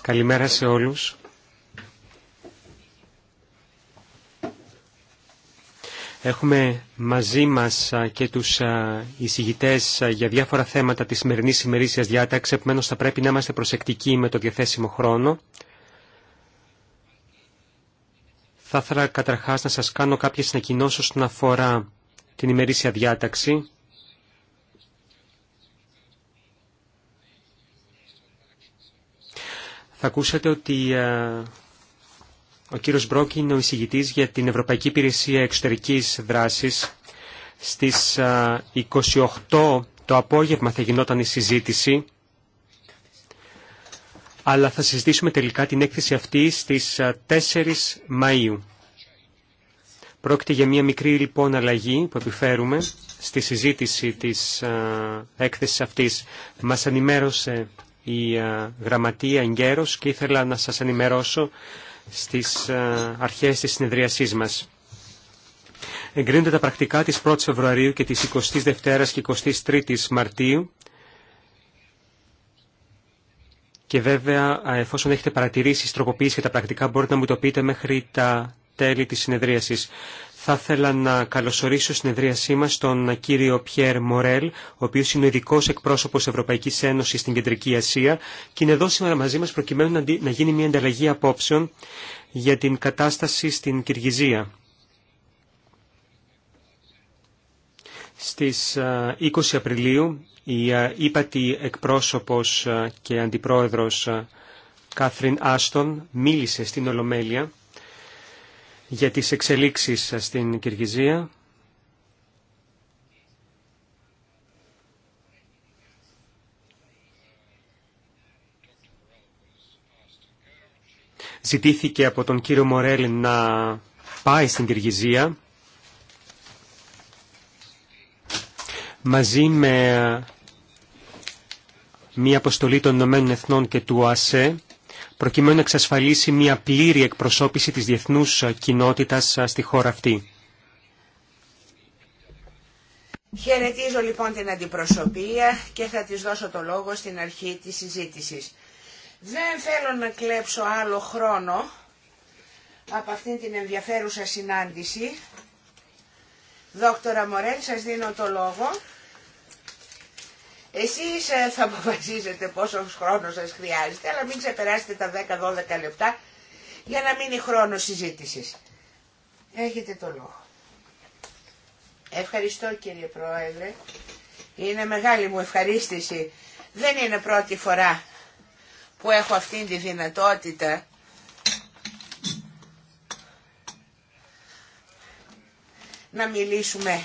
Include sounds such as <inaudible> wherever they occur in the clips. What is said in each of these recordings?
Καλημέρα σε όλους. Έχουμε μαζί μας και τους εισηγητές για διάφορα θέματα της σημερινής ημερήσιας διάταξης, επομένως θα πρέπει να είμαστε προσεκτικοί με το διαθέσιμο χρόνο. Θα ήθελα καταρχάς να σας κάνω κάποιες ανακοινώσεις όσον αφορά την ημερήσια διάταξη. Θα ακούσατε ότι ε, ο κύριος Μπρόκ είναι ο εισηγητής για την Ευρωπαϊκή Υπηρεσία Εξωτερικής Δράσης. Στις 28 ε, το απόγευμα θα γινόταν η συζήτηση, αλλά θα συζητήσουμε τελικά την έκθεση αυτή στις 4 ε, Μαΐου. Πρόκειται για μια μικρή λοιπόν αλλαγή που επιφέρουμε στη συζήτηση της έκθεσης αυτής. Μας ενημέρωσε η γραμματεία εγκαίρως και ήθελα να σας ενημερώσω στις αρχές της συνεδρίασής μας. Εγκρίνονται τα πρακτικά της 1ης Φεβρουαρίου και της 22ης και 23ης Μαρτίου και βέβαια εφόσον έχετε παρατηρήσει τροποποίηση και τα πρακτικά μπορείτε να μου το πείτε μέχρι τα τέλη της συνεδρίασης. Θα ήθελα να καλωσορίσω στην ευρίασή μας τον κύριο Πιέρ Μορέλ, ο οποίος είναι ο ειδικό εκπρόσωπος Ευρωπαϊκής Ένωσης στην Κεντρική Ασία και είναι εδώ σήμερα μαζί μας προκειμένου να γίνει μια ανταλλαγή απόψεων για την κατάσταση στην Κυργιζία. Στις 20 Απριλίου η ύπατη εκπρόσωπος και αντιπρόεδρος Κάθριν Άστον μίλησε στην Ολομέλεια για τις εξελίξεις στην Κυργυζία. Ζητήθηκε από τον κύριο Μορέλ να πάει στην Κυργυζία μαζί με μία αποστολή των Ηνωμένων Εθνών και του ΟΑΣΕ προκειμένου να εξασφαλίσει μια πλήρη εκπροσώπηση της διεθνούς κοινότητας στη χώρα αυτή. Χαιρετίζω λοιπόν την αντιπροσωπεία και θα της δώσω το λόγο στην αρχή της συζήτησης. Δεν θέλω να κλέψω άλλο χρόνο από αυτήν την ενδιαφέρουσα συνάντηση. Δόκτωρα Μορέλ, σας δίνω το λόγο. Εσείς ε, θα αποφασίζετε πόσο χρόνο σας χρειάζεται, αλλά μην ξεπεράσετε τα 10-12 λεπτά για να μείνει χρόνο συζήτησης. Έχετε το λόγο. Ευχαριστώ κύριε Πρόεδρε. Είναι μεγάλη μου ευχαρίστηση. Δεν είναι πρώτη φορά που έχω αυτήν τη δυνατότητα να μιλήσουμε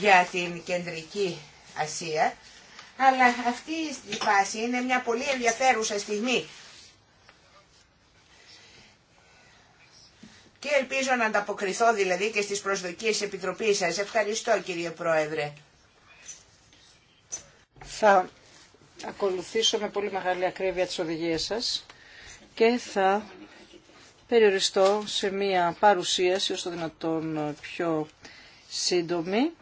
για την Κεντρική Ασία αλλά αυτή η φάση είναι μια πολύ ενδιαφέρουσα στιγμή. Και ελπίζω να ανταποκριθώ δηλαδή και στις προσδοκίες της Επιτροπής σας. Ευχαριστώ κύριε Πρόεδρε. Θα ακολουθήσω με πολύ μεγάλη ακρίβεια τις οδηγίες σας και θα περιοριστώ σε μία παρουσίαση όσο δυνατόν πιο σύντομη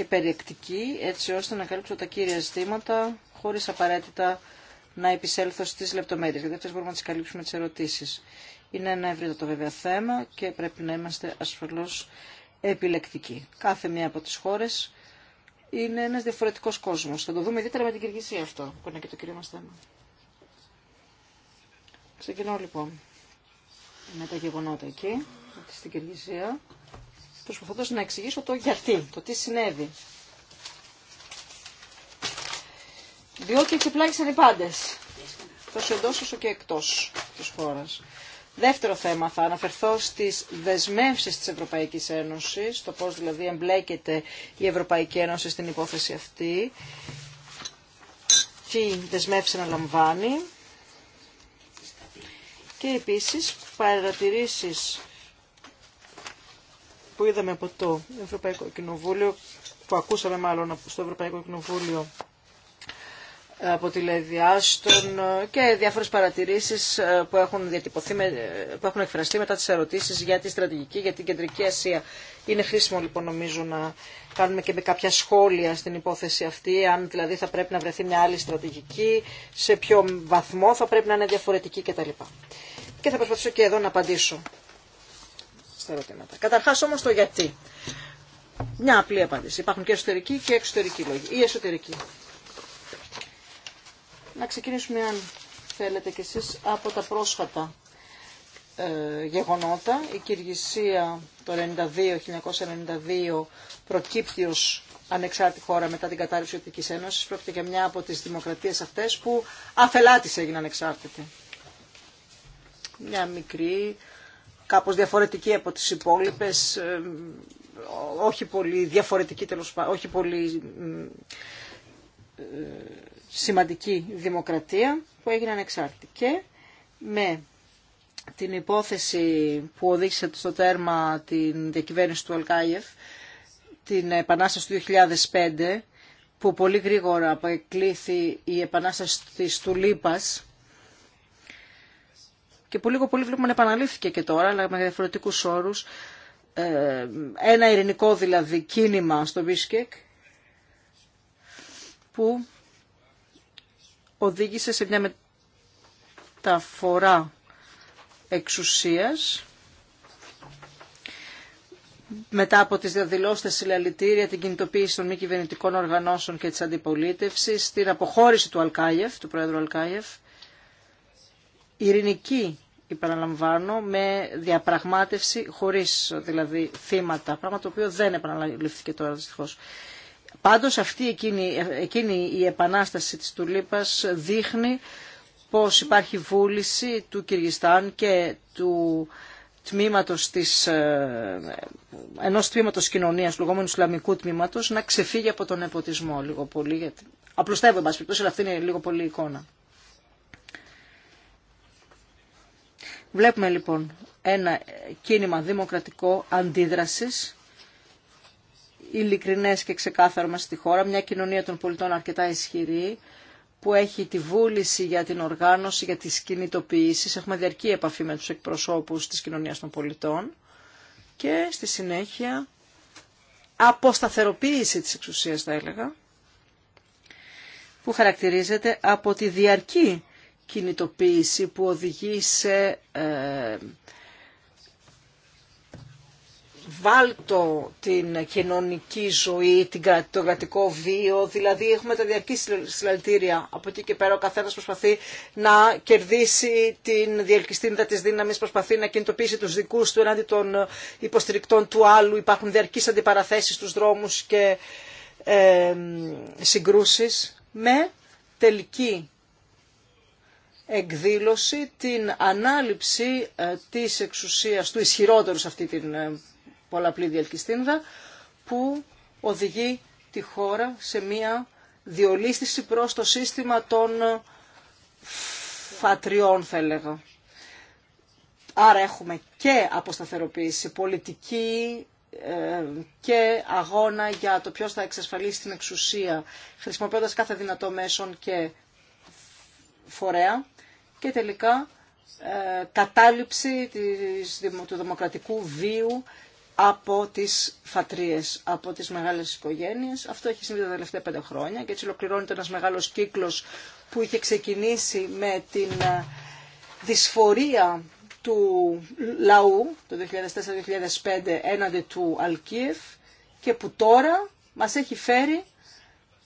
και περιεκτική, έτσι ώστε να καλύψω τα κύρια ζητήματα, χωρίς απαραίτητα να επισέλθω στις λεπτομέρειες, γιατί αυτές μπορούμε να τις καλύψουμε τις ερωτήσεις. Είναι ένα ευρύτατο βέβαια θέμα και πρέπει να είμαστε ασφαλώς επιλεκτικοί. Κάθε μία από τις χώρες είναι ένας διαφορετικός κόσμος. Θα το δούμε ιδιαίτερα με την Κυργισία αυτό, που είναι και το κύριο μας θέμα. Ξεκινώ λοιπόν με τα γεγονότα εκεί, στην Κυργισία προσπαθώντας να εξηγήσω το γιατί, το τι συνέβη. Διότι εξεπλάγησαν οι πάντες, τόσο εντός όσο και εκτός της χώρας. Δεύτερο θέμα, θα αναφερθώ στις δεσμεύσεις της Ευρωπαϊκής Ένωσης, το πώς δηλαδή εμπλέκεται η Ευρωπαϊκή Ένωση στην υπόθεση αυτή, τι δεσμεύσει να λαμβάνει και επίσης παρατηρήσεις που είδαμε από το Ευρωπαϊκό Κοινοβούλιο, που ακούσαμε μάλλον στο Ευρωπαϊκό Κοινοβούλιο ε, από τη Λεδιάστον ε, και διάφορες παρατηρήσεις ε, που έχουν, διατυπωθεί, που έχουν εκφραστεί μετά τις ερωτήσεις για τη στρατηγική, για την Κεντρική Ασία. Είναι χρήσιμο λοιπόν νομίζω να κάνουμε και με κάποια σχόλια στην υπόθεση αυτή, αν δηλαδή θα πρέπει να βρεθεί μια άλλη στρατηγική, σε ποιο βαθμό θα πρέπει να είναι διαφορετική κτλ. Και θα προσπαθήσω και εδώ να απαντήσω στα ερωτήματα. Καταρχάς όμως το γιατί. Μια απλή απάντηση. Υπάρχουν και εσωτερικοί και εξωτερικοί λόγοι. Ή εσωτερικοί. Να ξεκινήσουμε αν θέλετε κι εσείς από τα πρόσφατα ε, γεγονότα. Η Κυργισία το 1992 προκύπτει ως ανεξάρτητη χώρα μετά την κατάρρευση της Ευρωπαϊκής Ένωσης. Πρόκειται για μια από τις δημοκρατίες αυτές που της έγινε ανεξάρτητη. Μια μικρή κάπως διαφορετική από τις υπόλοιπες, ε, όχι πολύ διαφορετική τέλος όχι πολύ ε, σημαντική δημοκρατία που έγινε ανεξάρτητη. Και με την υπόθεση που οδήγησε στο τέρμα την διακυβέρνηση του Αλκάιεφ, την επανάσταση του 2005, που πολύ γρήγορα αποεκλήθη η επανάσταση της Τουλίπας, και πολύ λίγο πολύ βλέπουμε να επαναλήφθηκε και τώρα, αλλά με διαφορετικούς Ε, ένα ειρηνικό δηλαδή κίνημα στο Μπίσκεκ που οδήγησε σε μια μεταφορά εξουσίας μετά από τις διαδηλώσεις, τα συλλαλητήρια, την κινητοποίηση των μη κυβερνητικών οργανώσεων και της αντιπολίτευσης, την αποχώρηση του Αλκάιεφ, του πρόεδρου Αλκάιεφ, ειρηνική επαναλαμβάνω, με διαπραγμάτευση χωρίς δηλαδή θύματα, πράγμα το οποίο δεν επαναληφθήκε τώρα δυστυχώς. Πάντως αυτή εκείνη, εκείνη η επανάσταση της Τουλίπας δείχνει πως υπάρχει βούληση του Κυργιστάν και του τμήματος της, ε, ενός τμήματος κοινωνίας, του λεγόμενου Ισλαμικού τμήματος, να ξεφύγει από τον εποτισμό λίγο πολύ. Γιατί... Απλουστεύω, αλλά αυτή είναι λίγο πολύ η εικόνα. Βλέπουμε λοιπόν ένα κίνημα δημοκρατικό αντίδρασης, ειλικρινές και ξεκάθαρο μας στη χώρα, μια κοινωνία των πολιτών αρκετά ισχυρή, που έχει τη βούληση για την οργάνωση, για τις κινητοποιήσεις. Έχουμε διαρκή επαφή με τους εκπροσώπους της κοινωνίας των πολιτών και στη συνέχεια αποσταθεροποίηση της εξουσίας θα έλεγα που χαρακτηρίζεται από τη διαρκή κινητοποίηση που οδηγεί σε ε, βάλτο την κοινωνική ζωή, την, το κρατικό βίο, δηλαδή έχουμε τα διαρκή συλλαλητήρια. Από εκεί και πέρα ο καθένας προσπαθεί να κερδίσει την διελκυστίνδα της δύναμης, προσπαθεί να κινητοποιήσει τους δικούς του ενάντια των υποστηρικτών του άλλου, υπάρχουν διαρκείς αντιπαραθέσεις στους δρόμους και ε, συγκρούσεις με τελική εκδήλωση την ανάληψη ε, της εξουσίας του ισχυρότερου σε αυτή την ε, πολλαπλή διελκυστίνδα που οδηγεί τη χώρα σε μία διολίσθηση προς το σύστημα των ε, φατριών θα έλεγα. Άρα έχουμε και αποσταθεροποίηση πολιτική και αγώνα για το ποιος θα εξασφαλίσει την εξουσία χρησιμοποιώντας κάθε δυνατό μέσον και φορέα και τελικά ε, κατάληψη του δημοκρατικού βίου από τις φατρίες, από τις μεγάλες οικογένειες. Αυτό έχει συμβεί τα τελευταία πέντε χρόνια και έτσι ολοκληρώνεται ένας μεγάλος κύκλος που είχε ξεκινήσει με την ε, δυσφορία του λαού το 2004-2005 έναντι του Αλκίεφ και που τώρα μας έχει φέρει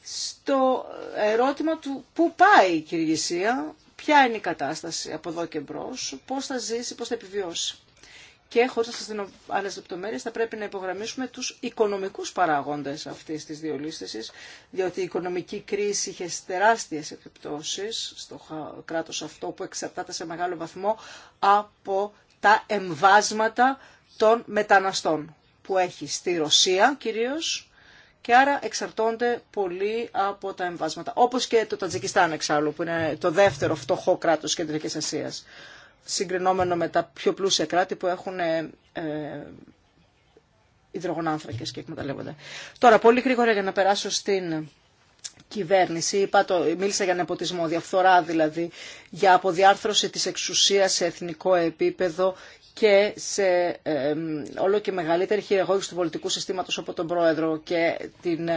στο ερώτημα του πού πάει η Κυργυσία ποια είναι η κατάσταση από εδώ και μπρο, πώ θα ζήσει, πώ θα επιβιώσει. Και χωρίς να σα δίνω άλλες λεπτομέρειε, θα πρέπει να υπογραμμίσουμε τους οικονομικούς παράγοντες αυτής τη διολίστηση, διότι η οικονομική κρίση είχε τεράστιε επιπτώσει στο κράτος αυτό που εξαρτάται σε μεγάλο βαθμό από τα εμβάσματα των μεταναστών που έχει στη Ρωσία κυρίως και άρα εξαρτώνται πολύ από τα εμβάσματα. Όπω και το Τατζικιστάν εξάλλου που είναι το δεύτερο φτωχό κράτο κεντρική Ασία, συγκρινόμενο με τα πιο πλούσια κράτη που έχουν ε, ε, υδρογονάνθρακες και εκμεταλλεύονται. Τώρα, πολύ γρήγορα για να περάσω στην κυβέρνηση, είπα το, μίλησα για νεποτισμό, διαφθορά δηλαδή, για αποδιάρθρωση της εξουσίας σε εθνικό επίπεδο και σε όλο και μεγαλύτερη χειραγώγηση του πολιτικού συστήματος από τον Πρόεδρο και την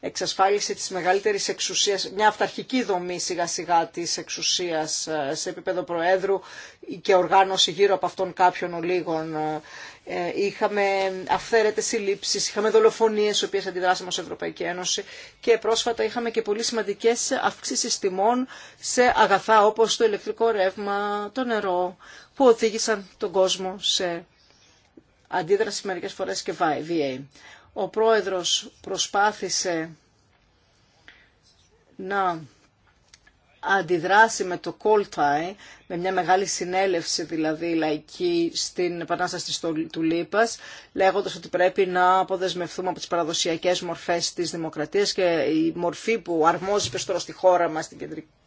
εξασφάλιση της μεγαλύτερης εξουσίας, μια αυταρχική δομή σιγά σιγά της εξουσίας ε, σε επίπεδο Προέδρου και οργάνωση γύρω από αυτόν κάποιων ολίγων. Ε, είχαμε αυθαίρετες συλλήψεις, είχαμε δολοφονίες, οι οποίες αντιδράσαμε ως Ευρωπαϊκή Ένωση και πρόσφατα είχαμε και πολύ σημαντικές αυξήσεις τιμών σε αγαθά όπως το ηλεκτρικό ρεύμα, το νερό, που οδήγησαν τον κόσμο σε αντίδραση μερικές φορές και VA. Ο πρόεδρος προσπάθησε να αντιδράσει με το Κόλταϊ, με μια μεγάλη συνέλευση δηλαδή λαϊκή στην Επανάσταση του Λίπας, λέγοντας ότι πρέπει να αποδεσμευθούμε από τις παραδοσιακές μορφές της δημοκρατίας και η μορφή που αρμόζει προς τώρα στη χώρα μας, στην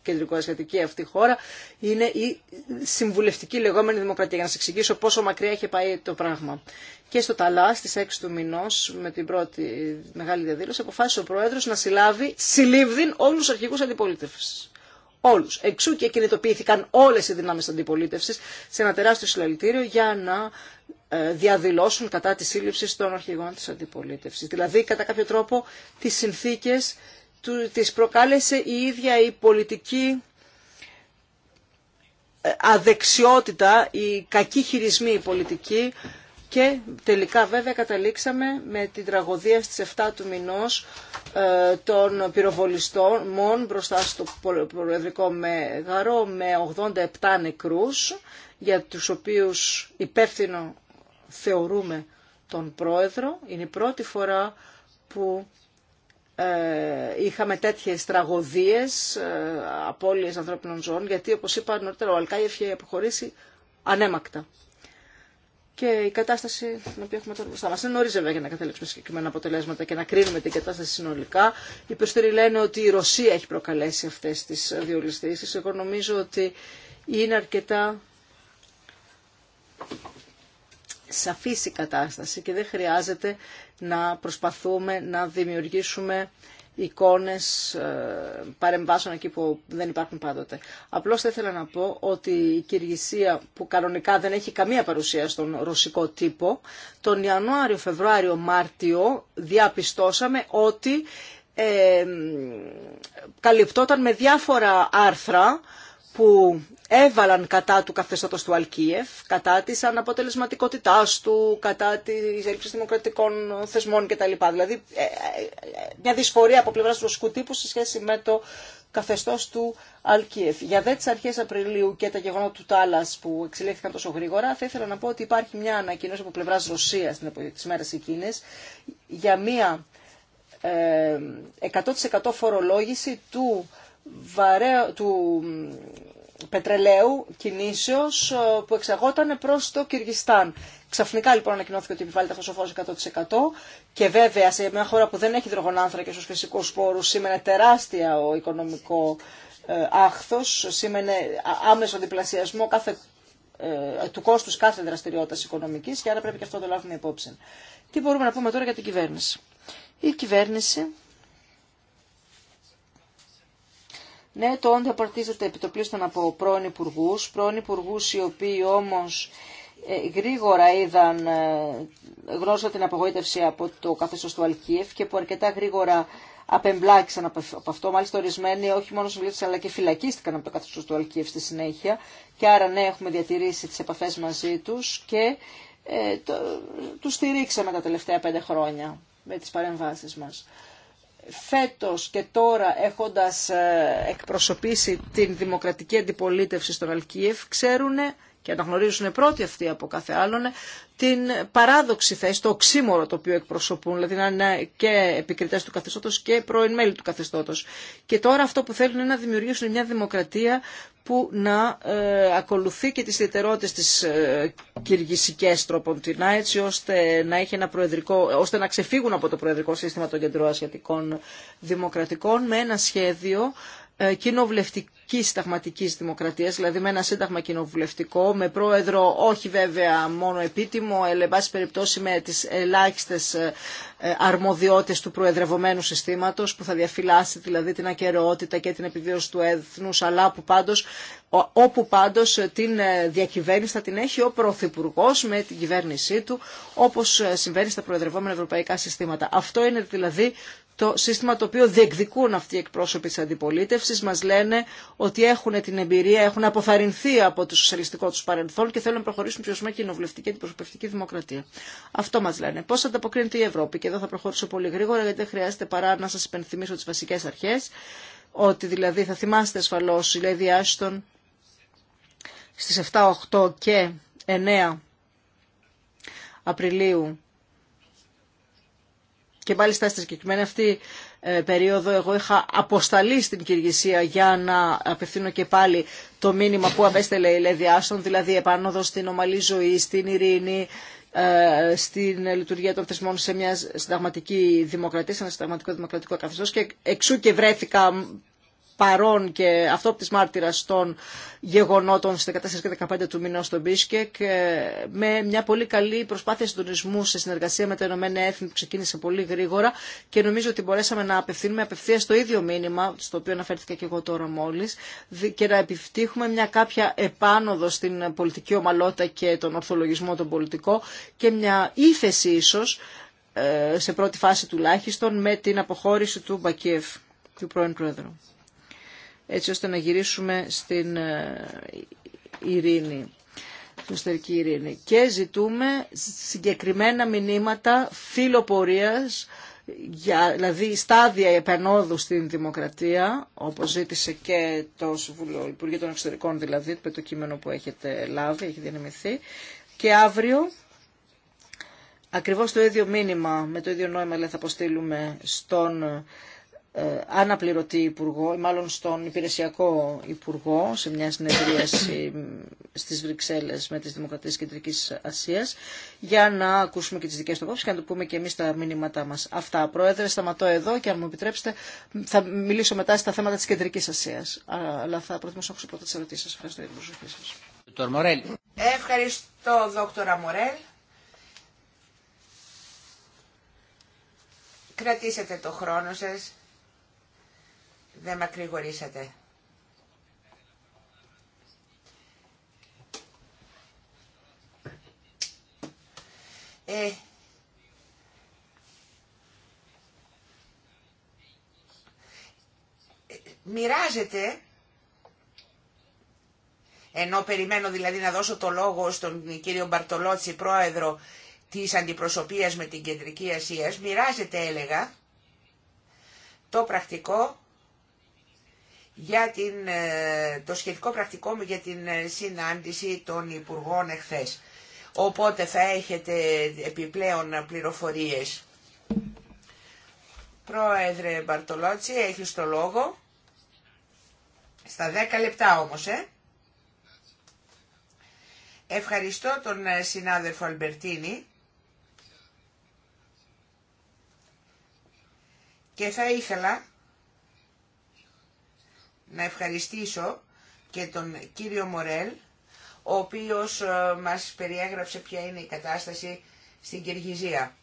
κεντρικό-ασιατική αυτή χώρα, είναι η συμβουλευτική λεγόμενη δημοκρατία. Για να σας εξηγήσω πόσο μακριά έχει πάει το πράγμα. Και στο Ταλά, στις 6 του μηνό, με την πρώτη μεγάλη διαδήλωση, αποφάσισε ο πρόεδρο να συλλάβει συλλήβδην όλου του αρχηγού αντιπολίτευση όλους. Εξού και κινητοποιήθηκαν όλες οι δυνάμεις αντιπολίτευσης σε ένα τεράστιο συλλαλητήριο για να ε, διαδηλώσουν κατά της σύλληψης των αρχηγών της αντιπολίτευσης. Δηλαδή, κατά κάποιο τρόπο, τις συνθήκες τις προκάλεσε η ίδια η πολιτική ε, αδεξιότητα, η κακή χειρισμή πολιτική και τελικά βέβαια καταλήξαμε με την τραγωδία στις 7 του μηνός ε, των πυροβολιστών μόν μπροστά στο προεδρικό μεγαρό με 87 νεκρούς για τους οποίους υπεύθυνο θεωρούμε τον πρόεδρο. Είναι η πρώτη φορά που ε, είχαμε τέτοιες τραγωδίες, ε, απώλειες ανθρώπινων ζώων, γιατί όπως είπα νωρίτερα ο Αλκάιεφ είχε αποχωρήσει ανέμακτα και η κατάσταση την οποία έχουμε τώρα μπροστά μα. Είναι νωρί βέβαια για να καταλήξουμε συγκεκριμένα αποτελέσματα και να κρίνουμε την κατάσταση συνολικά. Οι περισσότεροι λένε ότι η Ρωσία έχει προκαλέσει αυτέ τι διολυστήσει. Εγώ νομίζω ότι είναι αρκετά σαφής η κατάσταση και δεν χρειάζεται να προσπαθούμε να δημιουργήσουμε εικόνε ε, παρεμβάσεων εκεί που δεν υπάρχουν πάντοτε. Απλώς θα ήθελα να πω ότι η Κυργισία που κανονικά δεν έχει καμία παρουσία στον ρωσικό τύπο, τον Ιανουάριο, Φεβρουάριο, Μάρτιο διαπιστώσαμε ότι ε, καλυπτόταν με διάφορα άρθρα που έβαλαν κατά του καθεστώτος του Αλκίεφ, κατά της αναποτελεσματικότητάς του, κατά της έλλειψης δημοκρατικών θεσμών κτλ. Δηλαδή ε, ε, ε, μια δυσφορία από πλευράς του τύπου σε σχέση με το καθεστώς του Αλκίεφ. Για δε τις αρχές Απριλίου και τα γεγονότα του Τάλλας που εξελίχθηκαν τόσο γρήγορα, θα ήθελα να πω ότι υπάρχει μια ανακοίνωση από πλευράς Ρωσίας τις μέρες εκείνες για μια 100% φορολόγηση του, βαρέ, του πετρελαίου κινήσεως ε, που εξαγόταν προς το Κυργιστάν. Ξαφνικά λοιπόν ανακοινώθηκε ότι επιβάλλεται αυτό ο 100% και βέβαια σε μια χώρα που δεν έχει και στου φυσικού πόρου σήμαινε τεράστια ο οικονομικό ε, άχθο. σήμαινε άμεσο διπλασιασμό κάθε, ε, του κόστους κάθε δραστηριότητας οικονομική και άρα πρέπει και αυτό να το λάβουμε υπόψη. Τι μπορούμε να πούμε τώρα για την κυβέρνηση. Η κυβέρνηση Ναι, το όντα απαρτίζεται επιτοπλίστων από πρώην υπουργού, πρώην υπουργού οι οποίοι όμως ε, γρήγορα είδαν, ε, γνώρισαν την απογοήτευση από το καθεστώ του Αλκίεφ και που αρκετά γρήγορα απεμπλάξαν από αυτό. Μάλιστα, ορισμένοι όχι μόνο συμβλήθησαν αλλά και φυλακίστηκαν από το καθεστώ του ΑΛΚΙΕΦ στη συνέχεια. Και άρα, ναι, έχουμε διατηρήσει τι επαφέ μαζί του και ε, το, του στηρίξαμε τα τελευταία πέντε χρόνια με τι παρεμβάσει μα φέτος και τώρα έχοντας ε, εκπροσωπήσει την δημοκρατική αντιπολίτευση στον Αλκίεφ ξέρουν και αναγνωρίζουν πρώτοι αυτοί από κάθε άλλον την παράδοξη θέση, το οξύμορο το οποίο εκπροσωπούν, δηλαδή να είναι και επικριτέ του καθεστώτο και πρώην μέλη του καθεστώτο. Και τώρα αυτό που θέλουν είναι να δημιουργήσουν μια δημοκρατία που να ε, ακολουθεί και τις ιδιαιτερότητες της ε, κυργισικές τρόπον την έτσι ώστε να, έχει ένα προεδρικό, ώστε να ξεφύγουν από το προεδρικό σύστημα των κεντροασιατικών δημοκρατικών με ένα σχέδιο ε, κοινοβουλευτική σταγματική δημοκρατία, δηλαδή με ένα σύνταγμα κοινοβουλευτικό, με πρόεδρο όχι βέβαια μόνο επίτιμο, αλλά εν πάση περιπτώσει με τι ελάχιστε ε, αρμοδιότητε του προεδρευομένου συστήματο, που θα διαφυλάσει δηλαδή την ακαιρεότητα και την επιβίωση του έθνου, αλλά που πάντως, όπου πάντω ε, την διακυβέρνηση θα την έχει ο Πρωθυπουργό με την κυβέρνησή του, όπω συμβαίνει στα προεδρευόμενα ευρωπαϊκά συστήματα. Αυτό είναι δηλαδή το σύστημα το οποίο διεκδικούν αυτοί οι εκπρόσωποι της αντιπολίτευσης. Μας λένε ότι έχουν την εμπειρία, έχουν αποθαρρυνθεί από το σοσιαλιστικό του παρελθόν και θέλουν να προχωρήσουν πιο σωστά κοινοβουλευτική και αντιπροσωπευτική δημοκρατία. Αυτό μας λένε. Πώς ανταποκρίνεται η Ευρώπη. Και εδώ θα προχωρήσω πολύ γρήγορα γιατί δεν χρειάζεται παρά να σας υπενθυμίσω τις βασικές αρχές. Ότι δηλαδή θα θυμάστε ασφαλώς η Λέδη Άστον στις 7, 8 και 9 Απριλίου και μάλιστα στη συγκεκριμένη αυτή ε, περίοδο εγώ είχα αποσταλεί στην Κυργυσία για να απευθύνω και πάλι το μήνυμα που απέστελε η Λέδη Άστον, δηλαδή επάνωδο στην ομαλή ζωή, στην ειρήνη, ε, στην λειτουργία των θεσμών σε μια συνταγματική δημοκρατία, σε ένα συνταγματικό δημοκρατικό καθεστώ και εξού και βρέθηκα παρόν και αυτό τις μάρτυρας των γεγονότων στις 14 και 15 του μήνα στο Μπίσκεκ ε, με μια πολύ καλή προσπάθεια συντονισμού σε συνεργασία με τα Ηνωμένα Έθνη που ξεκίνησε πολύ γρήγορα και νομίζω ότι μπορέσαμε να απευθύνουμε απευθεία το ίδιο μήνυμα στο οποίο αναφέρθηκα και εγώ τώρα μόλις και να επιφτύχουμε μια κάποια επάνωδο στην πολιτική ομαλότητα και τον ορθολογισμό τον πολιτικό και μια ύφεση ίσως ε, σε πρώτη φάση τουλάχιστον με την αποχώρηση του Μπακίεφ, του πρώην Πρόεδρου έτσι ώστε να γυρίσουμε στην ε, ειρήνη, στην εσωτερική ειρήνη. Και ζητούμε συγκεκριμένα μηνύματα φιλοπορίας, για, δηλαδή στάδια επενόδου στην δημοκρατία, όπως ζήτησε και το Υπουργείο των Εξωτερικών, δηλαδή το κείμενο που έχετε λάβει, έχει διανεμηθεί. Και αύριο, ακριβώς το ίδιο μήνυμα, με το ίδιο νόημα, λέει, θα αποστείλουμε στον ε, αναπληρωτή υπουργό, μάλλον στον υπηρεσιακό υπουργό σε μια συνεδρίαση στις Βρυξέλλες με τις Δημοκρατίες Κεντρικής Ασίας για να ακούσουμε και τις δικές του απόψεις και να το πούμε και εμείς τα μήνυματά μας. Αυτά, Πρόεδρε, σταματώ εδώ και αν μου επιτρέψετε θα μιλήσω μετά στα θέματα της Κεντρικής Ασίας. Αλλά θα προτιμήσω να ακούσω πρώτα τις ερωτήσεις σας. Ευχαριστώ για την προσοχή σας. Ευχαριστώ, Δόκτωρα Μορέλ. Κρατήσετε το χρόνο σας. Δεν μακρηγορήσατε. Ε, μοιράζεται ενώ περιμένω δηλαδή να δώσω το λόγο στον κύριο Μπαρτολότσι, πρόεδρο της αντιπροσωπείας με την Κεντρική Ασία, μοιράζεται έλεγα το πρακτικό για την, ε, το σχετικό πρακτικό μου για την ε, συνάντηση των Υπουργών εχθές. Οπότε θα έχετε επιπλέον πληροφορίες. Πρόεδρε Μπαρτολότσι, έχεις το λόγο. Στα 10 λεπτά όμως, ε. Ευχαριστώ τον ε, συνάδελφο Αλμπερτίνη. Και θα ήθελα να ευχαριστήσω και τον κύριο Μορέλ, ο οποίος ε, μας περιέγραψε ποια είναι η κατάσταση στην Κυργυζία.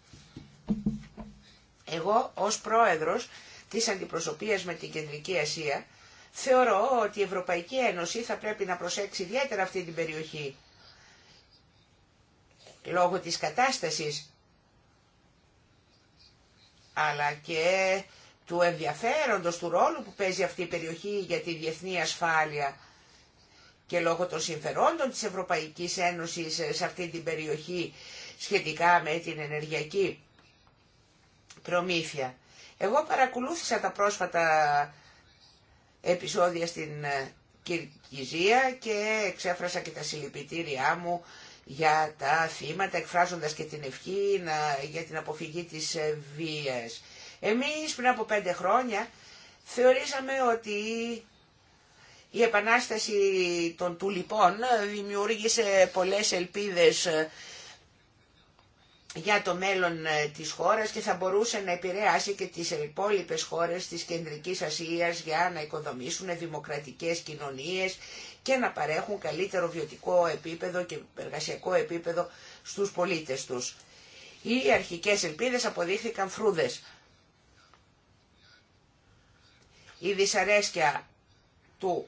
Εγώ ως πρόεδρος της αντιπροσωπείας με την Κεντρική Ασία θεωρώ ότι η Ευρωπαϊκή Ένωση θα πρέπει να προσέξει ιδιαίτερα αυτή την περιοχή λόγω της κατάστασης αλλά και του ενδιαφέροντος, του ρόλου που παίζει αυτή η περιοχή για τη διεθνή ασφάλεια και λόγω των συμφερόντων της Ευρωπαϊκής Ένωσης ε, σε αυτή την περιοχή σχετικά με την ενεργειακή προμήθεια. Εγώ παρακολούθησα τα πρόσφατα επεισόδια στην ε, Κυρκυζία και εξέφρασα και τα συλληπιτήριά μου για τα θύματα, εκφράζοντας και την ευχή για την αποφυγή της ε, βίας. Εμείς πριν από πέντε χρόνια θεωρήσαμε ότι η επανάσταση των λοιπόν, δημιούργησε πολλές ελπίδες ε, για το μέλλον ε, της χώρας και θα μπορούσε να επηρεάσει και τις υπόλοιπε χώρες της Κεντρικής Ασίας για να οικοδομήσουν δημοκρατικές κοινωνίες και να παρέχουν καλύτερο βιωτικό επίπεδο και εργασιακό επίπεδο στους πολίτες τους. Οι αρχικές ελπίδες αποδείχθηκαν φρούδες η δυσαρέσκεια του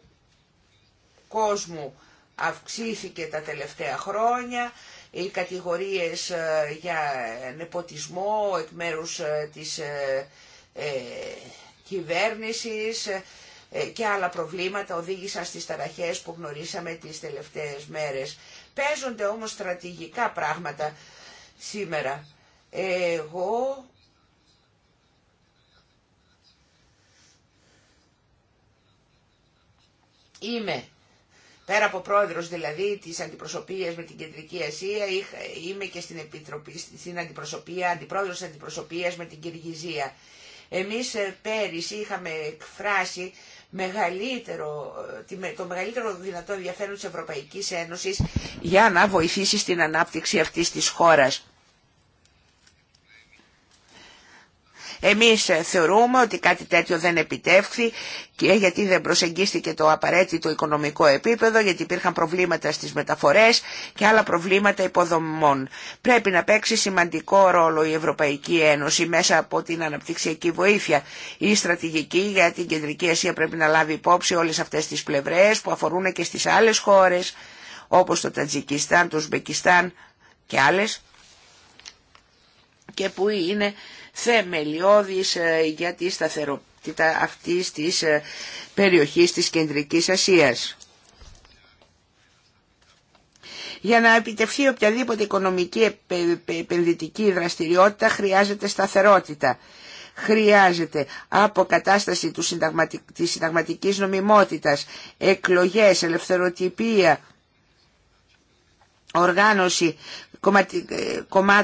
κόσμου αυξήθηκε τα τελευταία χρόνια, οι κατηγορίες ε, για νεποτισμό εκ μέρους ε, της ε, κυβέρνησης και άλλα προβλήματα οδήγησαν στις ταραχές που γνωρίσαμε τις τελευταίες μέρες. Παίζονται όμως στρατηγικά πράγματα σήμερα. Εγώ Είμαι, πέρα από πρόεδρος δηλαδή της αντιπροσωπείας με την Κεντρική Ασία, είμαι και στην, Επιτροπή, στην αντιπροσωπεία, αντιπρόεδρος της με την Κυργυζία. Εμείς ε, πέρυσι είχαμε εκφράσει μεγαλύτερο, ε, το μεγαλύτερο δυνατό ενδιαφέρον της Ευρωπαϊκής Ένωσης για να βοηθήσει στην ανάπτυξη αυτής της χώρας. Εμείς θεωρούμε ότι κάτι τέτοιο δεν επιτεύχθη και γιατί δεν προσεγγίστηκε το απαραίτητο οικονομικό επίπεδο, γιατί υπήρχαν προβλήματα στις μεταφορές και άλλα προβλήματα υποδομών. Πρέπει να παίξει σημαντικό ρόλο η Ευρωπαϊκή Ένωση μέσα από την αναπτυξιακή βοήθεια. Η στρατηγική για την Κεντρική Ασία πρέπει να λάβει υπόψη όλες αυτές τις πλευρές που αφορούν και στις άλλες χώρες όπως το Τατζικιστάν, το Ουσμπεκιστάν και άλλες και που είναι θεμελιώδης ε, για τη σταθερότητα αυτής της ε, περιοχής της Κεντρικής Ασίας. Για να επιτευχθεί οποιαδήποτε οικονομική ε, επενδυτική δραστηριότητα χρειάζεται σταθερότητα. Χρειάζεται αποκατάσταση του της συνταγματικής νομιμότητας, εκλογές, ελευθεροτυπία, οργάνωση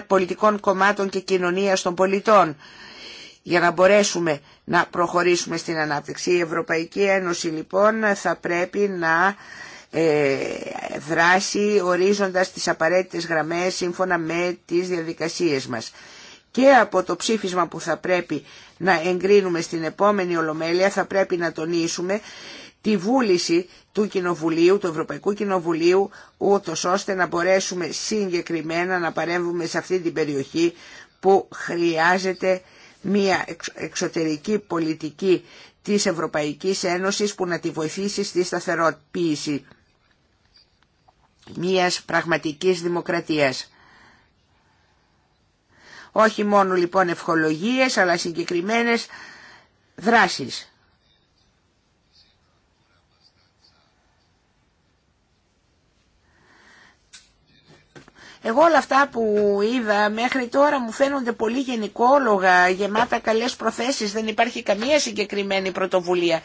πολιτικών κομμάτων και κοινωνίας των πολιτών για να μπορέσουμε να προχωρήσουμε στην ανάπτυξη. Η Ευρωπαϊκή Ένωση λοιπόν θα πρέπει να ε, δράσει ορίζοντας τις απαραίτητες γραμμές σύμφωνα με τις διαδικασίες μας. Και από το ψήφισμα που θα πρέπει να εγκρίνουμε στην επόμενη Ολομέλεια θα πρέπει να τονίσουμε τη βούληση του Κοινοβουλίου, του Ευρωπαϊκού Κοινοβουλίου, ούτω ώστε να μπορέσουμε συγκεκριμένα να παρέμβουμε σε αυτή την περιοχή που χρειάζεται μια εξωτερική πολιτική της Ευρωπαϊκής Ένωσης που να τη βοηθήσει στη σταθεροποίηση μιας πραγματικής δημοκρατίας. Όχι μόνο λοιπόν ευχολογίες αλλά συγκεκριμένες δράσεις. Εγώ όλα αυτά που είδα μέχρι τώρα μου φαίνονται πολύ γενικόλογα, γεμάτα καλές προθέσεις, δεν υπάρχει καμία συγκεκριμένη πρωτοβουλία.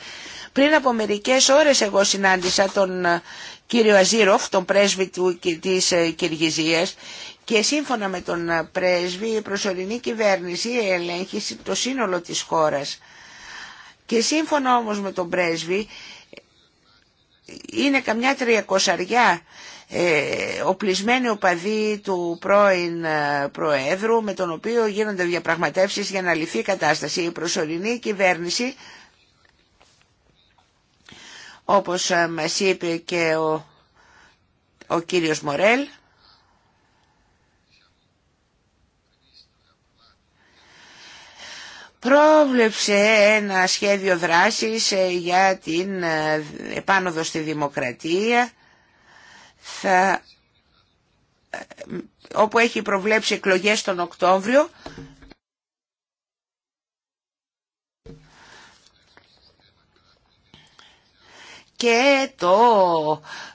Πριν από μερικές ώρες εγώ συνάντησα τον ε, κύριο Αζίροφ, τον πρέσβη της ε, Κυργιζίας και σύμφωνα με τον ε, πρέσβη η προσωρινή κυβέρνηση ελέγχει το σύνολο της χώρας. Και σύμφωνα όμως με τον πρέσβη είναι καμιά τριακοσαριά ε, οπλισμένοι οπαδοί του πρώην ε, Προέδρου με τον οποίο γίνονται διαπραγματεύσεις για να λυθεί η κατάσταση. Η προσωρινή κυβέρνηση, όπως ε, μας είπε και ο, κύριος Μορέλ, πρόβλεψε ένα σχέδιο δράσης για την επάνωδο στη δημοκρατία θα, ε, όπου έχει προβλέψει εκλογές τον Οκτώβριο και το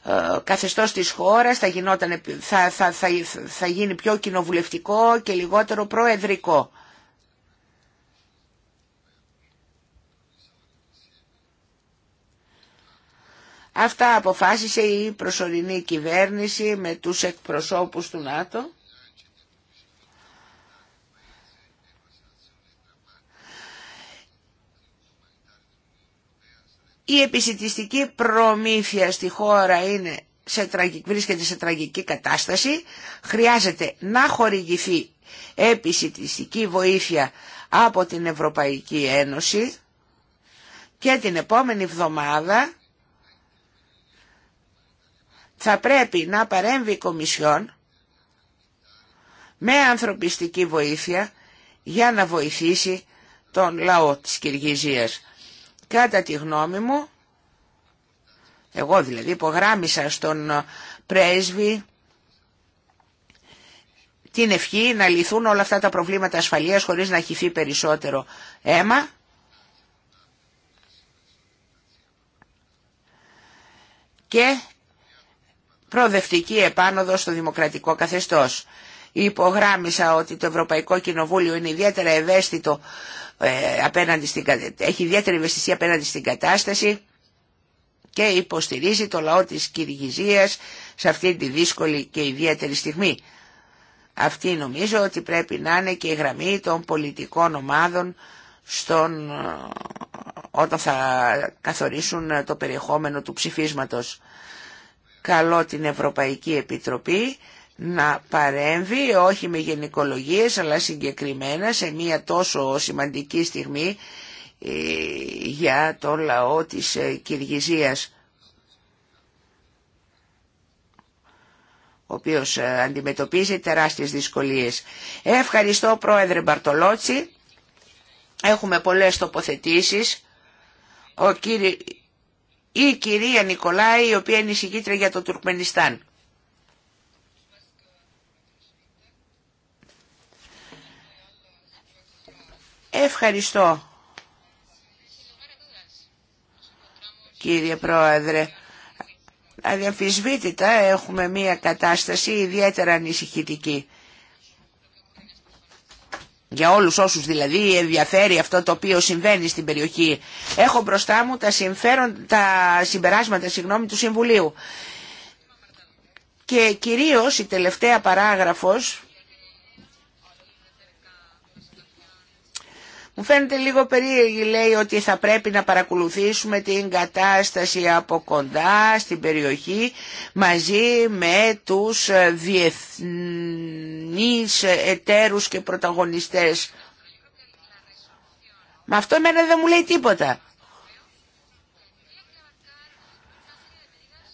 ε, καθεστώς της χώρας θα, γινόταν, θα, θα, θα, θα γίνει πιο κοινοβουλευτικό και λιγότερο προεδρικό. Αυτά αποφάσισε η προσωρινή κυβέρνηση με τους εκπροσώπους του ΝΑΤΟ. Η επισητιστική προμήθεια στη χώρα είναι σε βρίσκεται σε τραγική κατάσταση. Χρειάζεται να χορηγηθεί επισητιστική βοήθεια από την Ευρωπαϊκή Ένωση και την επόμενη εβδομάδα θα πρέπει να παρέμβει η Κομισιόν με ανθρωπιστική βοήθεια για να βοηθήσει τον λαό της Κυργιζίας. Κατά τη γνώμη μου, εγώ δηλαδή υπογράμμισα στον πρέσβη την ευχή να λυθούν όλα αυτά τα προβλήματα ασφαλείας χωρίς να χυθεί περισσότερο αίμα. Και προοδευτική επάνωδο στο δημοκρατικό καθεστώς. Υπογράμμισα ότι το Ευρωπαϊκό Κοινοβούλιο είναι ιδιαίτερα ευαίσθητο, ε, απέναντι στην, έχει ιδιαίτερη ευαισθησία απέναντι στην κατάσταση και υποστηρίζει το λαό της Κυργιζίας σε αυτή τη δύσκολη και ιδιαίτερη στιγμή. Αυτή νομίζω ότι πρέπει να είναι και η γραμμή των πολιτικών ομάδων ε, όταν θα καθορίσουν το περιεχόμενο του ψηφίσματος. Καλώ την Ευρωπαϊκή Επιτροπή να παρέμβει όχι με γενικολογίες αλλά συγκεκριμένα σε μια τόσο σημαντική στιγμή ε, για το λαό της ε, Κυργυζίας ο οποίος ε, αντιμετωπίζει τεράστιες δυσκολίες. Ευχαριστώ πρόεδρε Μπαρτολότσι. Έχουμε πολλές τοποθετήσεις. Ο κύριος η κυρία Νικολάη, η οποία είναι εισηγήτρια για το Τουρκμενιστάν. Ευχαριστώ. Κύριε Πρόεδρε, αδιαμφισβήτητα έχουμε μία κατάσταση ιδιαίτερα ανησυχητική για όλους όσους δηλαδή ενδιαφέρει αυτό το οποίο συμβαίνει στην περιοχή. Έχω μπροστά μου τα, συμφέρον, τα συμπεράσματα συγγνώμη, του Συμβουλίου. Και κυρίως η τελευταία παράγραφος Μου φαίνεται λίγο περίεργη, λέει ότι θα πρέπει να παρακολουθήσουμε την κατάσταση από κοντά στην περιοχή μαζί με τους διεθν ετέρους εταίρους και πρωταγωνιστές. Με αυτό εμένα δεν μου λέει τίποτα.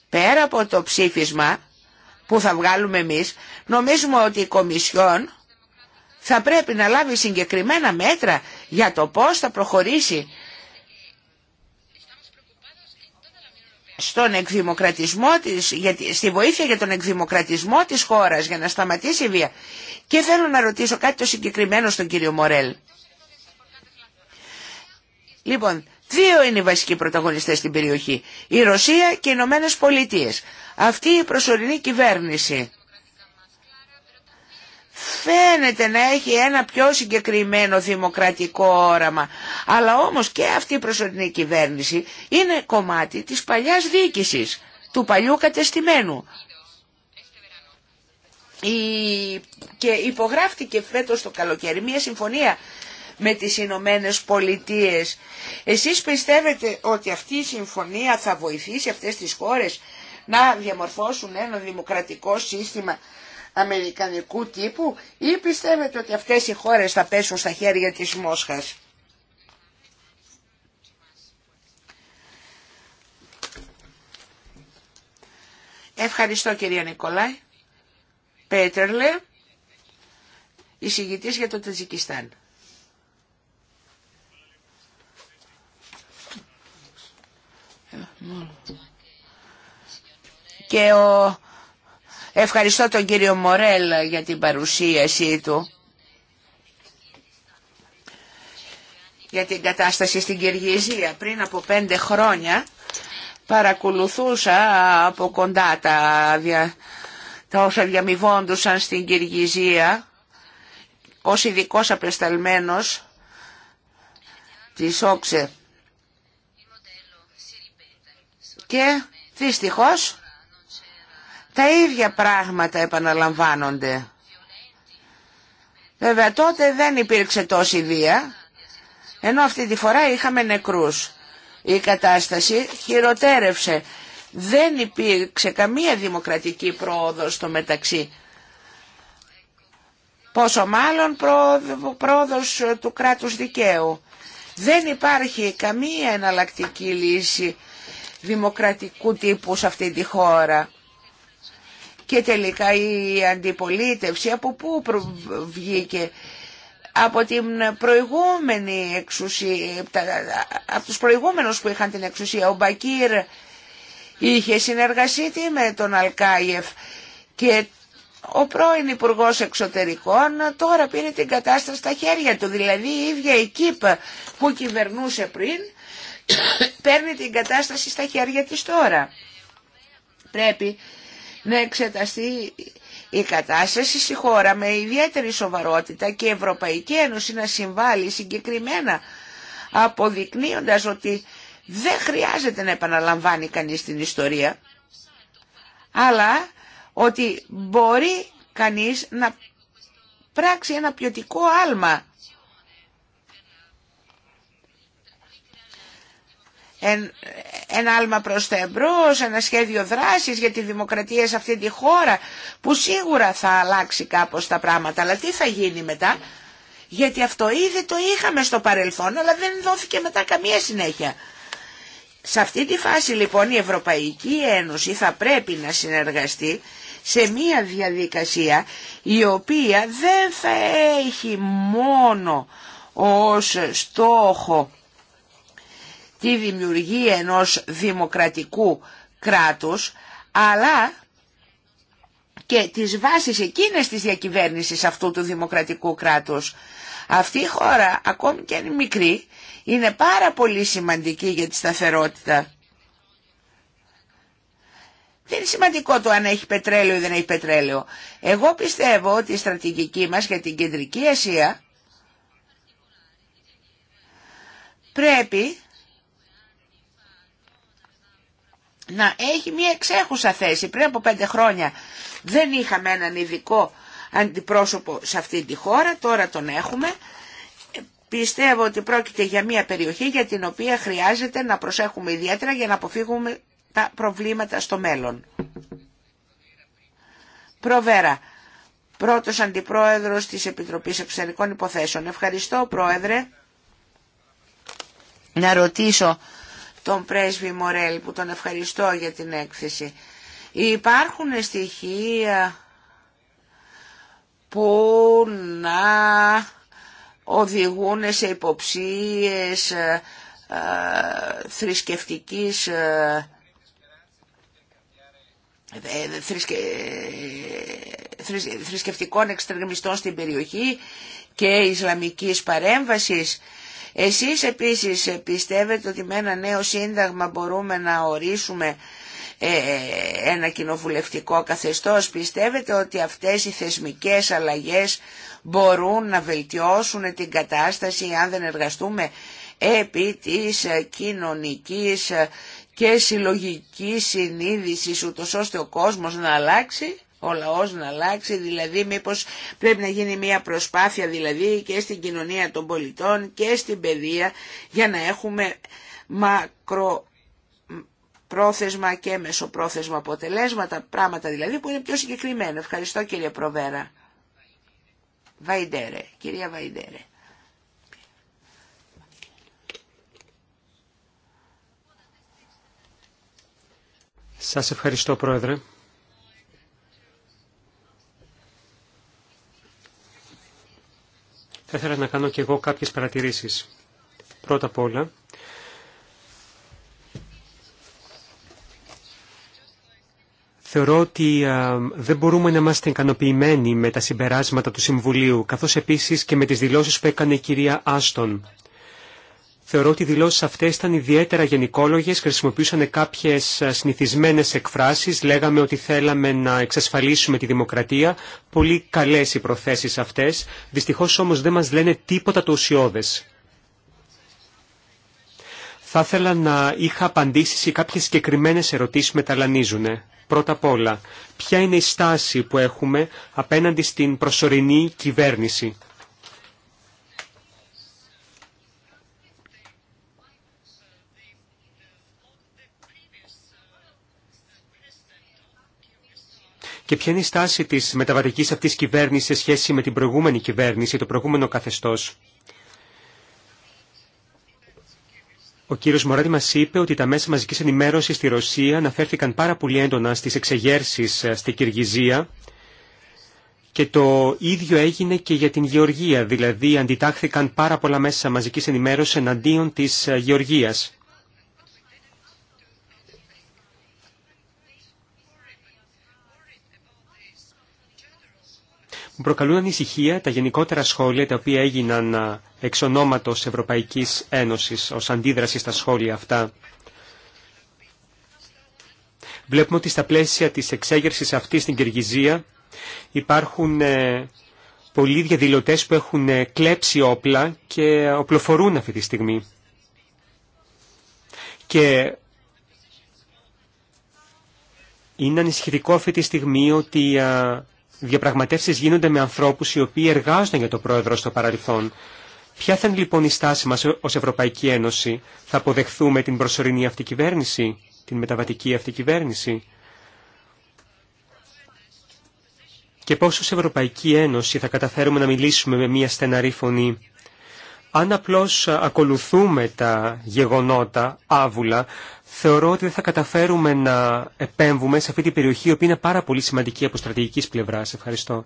Πέρα από το ψήφισμα που θα βγάλουμε εμείς, νομίζουμε ότι η Κομισιόν θα πρέπει να λάβει συγκεκριμένα μέτρα για το πώς θα προχωρήσει στον εκδημοκρατισμό της, στη βοήθεια για τον εκδημοκρατισμό της χώρας για να σταματήσει η βία. Και θέλω να ρωτήσω κάτι το συγκεκριμένο στον κύριο Μορέλ. Λοιπόν, δύο είναι οι βασικοί πρωταγωνιστές στην περιοχή. Η Ρωσία και οι Ηνωμένε Πολιτείε. Αυτή η προσωρινή κυβέρνηση φαίνεται να έχει ένα πιο συγκεκριμένο δημοκρατικό όραμα. Αλλά όμως και αυτή η προσωρινή κυβέρνηση είναι κομμάτι της παλιάς διοίκησης, του παλιού κατεστημένου. Και υπογράφτηκε φέτος το καλοκαίρι μια συμφωνία με τις Ηνωμένε Πολιτείες. Εσείς πιστεύετε ότι αυτή η συμφωνία θα βοηθήσει αυτές τις χώρες να διαμορφώσουν ένα δημοκρατικό σύστημα αμερικανικού τύπου ή πιστεύετε ότι αυτές οι χώρες θα πέσουν στα χέρια της Μόσχας. Ευχαριστώ κυρία Νικολάη. Πέτερλε, εισηγητής για το Τζικιστάν. Και ο Ευχαριστώ τον κύριο Μορέλ για την παρουσίασή του. για την κατάσταση στην Κυργυζία. Πριν από πέντε χρόνια παρακολουθούσα από κοντά τα, όσα διαμοιβόντουσαν στην Κυργυζία ως ειδικό απεσταλμένος της Όξε. Και δυστυχώς τα ίδια πράγματα επαναλαμβάνονται. Βέβαια τότε δεν υπήρξε τόση βία, ενώ αυτή τη φορά είχαμε νεκρούς. Η κατάσταση χειροτέρευσε. Δεν υπήρξε καμία δημοκρατική πρόοδος στο μεταξύ. Πόσο μάλλον πρόοδος του κράτους δικαίου. Δεν υπάρχει καμία εναλλακτική λύση δημοκρατικού τύπου σε αυτή τη χώρα. Και τελικά η αντιπολίτευση από πού βγήκε από την προηγούμενη εξουσία, από τους προηγούμενους που είχαν την εξουσία. Ο Μπακύρ είχε συνεργασίτη με τον Αλκάιεφ και ο πρώην υπουργό Εξωτερικών τώρα πήρε την κατάσταση στα χέρια του. Δηλαδή η ίδια η ΚΙΠ που κυβερνούσε πριν <coughs> παίρνει την κατάσταση στα χέρια της τώρα. Πρέπει να εξεταστεί η κατάσταση στη χώρα με ιδιαίτερη σοβαρότητα και η Ευρωπαϊκή Ένωση να συμβάλλει συγκεκριμένα αποδεικνύοντας ότι δεν χρειάζεται να επαναλαμβάνει κανείς την ιστορία αλλά ότι μπορεί κανείς να πράξει ένα ποιοτικό άλμα ένα άλμα προς τα Εμπρό, ένα σχέδιο δράσης για τη δημοκρατία σε αυτή τη χώρα που σίγουρα θα αλλάξει κάπως τα πράγματα. Αλλά τι θα γίνει μετά, γιατί αυτό ήδη το είχαμε στο παρελθόν αλλά δεν δόθηκε μετά καμία συνέχεια. Σε αυτή τη φάση λοιπόν η Ευρωπαϊκή Ένωση θα πρέπει να συνεργαστεί σε μία διαδικασία η οποία δεν θα έχει μόνο ως στόχο τη δημιουργία ενός δημοκρατικού κράτους, αλλά και τις βάσεις εκείνες της διακυβέρνησης αυτού του δημοκρατικού κράτους. Αυτή η χώρα, ακόμη και αν είναι μικρή, είναι πάρα πολύ σημαντική για τη σταθερότητα. Δεν είναι σημαντικό το αν έχει πετρέλαιο ή δεν έχει πετρέλαιο. Εγώ πιστεύω ότι η στρατηγική μας για την Κεντρική Ασία πρέπει να έχει μια εξέχουσα θέση. Πριν από πέντε χρόνια δεν είχαμε έναν ειδικό αντιπρόσωπο σε αυτή τη χώρα, τώρα τον έχουμε. Πιστεύω ότι πρόκειται για μια περιοχή για την οποία χρειάζεται να προσέχουμε ιδιαίτερα για να αποφύγουμε τα προβλήματα στο μέλλον. Προβέρα, πρώτος αντιπρόεδρος της Επιτροπής Εξωτερικών Υποθέσεων. Ευχαριστώ, Πρόεδρε. Να ρωτήσω τον πρέσβη Μορέλ που τον ευχαριστώ για την έκθεση. Υπάρχουν στοιχεία που να οδηγούν σε υποψίες α, ε, ε, θρησκευτικής ε, θρησκευτικών εξτρεμιστών στην περιοχή και Ισλαμικής παρέμβασης εσείς επίσης πιστεύετε ότι με ένα νέο σύνταγμα μπορούμε να ορίσουμε ε, ε, ένα κοινοβουλευτικό καθεστώς. Πιστεύετε ότι αυτές οι θεσμικές αλλαγές μπορούν να βελτιώσουν την κατάσταση αν δεν εργαστούμε επί της ε, κοινωνικής και συλλογικής συνείδησης ούτως ώστε ο κόσμος να αλλάξει ο λαός να αλλάξει, δηλαδή μήπως πρέπει να γίνει μια προσπάθεια δηλαδή και στην κοινωνία των πολιτών και στην παιδεία για να έχουμε μακροπρόθεσμα και μεσοπρόθεσμα αποτελέσματα, πράγματα δηλαδή που είναι πιο συγκεκριμένα. Ευχαριστώ κύριε Προβέρα. Βαϊντέρε, κυρία Βαϊντέρε. Σας ευχαριστώ πρόεδρε. θα ήθελα να κάνω και εγώ κάποιες παρατηρήσεις. Πρώτα απ' όλα, θεωρώ ότι δεν μπορούμε να είμαστε ικανοποιημένοι με τα συμπεράσματα του Συμβουλίου, καθώς επίσης και με τις δηλώσεις που έκανε η κυρία Άστον. Θεωρώ ότι οι δηλώσει αυτέ ήταν ιδιαίτερα γενικόλογε, χρησιμοποιούσαν κάποιε συνηθισμένε εκφράσει. Λέγαμε ότι θέλαμε να εξασφαλίσουμε τη δημοκρατία. Πολύ καλέ οι προθέσει αυτέ. Δυστυχώ όμω δεν μα λένε τίποτα το ουσιώδε. Θα ήθελα να είχα απαντήσει σε κάποιε συγκεκριμένε ερωτήσει που μεταλανίζουν. Πρώτα απ' όλα, ποια είναι η στάση που έχουμε απέναντι στην προσωρινή κυβέρνηση. και ποια είναι η στάση της μεταβατική αυτής κυβέρνησης σε σχέση με την προηγούμενη κυβέρνηση, το προηγούμενο καθεστώς. Ο κύριο Μωράτη μα είπε ότι τα μέσα μαζική ενημέρωση στη Ρωσία αναφέρθηκαν πάρα πολύ έντονα στι εξεγέρσει ε, στη Κυργυζία και το ίδιο έγινε και για την Γεωργία, δηλαδή αντιτάχθηκαν πάρα πολλά μέσα μαζική ενημέρωση εναντίον τη ε, Γεωργία. Μου προκαλούν ανησυχία τα γενικότερα σχόλια τα οποία έγιναν εξ ονόματος Ευρωπαϊκής Ένωσης ως αντίδραση στα σχόλια αυτά. Βλέπουμε ότι στα πλαίσια της εξέγερσης αυτής στην Κυργυζία υπάρχουν ε, πολλοί διαδηλωτές που έχουν ε, κλέψει όπλα και οπλοφορούν αυτή τη στιγμή. Και είναι ανησυχητικό αυτή τη στιγμή ότι διαπραγματεύσεις γίνονται με ανθρώπους οι οποίοι εργάζονται για το πρόεδρο στο παρελθόν. Ποια θα είναι λοιπόν η στάση μας ως Ευρωπαϊκή Ένωση. Θα αποδεχθούμε την προσωρινή αυτή κυβέρνηση, την μεταβατική αυτή κυβέρνηση. Και πώς ως Ευρωπαϊκή Ένωση θα καταφέρουμε να μιλήσουμε με μια στεναρή φωνή. Αν απλώς ακολουθούμε τα γεγονότα άβουλα, θεωρώ ότι δεν θα καταφέρουμε να επέμβουμε σε αυτή την περιοχή, η οποία είναι πάρα πολύ σημαντική από στρατηγική πλευρά. Ευχαριστώ.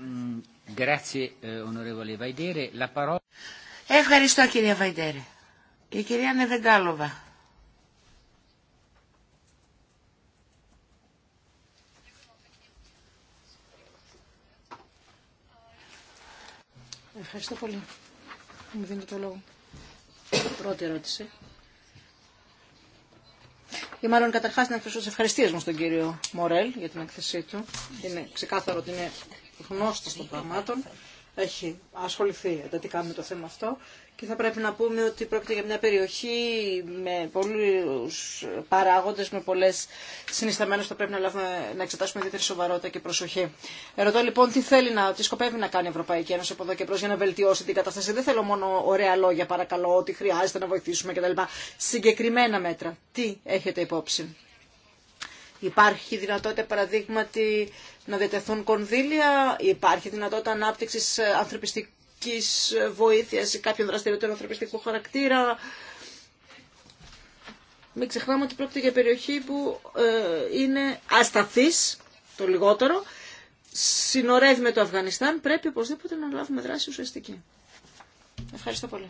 Mm, eh, Ευχαριστώ κυρία Βαϊντέρη. Η κυρία Νεβεγκάλοβα. Ευχαριστώ πολύ. Μου δίνετε το λόγο. Πρώτη ερώτηση ή μάλλον καταρχάς να εκφράσω τι ευχαριστίε μου στον κύριο Μορέλ για την έκθεσή του. Είναι ξεκάθαρο ότι είναι γνώστη των πραγμάτων. Έχει ασχοληθεί εντατικά με το θέμα αυτό και θα πρέπει να πούμε ότι πρόκειται για μια περιοχή με πολλούς παράγοντες, με πολλές συνισταμένες θα πρέπει να, λάβουμε, να εξετάσουμε ιδιαίτερη σοβαρότητα και προσοχή. Ερωτώ λοιπόν τι θέλει να, τι σκοπεύει να κάνει η Ευρωπαϊκή Ένωση από εδώ και προς για να βελτιώσει την κατάσταση. Δεν θέλω μόνο ωραία λόγια παρακαλώ, ότι χρειάζεται να βοηθήσουμε κτλ. Συγκεκριμένα μέτρα. Τι έχετε υπόψη. Υπάρχει δυνατότητα παραδείγματι να διατεθούν κονδύλια, υπάρχει δυνατότητα ανάπτυξης ανθρωπιστικού ανθρωπιστικής βοήθειας ή κάποιων δραστηριοτήτων ανθρωπιστικού χαρακτήρα. Μην ξεχνάμε ότι πρόκειται για περιοχή που ε, είναι ασταθής, το λιγότερο, συνορεύει με το Αφγανιστάν, πρέπει οπωσδήποτε να λάβουμε δράση ουσιαστική. Ευχαριστώ πολύ.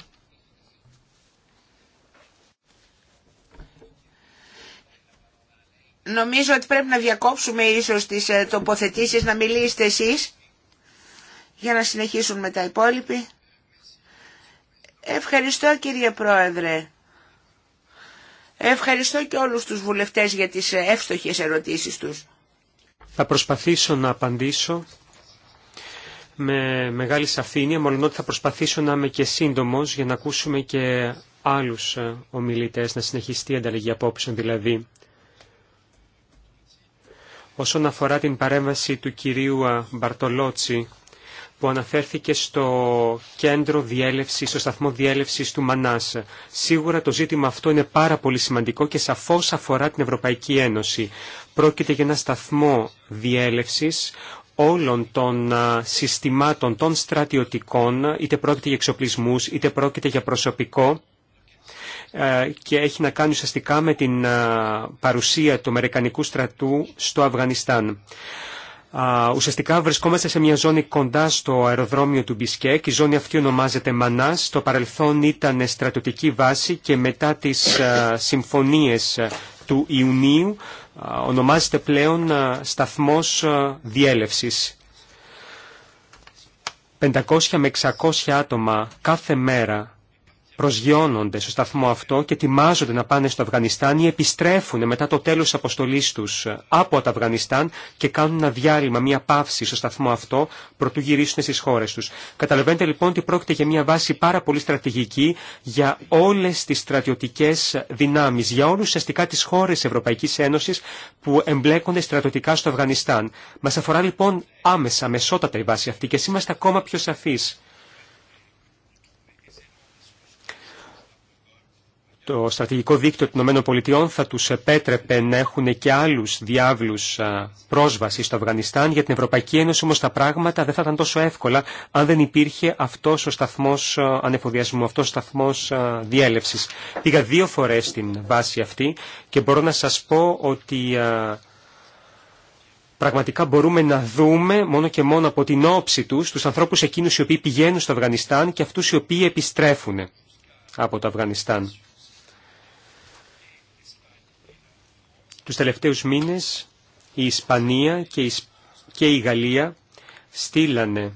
Νομίζω ότι πρέπει να διακόψουμε ίσως τις ε, τοποθετήσεις να μιλήσετε εσείς για να συνεχίσουν με τα υπόλοιποι. Ευχαριστώ κύριε Πρόεδρε. Ευχαριστώ και όλους τους βουλευτές για τις εύστοχες ερωτήσεις τους. Θα προσπαθήσω να απαντήσω με μεγάλη σαφήνεια, μόνο ότι θα προσπαθήσω να είμαι και σύντομος για να ακούσουμε και άλλους ε, ομιλητές, να συνεχιστεί η ανταλλαγή απόψεων δηλαδή. Όσον αφορά την παρέμβαση του κυρίου ε, Μπαρτολότσι που αναφέρθηκε στο κέντρο διέλευσης, στο σταθμό διέλευσης του Μανάς. Σίγουρα το ζήτημα αυτό είναι πάρα πολύ σημαντικό και σαφώς αφορά την Ευρωπαϊκή Ένωση. Πρόκειται για ένα σταθμό διέλευσης όλων των συστημάτων των στρατιωτικών, είτε πρόκειται για εξοπλισμούς, είτε πρόκειται για προσωπικό, ε, και έχει να κάνει ουσιαστικά με την παρουσία του Αμερικανικού στρατού στο Αφγανιστάν ουσιαστικά βρισκόμαστε σε μια ζώνη κοντά στο αεροδρόμιο του Μπισκέκ. Η ζώνη αυτή ονομάζεται Μανά. Στο παρελθόν ήταν στρατιωτική βάση και μετά τις συμφωνίες του Ιουνίου ονομάζεται πλέον σταθμός διέλευσης. 500 με 600 άτομα κάθε μέρα προσγειώνονται στο σταθμό αυτό και ετοιμάζονται να πάνε στο Αφγανιστάν ή επιστρέφουν μετά το τέλος της αποστολής τους από το Αφγανιστάν και κάνουν ένα διάλειμμα, μια παύση στο σταθμό αυτό προτού γυρίσουν στις χώρες τους. Καταλαβαίνετε λοιπόν ότι πρόκειται για μια βάση πάρα πολύ στρατηγική για όλες τις στρατιωτικές δυνάμεις, για όλους ουσιαστικά τις χώρες Ευρωπαϊκής Ένωσης που εμπλέκονται στρατιωτικά στο Αφγανιστάν. Μας αφορά λοιπόν άμεσα, μεσότατα η βάση αυτή και είμαστε ακόμα πιο σαφείς. το στρατηγικό δίκτυο των ΗΠΑ θα τους επέτρεπε να έχουν και άλλους διάβλους πρόσβαση στο Αφγανιστάν. Για την Ευρωπαϊκή Ένωση όμως τα πράγματα δεν θα ήταν τόσο εύκολα αν δεν υπήρχε αυτός ο σταθμός ανεφοδιασμού, αυτός ο σταθμός διέλευσης. Πήγα δύο φορές στην βάση αυτή και μπορώ να σας πω ότι πραγματικά μπορούμε να δούμε μόνο και μόνο από την όψη τους τους ανθρώπους εκείνους οι οποίοι πηγαίνουν στο Αφγανιστάν και αυτούς οι οποίοι επιστρέφουν από το Αφγανιστάν. Τους τελευταίους μήνες η Ισπανία και η Γαλλία στείλανε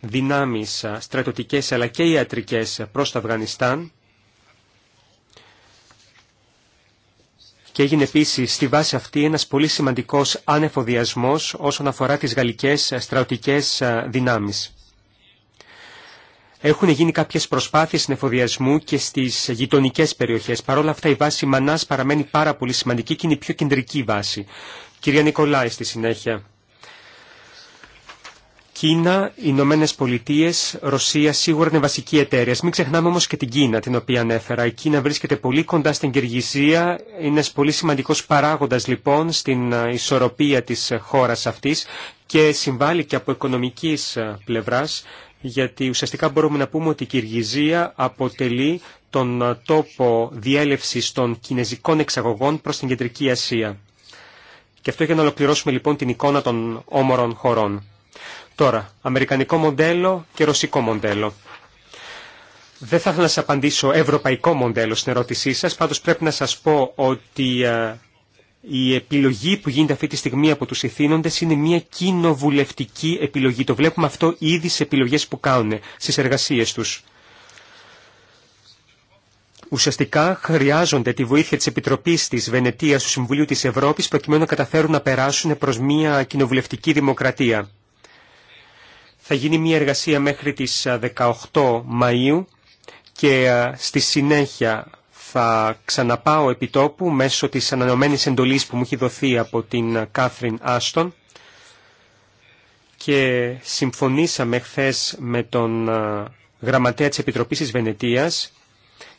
δυνάμεις στρατοτικές αλλά και ιατρικές προς το Αφγανιστάν και έγινε επίσης στη βάση αυτή ένας πολύ σημαντικός ανεφοδιασμός όσον αφορά τις γαλλικές στρατοτικές δυνάμεις. Έχουν γίνει κάποιες προσπάθειες νεφοδιασμού και στις γειτονικέ περιοχές. Παρ' όλα αυτά η βάση Μανάς παραμένει πάρα πολύ σημαντική και είναι η πιο κεντρική βάση. Κυρία Νικολάη στη συνέχεια. Κίνα, Ηνωμένε Πολιτείε, Ρωσία σίγουρα είναι βασική εταίρεια. Μην ξεχνάμε όμω και την Κίνα, την οποία ανέφερα. Η Κίνα βρίσκεται πολύ κοντά στην Κυργυζία. Είναι πολύ σημαντικό παράγοντα λοιπόν στην ε, ισορροπία τη ε, χώρα αυτή και συμβάλλει και από οικονομική ε, πλευρά γιατί ουσιαστικά μπορούμε να πούμε ότι η Κυργυζία αποτελεί τον ε, τόπο διέλευσης των κινέζικων εξαγωγών προς την Κεντρική Ασία. Και αυτό για να ολοκληρώσουμε λοιπόν την εικόνα των όμορων χωρών. Τώρα, αμερικανικό μοντέλο και ρωσικό μοντέλο. Δεν θα ήθελα να σας απαντήσω ευρωπαϊκό μοντέλο στην ερώτησή σας, πάντως πρέπει να σας πω ότι ε, η επιλογή που γίνεται αυτή τη στιγμή από τους ηθήνοντες είναι μια κοινοβουλευτική επιλογή. Το βλέπουμε αυτό ήδη σε επιλογές που κάνουν στις εργασίες τους. Ουσιαστικά χρειάζονται τη βοήθεια της Επιτροπής της Βενετίας του Συμβουλίου της Ευρώπης προκειμένου να καταφέρουν να περάσουν προς μια κοινοβουλευτική δημοκρατία. Θα γίνει μια εργασία μέχρι τις 18 ε, Μαΐου και ε, στη συνέχεια θα ξαναπάω επιτόπου μέσω της ανανεωμένης εντολής που μου έχει δοθεί από την Κάθριν Άστον και συμφωνήσαμε χθε με τον ε, γραμματέα της Επιτροπής της Βενετίας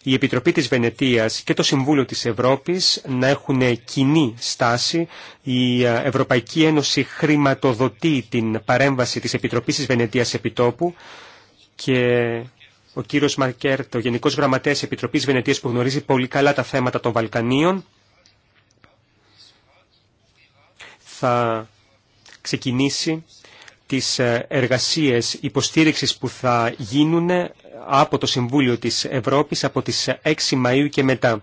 η Επιτροπή της Βενετίας και το Συμβούλιο της Ευρώπης να έχουν κοινή στάση. Η ε, Ευρωπαϊκή Ένωση χρηματοδοτεί την παρέμβαση της Επιτροπής της Βενετίας επιτόπου και ο κύριος Μαρκέρτ, το Γενικός Γραμματέας Επιτροπής Βενετίας που γνωρίζει πολύ καλά τα θέματα των Βαλκανίων, θα ξεκινήσει τις ε, εργασίες υποστήριξης που θα γίνουν από το Συμβούλιο της Ευρώπης από τις 6 Μαΐου και μετά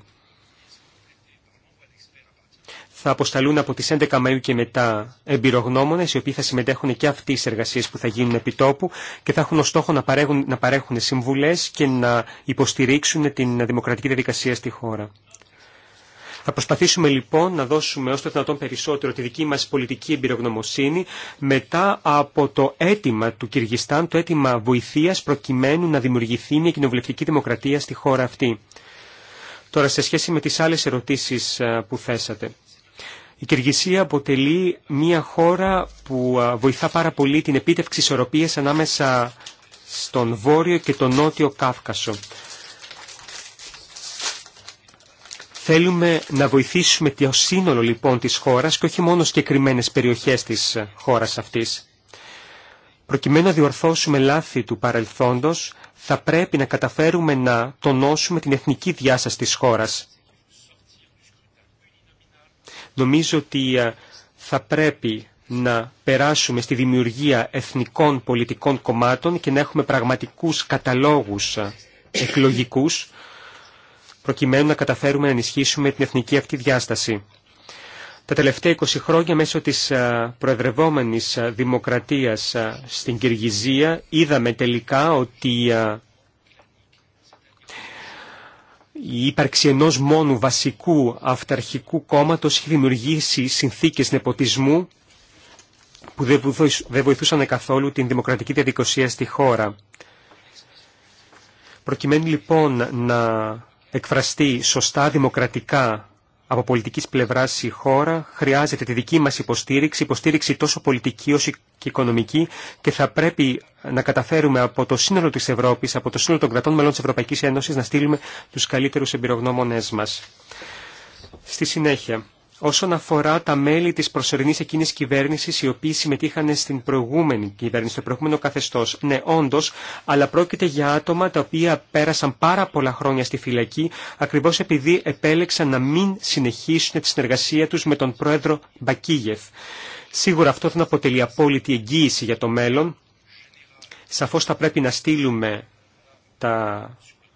θα αποσταλούν από τις 11 Μαΐου και μετά εμπειρογνώμονες, οι οποίοι θα συμμετέχουν και αυτοί στις εργασίες που θα γίνουν επί τόπου και θα έχουν ως στόχο να παρέχουν, να παρέχουν συμβουλές και να υποστηρίξουν την δημοκρατική διαδικασία στη χώρα. Θα προσπαθήσουμε λοιπόν να δώσουμε όσο το δυνατόν περισσότερο τη δική μας πολιτική εμπειρογνωμοσύνη μετά από το αίτημα του Κυργιστάν, το αίτημα βοηθείας προκειμένου να δημιουργηθεί μια κοινοβουλευτική δημοκρατία στη χώρα αυτή. Τώρα σε σχέση με τις άλλες ερωτήσεις ε, που θέσατε. Η Κυργισία αποτελεί μια χώρα που βοηθά πάρα πολύ την επίτευξη ισορροπίας ανάμεσα στον Βόρειο και τον Νότιο Κάυκασο. Θέλουμε να βοηθήσουμε το σύνολο λοιπόν της χώρας και όχι μόνο συγκεκριμένε περιοχές της χώρας αυτής. Προκειμένου να διορθώσουμε λάθη του παρελθόντος, θα πρέπει να καταφέρουμε να τονώσουμε την εθνική διάσταση της χώρας. Νομίζω ότι ε, θα πρέπει να περάσουμε στη δημιουργία εθνικών πολιτικών κομμάτων και να έχουμε πραγματικούς καταλόγους ε, εκλογικούς προκειμένου να καταφέρουμε να ενισχύσουμε την εθνική αυτή διάσταση. Τα τελευταία 20 χρόνια μέσω της ε, προεδρευόμενης δημοκρατίας στην Κυργυζία είδαμε τελικά ότι η ύπαρξη ενός μόνου βασικού αυταρχικού κόμματος έχει δημιουργήσει συνθήκες νεποτισμού που δεν βοηθούσαν καθόλου την δημοκρατική διαδικασία στη χώρα. Προκειμένου λοιπόν να εκφραστεί σωστά δημοκρατικά από πολιτική πλευράς η χώρα χρειάζεται τη δική μας υποστήριξη, υποστήριξη τόσο πολιτική όσο και οικονομική και θα πρέπει να καταφέρουμε από το σύνολο της Ευρώπης, από το σύνολο των κρατών μελών της Ευρωπαϊκής Ένωση, να στείλουμε τους καλύτερους εμπειρογνώμονέ μας. Στη συνέχεια, όσον αφορά τα μέλη της προσωρινής εκείνης κυβέρνησης οι οποίοι συμμετείχαν στην προηγούμενη κυβέρνηση, στο προηγούμενο καθεστώς. Ναι, όντως, αλλά πρόκειται για άτομα τα οποία πέρασαν πάρα πολλά χρόνια στη φυλακή ακριβώς επειδή επέλεξαν να μην συνεχίσουν τη συνεργασία τους με τον πρόεδρο Μπακίγεφ. Σίγουρα αυτό θα αποτελεί απόλυτη εγγύηση για το μέλλον. Σαφώς θα πρέπει να στείλουμε τα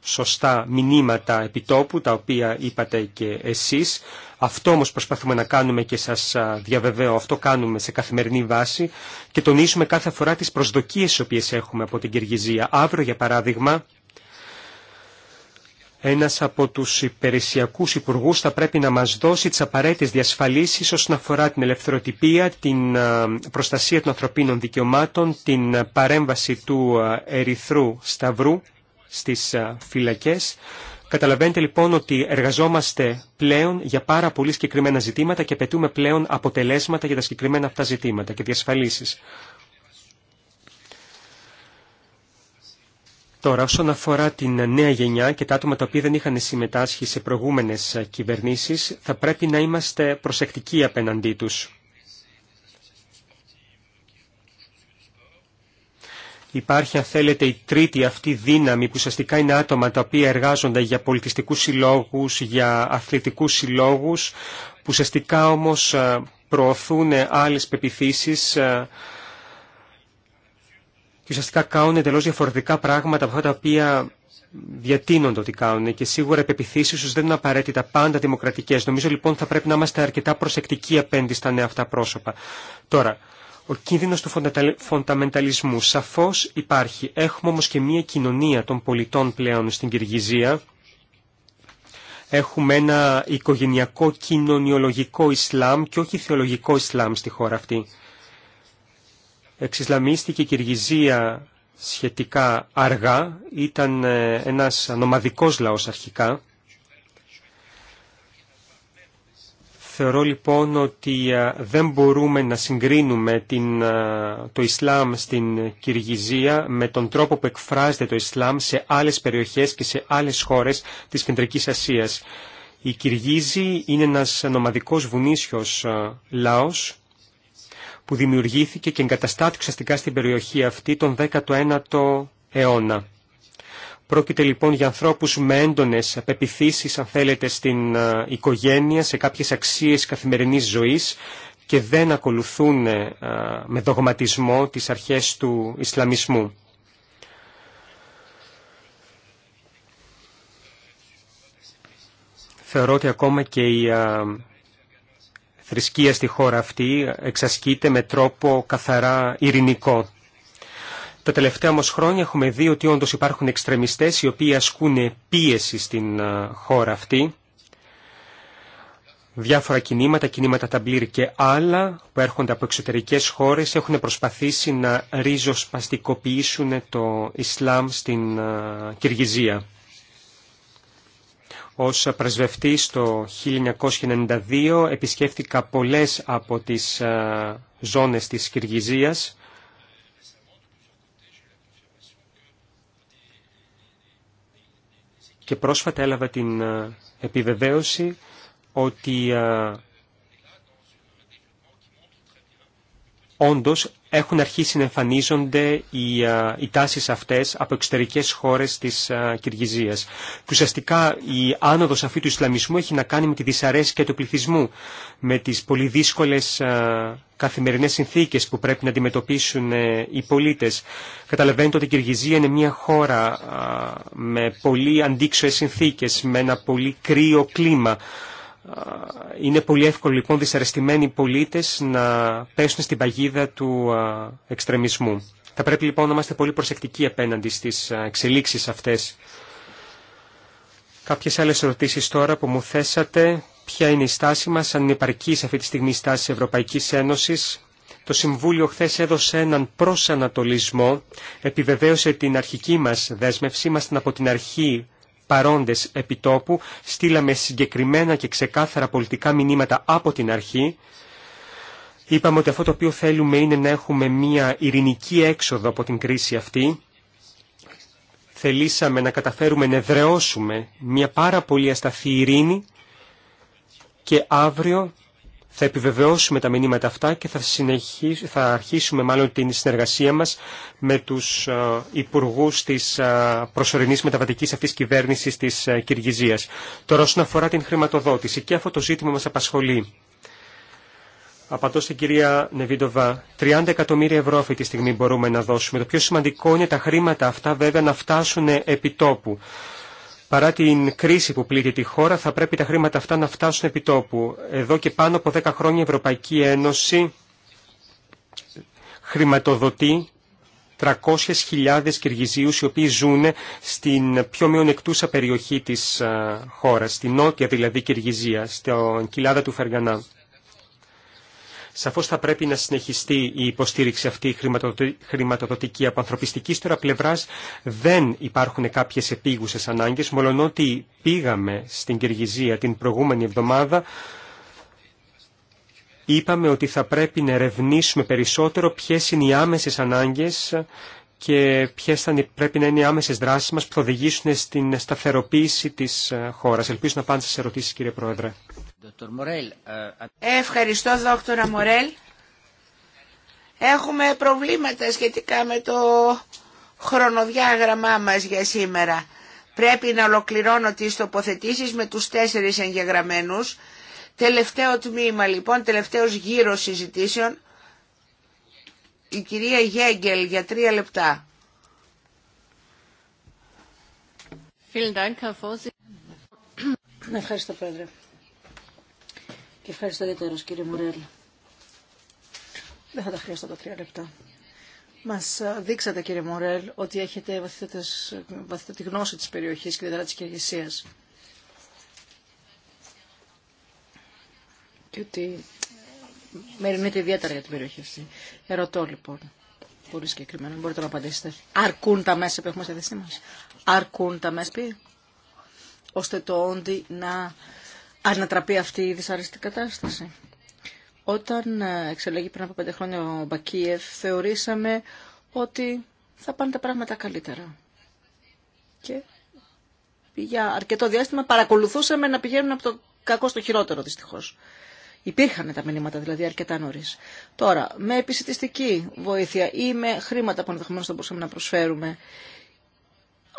σωστά μηνύματα επιτόπου, τα οποία είπατε και εσείς. Αυτό όμως προσπαθούμε να κάνουμε και σας διαβεβαίω, αυτό κάνουμε σε καθημερινή βάση και τονίζουμε κάθε φορά τις προσδοκίες τις οποίες έχουμε από την Κυργυζία. Αύριο, για παράδειγμα, ένας από τους υπηρεσιακούς υπουργού θα πρέπει να μας δώσει τις απαραίτητες διασφαλίσεις όσον αφορά την ελευθεροτυπία, την προστασία των ανθρωπίνων δικαιωμάτων, την παρέμβαση του Ερυθρού Σταυρού στις ε, φυλακές. Καταλαβαίνετε λοιπόν ότι εργαζόμαστε πλέον για πάρα πολύ συγκεκριμένα ζητήματα και πετούμε πλέον αποτελέσματα για τα συγκεκριμένα αυτά ζητήματα και διασφαλίσεις. Τώρα, όσον αφορά την νέα γενιά και τα άτομα τα οποία δεν είχαν συμμετάσχει σε προηγούμενες κυβερνήσεις, θα πρέπει να είμαστε προσεκτικοί απέναντί τους. Υπάρχει, αν θέλετε, η τρίτη αυτή δύναμη που ουσιαστικά είναι άτομα τα οποία εργάζονται για πολιτιστικούς συλλόγους, για αθλητικούς συλλόγους, που ουσιαστικά όμως ε, προωθούν άλλες πεπιθήσεις ε, και ουσιαστικά κάνουν εντελώ διαφορετικά πράγματα από αυτά τα οποία διατείνονται ότι κάνουν και σίγουρα οι πεπιθήσεις τους δεν είναι απαραίτητα πάντα δημοκρατικές. Νομίζω λοιπόν θα πρέπει να είμαστε αρκετά προσεκτικοί απέναντι στα νέα αυτά πρόσωπα. Τώρα, ο κίνδυνος του φονταμενταλισμού σαφώς υπάρχει. Έχουμε όμως και μία κοινωνία των πολιτών πλέον στην Κυργυζία. Έχουμε ένα οικογενειακό κοινωνιολογικό Ισλάμ και όχι θεολογικό Ισλάμ στη χώρα αυτή. Εξισλαμίστηκε η Κυργυζία σχετικά αργά. Ήταν ε, ένας νομαδικός λαός αρχικά. Θεωρώ λοιπόν ότι δεν μπορούμε να συγκρίνουμε την, το Ισλάμ στην Κυργυζία με τον τρόπο που εκφράζεται το Ισλάμ σε άλλες περιοχές και σε άλλες χώρες της Κεντρικής Ασίας. Η Κυργύζη είναι ένας νομαδικός βουνίσιος λαός που δημιουργήθηκε και εγκαταστάθηκε στην περιοχή αυτή τον 19ο αιώνα. Πρόκειται λοιπόν για ανθρώπους με έντονες απεπιθήσεις, αν θέλετε, στην ε, οικογένεια, σε κάποιες αξίες καθημερινής ζωής και δεν ακολουθούν ε, με δογματισμό τις αρχές του Ισλαμισμού. Θεωρώ ότι ακόμα και η ε, θρησκεία στη χώρα αυτή εξασκείται με τρόπο καθαρά ειρηνικό. Τα τελευταία όμω χρόνια έχουμε δει ότι όντω υπάρχουν εξτρεμιστέ οι οποίοι ασκούν πίεση στην χώρα αυτή. Διάφορα κινήματα, κινήματα ταμπλήρ και άλλα που έρχονται από εξωτερικές χώρες έχουν προσπαθήσει να ρίζοσπαστικοποιήσουν το Ισλάμ στην Κυργιζία. Ως πρεσβευτής το 1992 επισκέφθηκα πολλές από τις ζώνες της Κυργιζίας και πρόσφατα έλαβα την ε, επιβεβαίωση ότι ε, όντως έχουν αρχίσει να εμφανίζονται οι, α, τάσεις αυτές από εξωτερικές χώρες της α, Κυργιζίας. ουσιαστικά η άνοδος αυτή του Ισλαμισμού έχει να κάνει με τη δυσαρέσκεια του πληθυσμού, με τις πολύ δύσκολες καθημερινές συνθήκες που πρέπει να αντιμετωπίσουν ε, οι πολίτες. Καταλαβαίνετε ότι η Κυργυζία είναι μια χώρα με πολύ αντίξωες συνθήκες, με ένα πολύ κρύο κλίμα. Ε, είναι πολύ εύκολο λοιπόν δυσαρεστημένοι πολίτες να πέσουν στην παγίδα του ε, εξτρεμισμού. Θα πρέπει λοιπόν να είμαστε πολύ προσεκτικοί απέναντι στις ε, εξελίξεις αυτές. Κάποιες άλλες ερωτήσεις τώρα που μου θέσατε. Ποια είναι η στάση μας, αν είναι επαρκή σε αυτή τη στιγμή η στάση της Ευρωπαϊκής Ένωσης. Το Συμβούλιο χθε έδωσε έναν προσανατολισμό, επιβεβαίωσε την αρχική μας δέσμευση, ήμασταν από την αρχή παρόντες επιτόπου, στείλαμε συγκεκριμένα και ξεκάθαρα πολιτικά μηνύματα από την αρχή. Είπαμε ότι αυτό το οποίο θέλουμε είναι να έχουμε μια ειρηνική έξοδο από την κρίση αυτή. Θελήσαμε να καταφέρουμε να εδραιώσουμε μια πάρα πολύ ασταθή ειρήνη και αύριο θα επιβεβαιώσουμε τα μηνύματα αυτά και θα, θα αρχίσουμε μάλλον την συνεργασία μας με τους ε, υπουργούς της ε, προσωρινής μεταβατικής αυτής κυβέρνησης της ε, Κυργιζίας. Τώρα όσον αφορά την χρηματοδότηση και αυτό το ζήτημα μας απασχολεί. Απαντώ στην κυρία Νεβίντοβα, 30 εκατομμύρια ευρώ αυτή τη στιγμή μπορούμε να δώσουμε. Το πιο σημαντικό είναι τα χρήματα αυτά βέβαια να φτάσουν επί τόπου. Παρά την κρίση που πλήττει τη χώρα, θα πρέπει τα χρήματα αυτά να φτάσουν επί τόπου. Εδώ και πάνω από 10 χρόνια η Ευρωπαϊκή Ένωση χρηματοδοτεί 300.000 Κυργιζίους οι οποίοι ζουν στην πιο μειονεκτούσα περιοχή της ε, χώρας, στην νότια δηλαδή Κυργιζία, στην κοιλάδα του Φεργανά. Σαφώς θα πρέπει να συνεχιστεί η υποστήριξη αυτή χρηματοδοτική από ανθρωπιστική τώρα πλευράς. Δεν υπάρχουν κάποιες επίγουσες ανάγκες, ότι πήγαμε στην Κυργυζία την προηγούμενη εβδομάδα είπαμε ότι θα πρέπει να ερευνήσουμε περισσότερο ποιες είναι οι άμεσες ανάγκες και ποιες θα πρέπει να είναι οι άμεσες δράσεις μας που θα οδηγήσουν στην σταθεροποίηση της ε, χώρας. Ελπίζω να πάνε σε ερωτήσεις κύριε Πρόεδρε. Ε, Ευχαριστώ, δόκτωρα Μορέλ. Έχουμε προβλήματα σχετικά με το χρονοδιάγραμμά μας για σήμερα. Πρέπει να ολοκληρώνω τις τοποθετήσεις με τους τέσσερις εγγεγραμμένους. Τελευταίο τμήμα λοιπόν, τελευταίος γύρος συζητήσεων. Η κυρία Γέγκελ για τρία λεπτά. Ευχαριστώ πρόεδρε ευχαριστώ ιδιαίτερα κύριε Μουρέλ. Δεν θα τα χρειαστώ τα τρία λεπτά. Μας ε, δείξατε κύριε Μουρέλ ότι έχετε βαθύτερη γνώση της περιοχής και ιδιαίτερα τη Κυριακή. Και ότι μεριμνείτε ιδιαίτερα για την περιοχή αυτή. Ερωτώ λοιπόν, πολύ συγκεκριμένα, μπορείτε να απαντήσετε. Αρκούν τα μέσα που έχουμε στη θέση μα. Αρκούν τα μέσα ώστε το όντι να ανατραπεί αυτή η δυσάρεστη κατάσταση. Όταν ε, εξελέγει πριν από πέντε χρόνια ο Μπακίεφ, θεωρήσαμε ότι θα πάνε τα πράγματα καλύτερα. Και για αρκετό διάστημα παρακολουθούσαμε να πηγαίνουν από το κακό στο χειρότερο δυστυχώ. Υπήρχαν τα μηνύματα δηλαδή αρκετά νωρί. Τώρα, με επισητιστική βοήθεια ή με χρήματα που ενδεχομένω θα μπορούσαμε να προσφέρουμε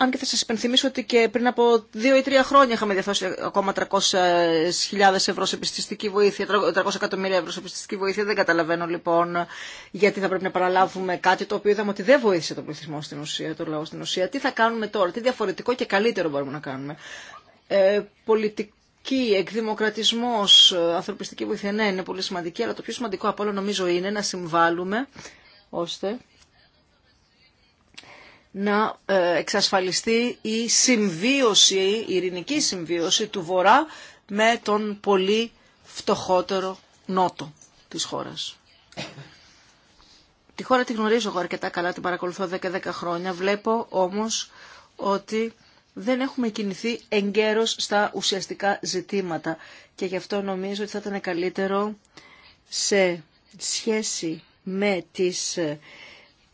αν και θα σα υπενθυμίσω ότι και πριν από δύο ή τρία χρόνια είχαμε διαθέσει ακόμα 300.000 ευρώ σε πιστιστικη βοήθεια, 300 εκατομμύρια ευρώ σε επιστηστική βοήθεια. Δεν καταλαβαίνω λοιπόν γιατί θα πρέπει να παραλάβουμε κάτι το οποίο είδαμε ότι δεν βοήθησε τον πληθυσμό στην ουσία, τον λαό στην ουσία. Τι θα κάνουμε τώρα, τι διαφορετικό και καλύτερο μπορούμε να κάνουμε. Ε, πολιτική, εκδημοκρατισμό, ανθρωπιστική βοήθεια, ναι, είναι πολύ σημαντική, αλλά το πιο σημαντικό από όλα νομίζω είναι να συμβάλλουμε ώστε να ε, εξασφαλιστεί η συμβίωση, η ειρηνική συμβίωση του Βορρά με τον πολύ φτωχότερο νότο της χώρας. Τη χώρα τη γνωρίζω εγώ αρκετά καλά, την παρακολουθώ 10-10 χρόνια. Βλέπω όμως ότι δεν έχουμε κινηθεί εγκαίρως στα ουσιαστικά ζητήματα και γι' αυτό νομίζω ότι θα ήταν καλύτερο σε σχέση με τις ε,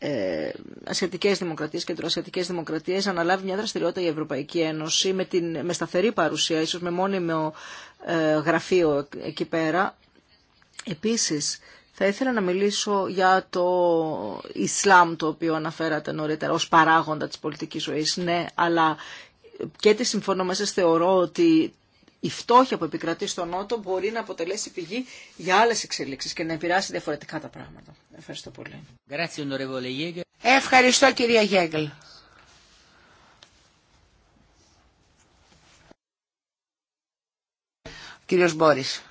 ε, ασιατικές δημοκρατίες, κεντροασιατικέ δημοκρατίες αναλάβει μια δραστηριότητα η Ευρωπαϊκή Ένωση με, την, με σταθερή παρουσία, ίσως με μόνιμο ε, γραφείο εκεί πέρα. Επίσης, θα ήθελα να μιλήσω για το Ισλάμ το οποίο αναφέρατε νωρίτερα ως παράγοντα της πολιτικής ζωή, Ναι, αλλά και τη συμφωνώ μέσα θεωρώ ότι η φτώχεια που επικρατεί στον Νότο μπορεί να αποτελέσει πηγή για άλλες εξελίξεις και να επηρεάσει διαφορετικά τα πράγματα. Ευχαριστώ πολύ. Ευχαριστώ κυρία Γέγκελ. Κύριος Μπόρης.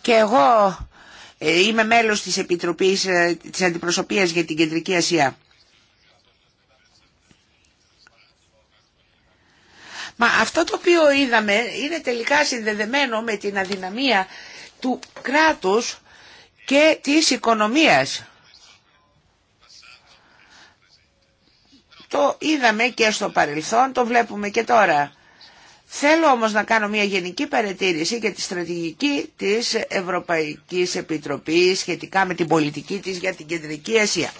Και εγώ ε, είμαι μέλος της Επιτροπής ε, της Αντιπροσωπείας για την Κεντρική Ασία. Μα αυτό το οποίο είδαμε είναι τελικά συνδεδεμένο με την αδυναμία του κράτους και της οικονομίας. Το είδαμε και στο παρελθόν, το βλέπουμε και τώρα. Θέλω όμως να κάνω μια γενική παρατήρηση για τη στρατηγική της Ευρωπαϊκής Επιτροπής σχετικά με την πολιτική της για την Κεντρική Ασία.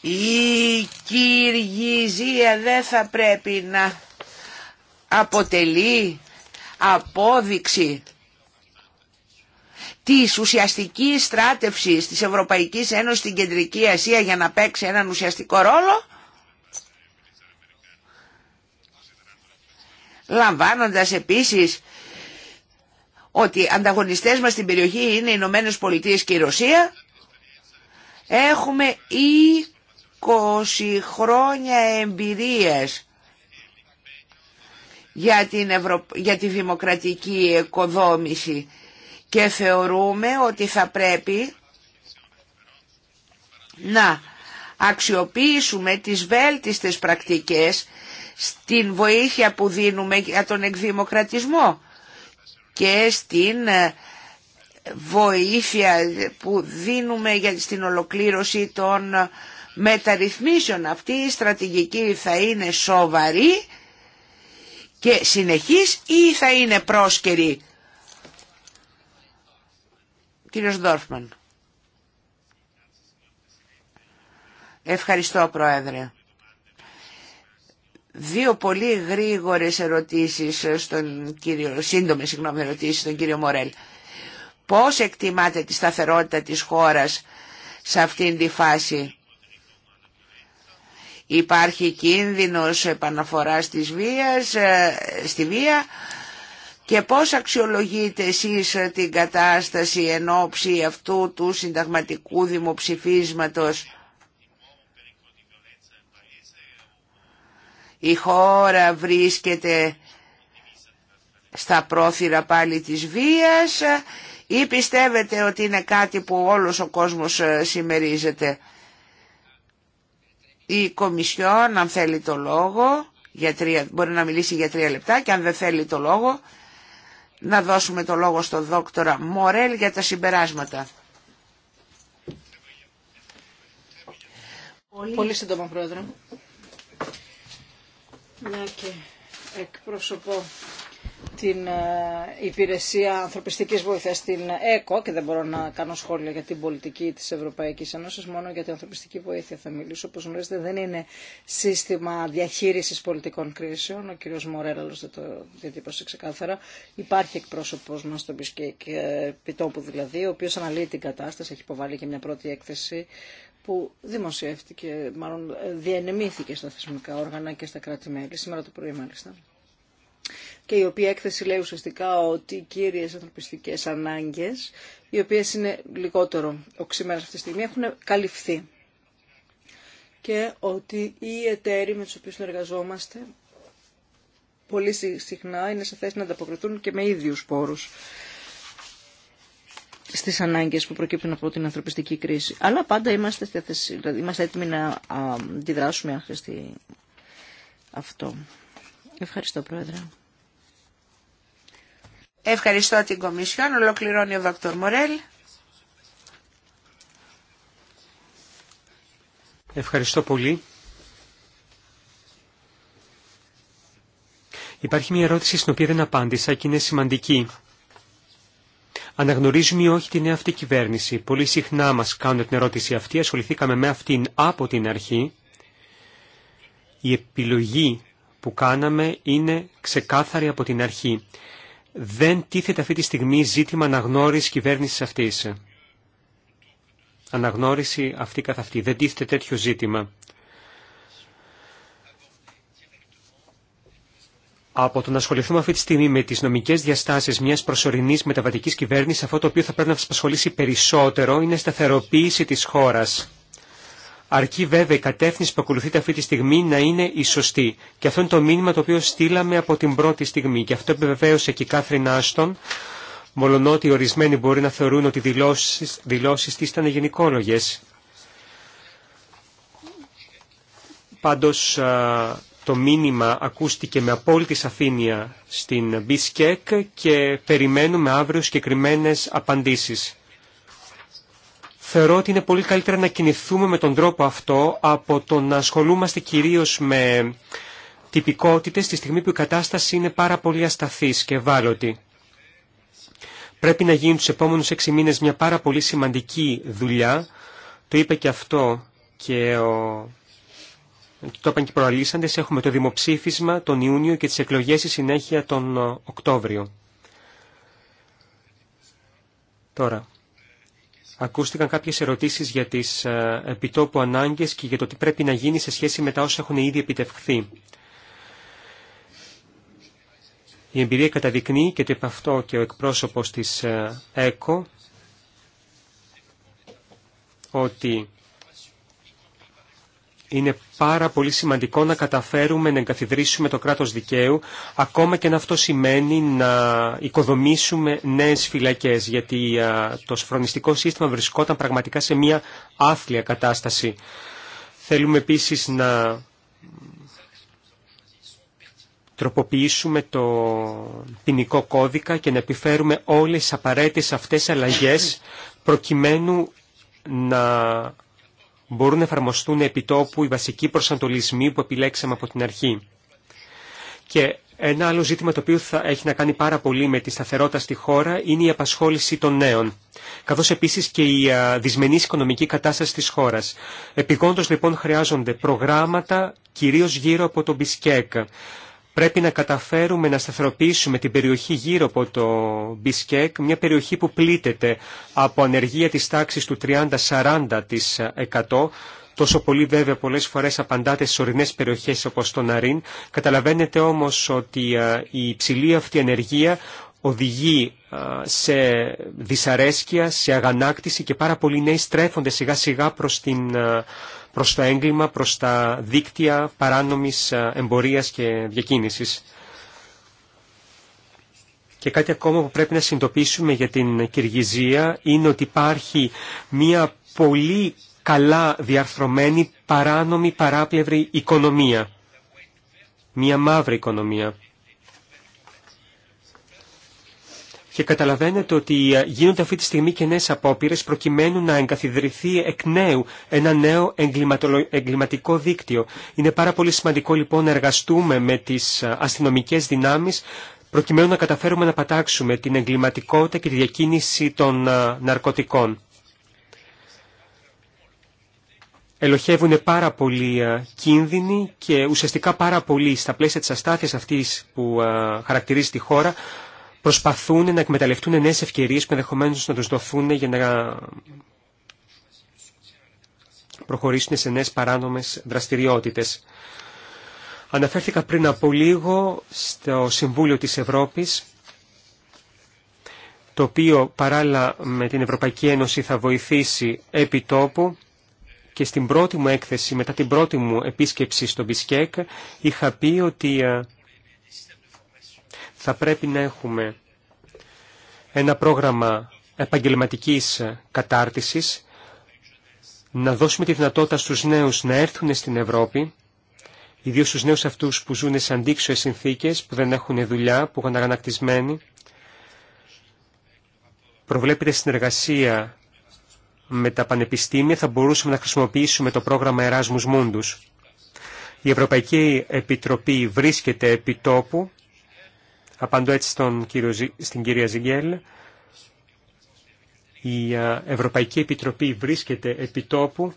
Η Κυργυζία δεν θα πρέπει να αποτελεί απόδειξη της ουσιαστικής στράτευσης της Ευρωπαϊκής Ένωσης στην Κεντρική Ασία για να παίξει έναν ουσιαστικό ρόλο λαμβάνοντας επίσης ότι ανταγωνιστές μας στην περιοχή είναι οι Ηνωμένε Πολιτείε και η Ρωσία έχουμε 20 χρόνια εμπειρίας για, την τη δημοκρατική οικοδόμηση και θεωρούμε ότι θα πρέπει να αξιοποιήσουμε τις βέλτιστες πρακτικές στην βοήθεια που δίνουμε για τον εκδημοκρατισμό και στην ε, βοήθεια που δίνουμε για στην ολοκλήρωση των ε, μεταρρυθμίσεων. Αυτή η στρατηγική θα είναι σοβαρή και συνεχής ή θα είναι πρόσκαιρη. Κύριος Δόρφμαν. Ευχαριστώ Πρόεδρε. Δύο πολύ γρήγορες ερωτήσεις στον κύριο, σύντομες συγγνώμη ερωτήσεις στον κύριο Μορέλ. Πώς εκτιμάτε τη σταθερότητα της χώρας σε αυτήν τη φάση Υπάρχει κίνδυνος επαναφοράς της βίας, ε, στη βία και πώς αξιολογείτε εσείς ε, την κατάσταση εν ώψη αυτού του συνταγματικού δημοψηφίσματος η χώρα βρίσκεται στα πρόθυρα πάλι της βίας ε, ή πιστεύετε ότι είναι κάτι που όλος ο κόσμος συμμερίζεται η Κομισιόν αν θέλει το λόγο, μπορεί να μιλήσει για τρία λεπτά και αν δεν θέλει το λόγο να δώσουμε το λόγο στον δόκτορα Μορέλ για τα συμπεράσματα. Πολύ, Πολύ σύντομα πρόεδρε. Μια και εκπροσωπώ την ε, Υπηρεσία Ανθρωπιστικής Βοήθειας στην ΕΚΟ και δεν μπορώ να κάνω σχόλια για την πολιτική της Ευρωπαϊκής Ένωσης, μόνο για την ανθρωπιστική βοήθεια θα μιλήσω. Όπως γνωρίζετε δεν είναι σύστημα διαχείρισης πολιτικών κρίσεων, ο κύριος Μορέρα, δεν το διατύπωσε ξεκάθαρα. Υπάρχει εκπρόσωπος μας στον Μπισκέικ ε, Πιτόπου δηλαδή, ο οποίος αναλύει την κατάσταση, έχει υποβάλει και μια πρώτη έκθεση που δημοσιεύτηκε, μάλλον ε, διανεμήθηκε στα θεσμικά όργανα και στα κράτη-μέλη, σήμερα το πρωί μάλιστα και η οποία έκθεση λέει ουσιαστικά ότι οι κύριες ανθρωπιστικές ανάγκες, οι οποίες είναι λιγότερο οξυμένες αυτή τη στιγμή, έχουν καλυφθεί. Και ότι οι εταίροι με τους οποίους συνεργαζόμαστε πολύ συχνά είναι σε θέση να ανταποκριθούν και με ίδιους πόρους στις ανάγκες που προκύπτουν από την ανθρωπιστική κρίση. Αλλά πάντα είμαστε, στη θέση, δηλαδή είμαστε έτοιμοι να αντιδράσουμε αν χρειαστεί αυτό. Ευχαριστώ, Πρόεδρε. Ευχαριστώ την Κομισιόν. Ολοκληρώνει ο Δόκτωρ Μορέλ. Ευχαριστώ πολύ. Υπάρχει μια ερώτηση στην οποία δεν απάντησα και είναι σημαντική. Αναγνωρίζουμε ή όχι τη νέα αυτή κυβέρνηση. Πολύ συχνά μας κάνουν την ερώτηση αυτή, ασχοληθήκαμε με αυτήν από την αρχή. Η οχι την που κάναμε είναι ξεκάθαρη από την αρχή δεν τίθεται αυτή τη στιγμή ζήτημα αναγνώριση κυβέρνηση αυτή. Αναγνώριση αυτή καθ' αυτή. Δεν τίθεται τέτοιο ζήτημα. Από το να ασχοληθούμε αυτή τη στιγμή με τι νομικέ διαστάσει μια προσωρινή μεταβατική κυβέρνηση, αυτό το οποίο θα πρέπει να σα απασχολήσει περισσότερο είναι η σταθεροποίηση τη χώρα αρκεί βέβαια η κατεύθυνση που ακολουθείται αυτή τη στιγμή να είναι η σωστή. Και αυτό είναι το μήνυμα το οποίο στείλαμε από την πρώτη στιγμή. Και αυτό επιβεβαίωσε και η Κάθριν Άστον, μολονότι ορισμένοι μπορεί να θεωρούν ότι οι δηλώσεις, δηλώσεις της ήταν γενικόλογες. Πάντως το μήνυμα ακούστηκε με απόλυτη σαφήνεια στην BISCEC και περιμένουμε αύριο συγκεκριμένε απαντήσεις. Θεωρώ ότι είναι πολύ καλύτερα να κινηθούμε με τον τρόπο αυτό από το να ασχολούμαστε κυρίως με τυπικότητες στη στιγμή που η κατάσταση είναι πάρα πολύ ασταθής και ευάλωτη. Πρέπει να γίνει τους επόμενους έξι μήνες μια πάρα πολύ σημαντική δουλειά. Το είπε και αυτό και το είπαν και προαλήσαντες. Έχουμε το δημοψήφισμα τον Ιούνιο και τις εκλογές στη συνέχεια τον Οκτώβριο. Τώρα, Ακούστηκαν κάποιες ερωτήσεις για τις ε, επιτόπου ανάγκες και για το τι πρέπει να γίνει σε σχέση με τα όσα έχουν ήδη επιτευχθεί. Η εμπειρία καταδεικνύει και το είπε αυτό και ο εκπρόσωπος της ε, ΕΚΟ ότι είναι πάρα πολύ σημαντικό να καταφέρουμε να εγκαθιδρύσουμε το κράτος δικαίου, ακόμα και να αυτό σημαίνει να οικοδομήσουμε νέες φυλακές, γιατί το σφρονιστικό σύστημα βρισκόταν πραγματικά σε μια άθλια κατάσταση. Θέλουμε επίσης να τροποποιήσουμε το ποινικό κώδικα και να επιφέρουμε όλες τις απαραίτητες αυτές αλλαγές προκειμένου να μπορούν να εφαρμοστούν τόπου οι βασικοί προσανατολισμοί που επιλέξαμε από την αρχή. Και ένα άλλο ζήτημα το οποίο θα έχει να κάνει πάρα πολύ με τη σταθερότητα στη χώρα είναι η απασχόληση των νέων, καθώς επίσης και η δυσμενής οικονομική κατάσταση της χώρας. Επιγόντως λοιπόν χρειάζονται προγράμματα κυρίως γύρω από τον Μπισκέκ. Πρέπει να καταφέρουμε να σταθεροποιήσουμε την περιοχή γύρω από το Μπισκέκ, μια περιοχή που πλήττεται από ανεργία της τάξης του 30-40%, τόσο πολύ βέβαια πολλές φορές απαντάτε στις ορεινές περιοχές όπως το Ναρίν. Καταλαβαίνετε όμως ότι η υψηλή αυτή ανεργία οδηγεί σε δυσαρέσκεια, σε αγανάκτηση και πάρα πολλοί νέοι στρέφονται σιγά σιγά προς την προς το έγκλημα, προς τα δίκτυα παράνομης ε, εμπορίας και διακίνησης. Και κάτι ακόμα που πρέπει να συνειδητοποιήσουμε για την Κυργυζία είναι ότι υπάρχει μια πολύ καλά διαρθρωμένη παράνομη παράπλευρη οικονομία. Μια μαύρη οικονομία. Και καταλαβαίνετε ότι ε, γίνονται αυτή τη στιγμή και νέες απόπειρες προκειμένου να εγκαθιδρυθεί εκ νέου ένα νέο εγκληματικό δίκτυο. Είναι πάρα πολύ σημαντικό λοιπόν να εργαστούμε με τις ε, αστυνομικές δυνάμεις προκειμένου να καταφέρουμε να πατάξουμε την εγκληματικότητα και τη διακίνηση των ε, ναρκωτικών. ελοχεύουν πάρα πολλοί κίνδυνοι και ουσιαστικά πάρα πολύ στα πλαίσια της αστάθειας αυτής που χαρακτηρίζει τη χώρα προσπαθούν να εκμεταλλευτούν νέες ευκαιρίες που ενδεχομένω να τους δοθούν για να προχωρήσουν σε νέες παράνομες δραστηριότητες. Αναφέρθηκα πριν από λίγο στο Συμβούλιο της Ευρώπης, το οποίο παράλληλα με την Ευρωπαϊκή Ένωση θα βοηθήσει επί τόπου και στην πρώτη μου έκθεση, μετά την πρώτη μου επίσκεψη στο Μπισκέκ, είχα πει ότι ε, θα πρέπει να έχουμε ένα πρόγραμμα επαγγελματικής κατάρτισης, να δώσουμε τη δυνατότητα στους νέους να έρθουν στην Ευρώπη, ιδίως στους νέους αυτούς που ζουν σε αντίξωες συνθήκες, που δεν έχουν δουλειά, που έχουν αγανακτισμένοι. Προβλέπεται συνεργασία με τα πανεπιστήμια, θα μπορούσαμε να χρησιμοποιήσουμε το πρόγραμμα Erasmus Mundus. Η Ευρωπαϊκή Επιτροπή βρίσκεται επί τόπου Απαντώ έτσι στον στην κυρία Ζιγγέλ. Η ε, Ευρωπαϊκή Επιτροπή βρίσκεται επιτόπου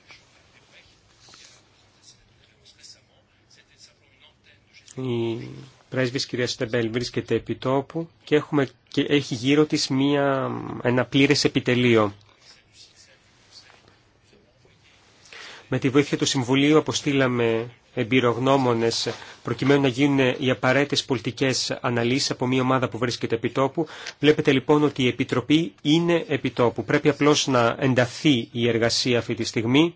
η πρέσβης κυρία Στεμπέλ βρίσκεται επιτόπου και, έχουμε, και έχει γύρω της μία, ένα πλήρες επιτελείο. Με τη βοήθεια του Συμβουλίου αποστήλαμε εμπειρογνώμονες προκειμένου να γίνουν οι απαραίτητες πολιτικές αναλύσεις από μια ομάδα που βρίσκεται επί τόπου. Βλέπετε λοιπόν ότι η Επιτροπή είναι επί τόπου. Πρέπει απλώς να ενταθεί η εργασία αυτή τη στιγμή.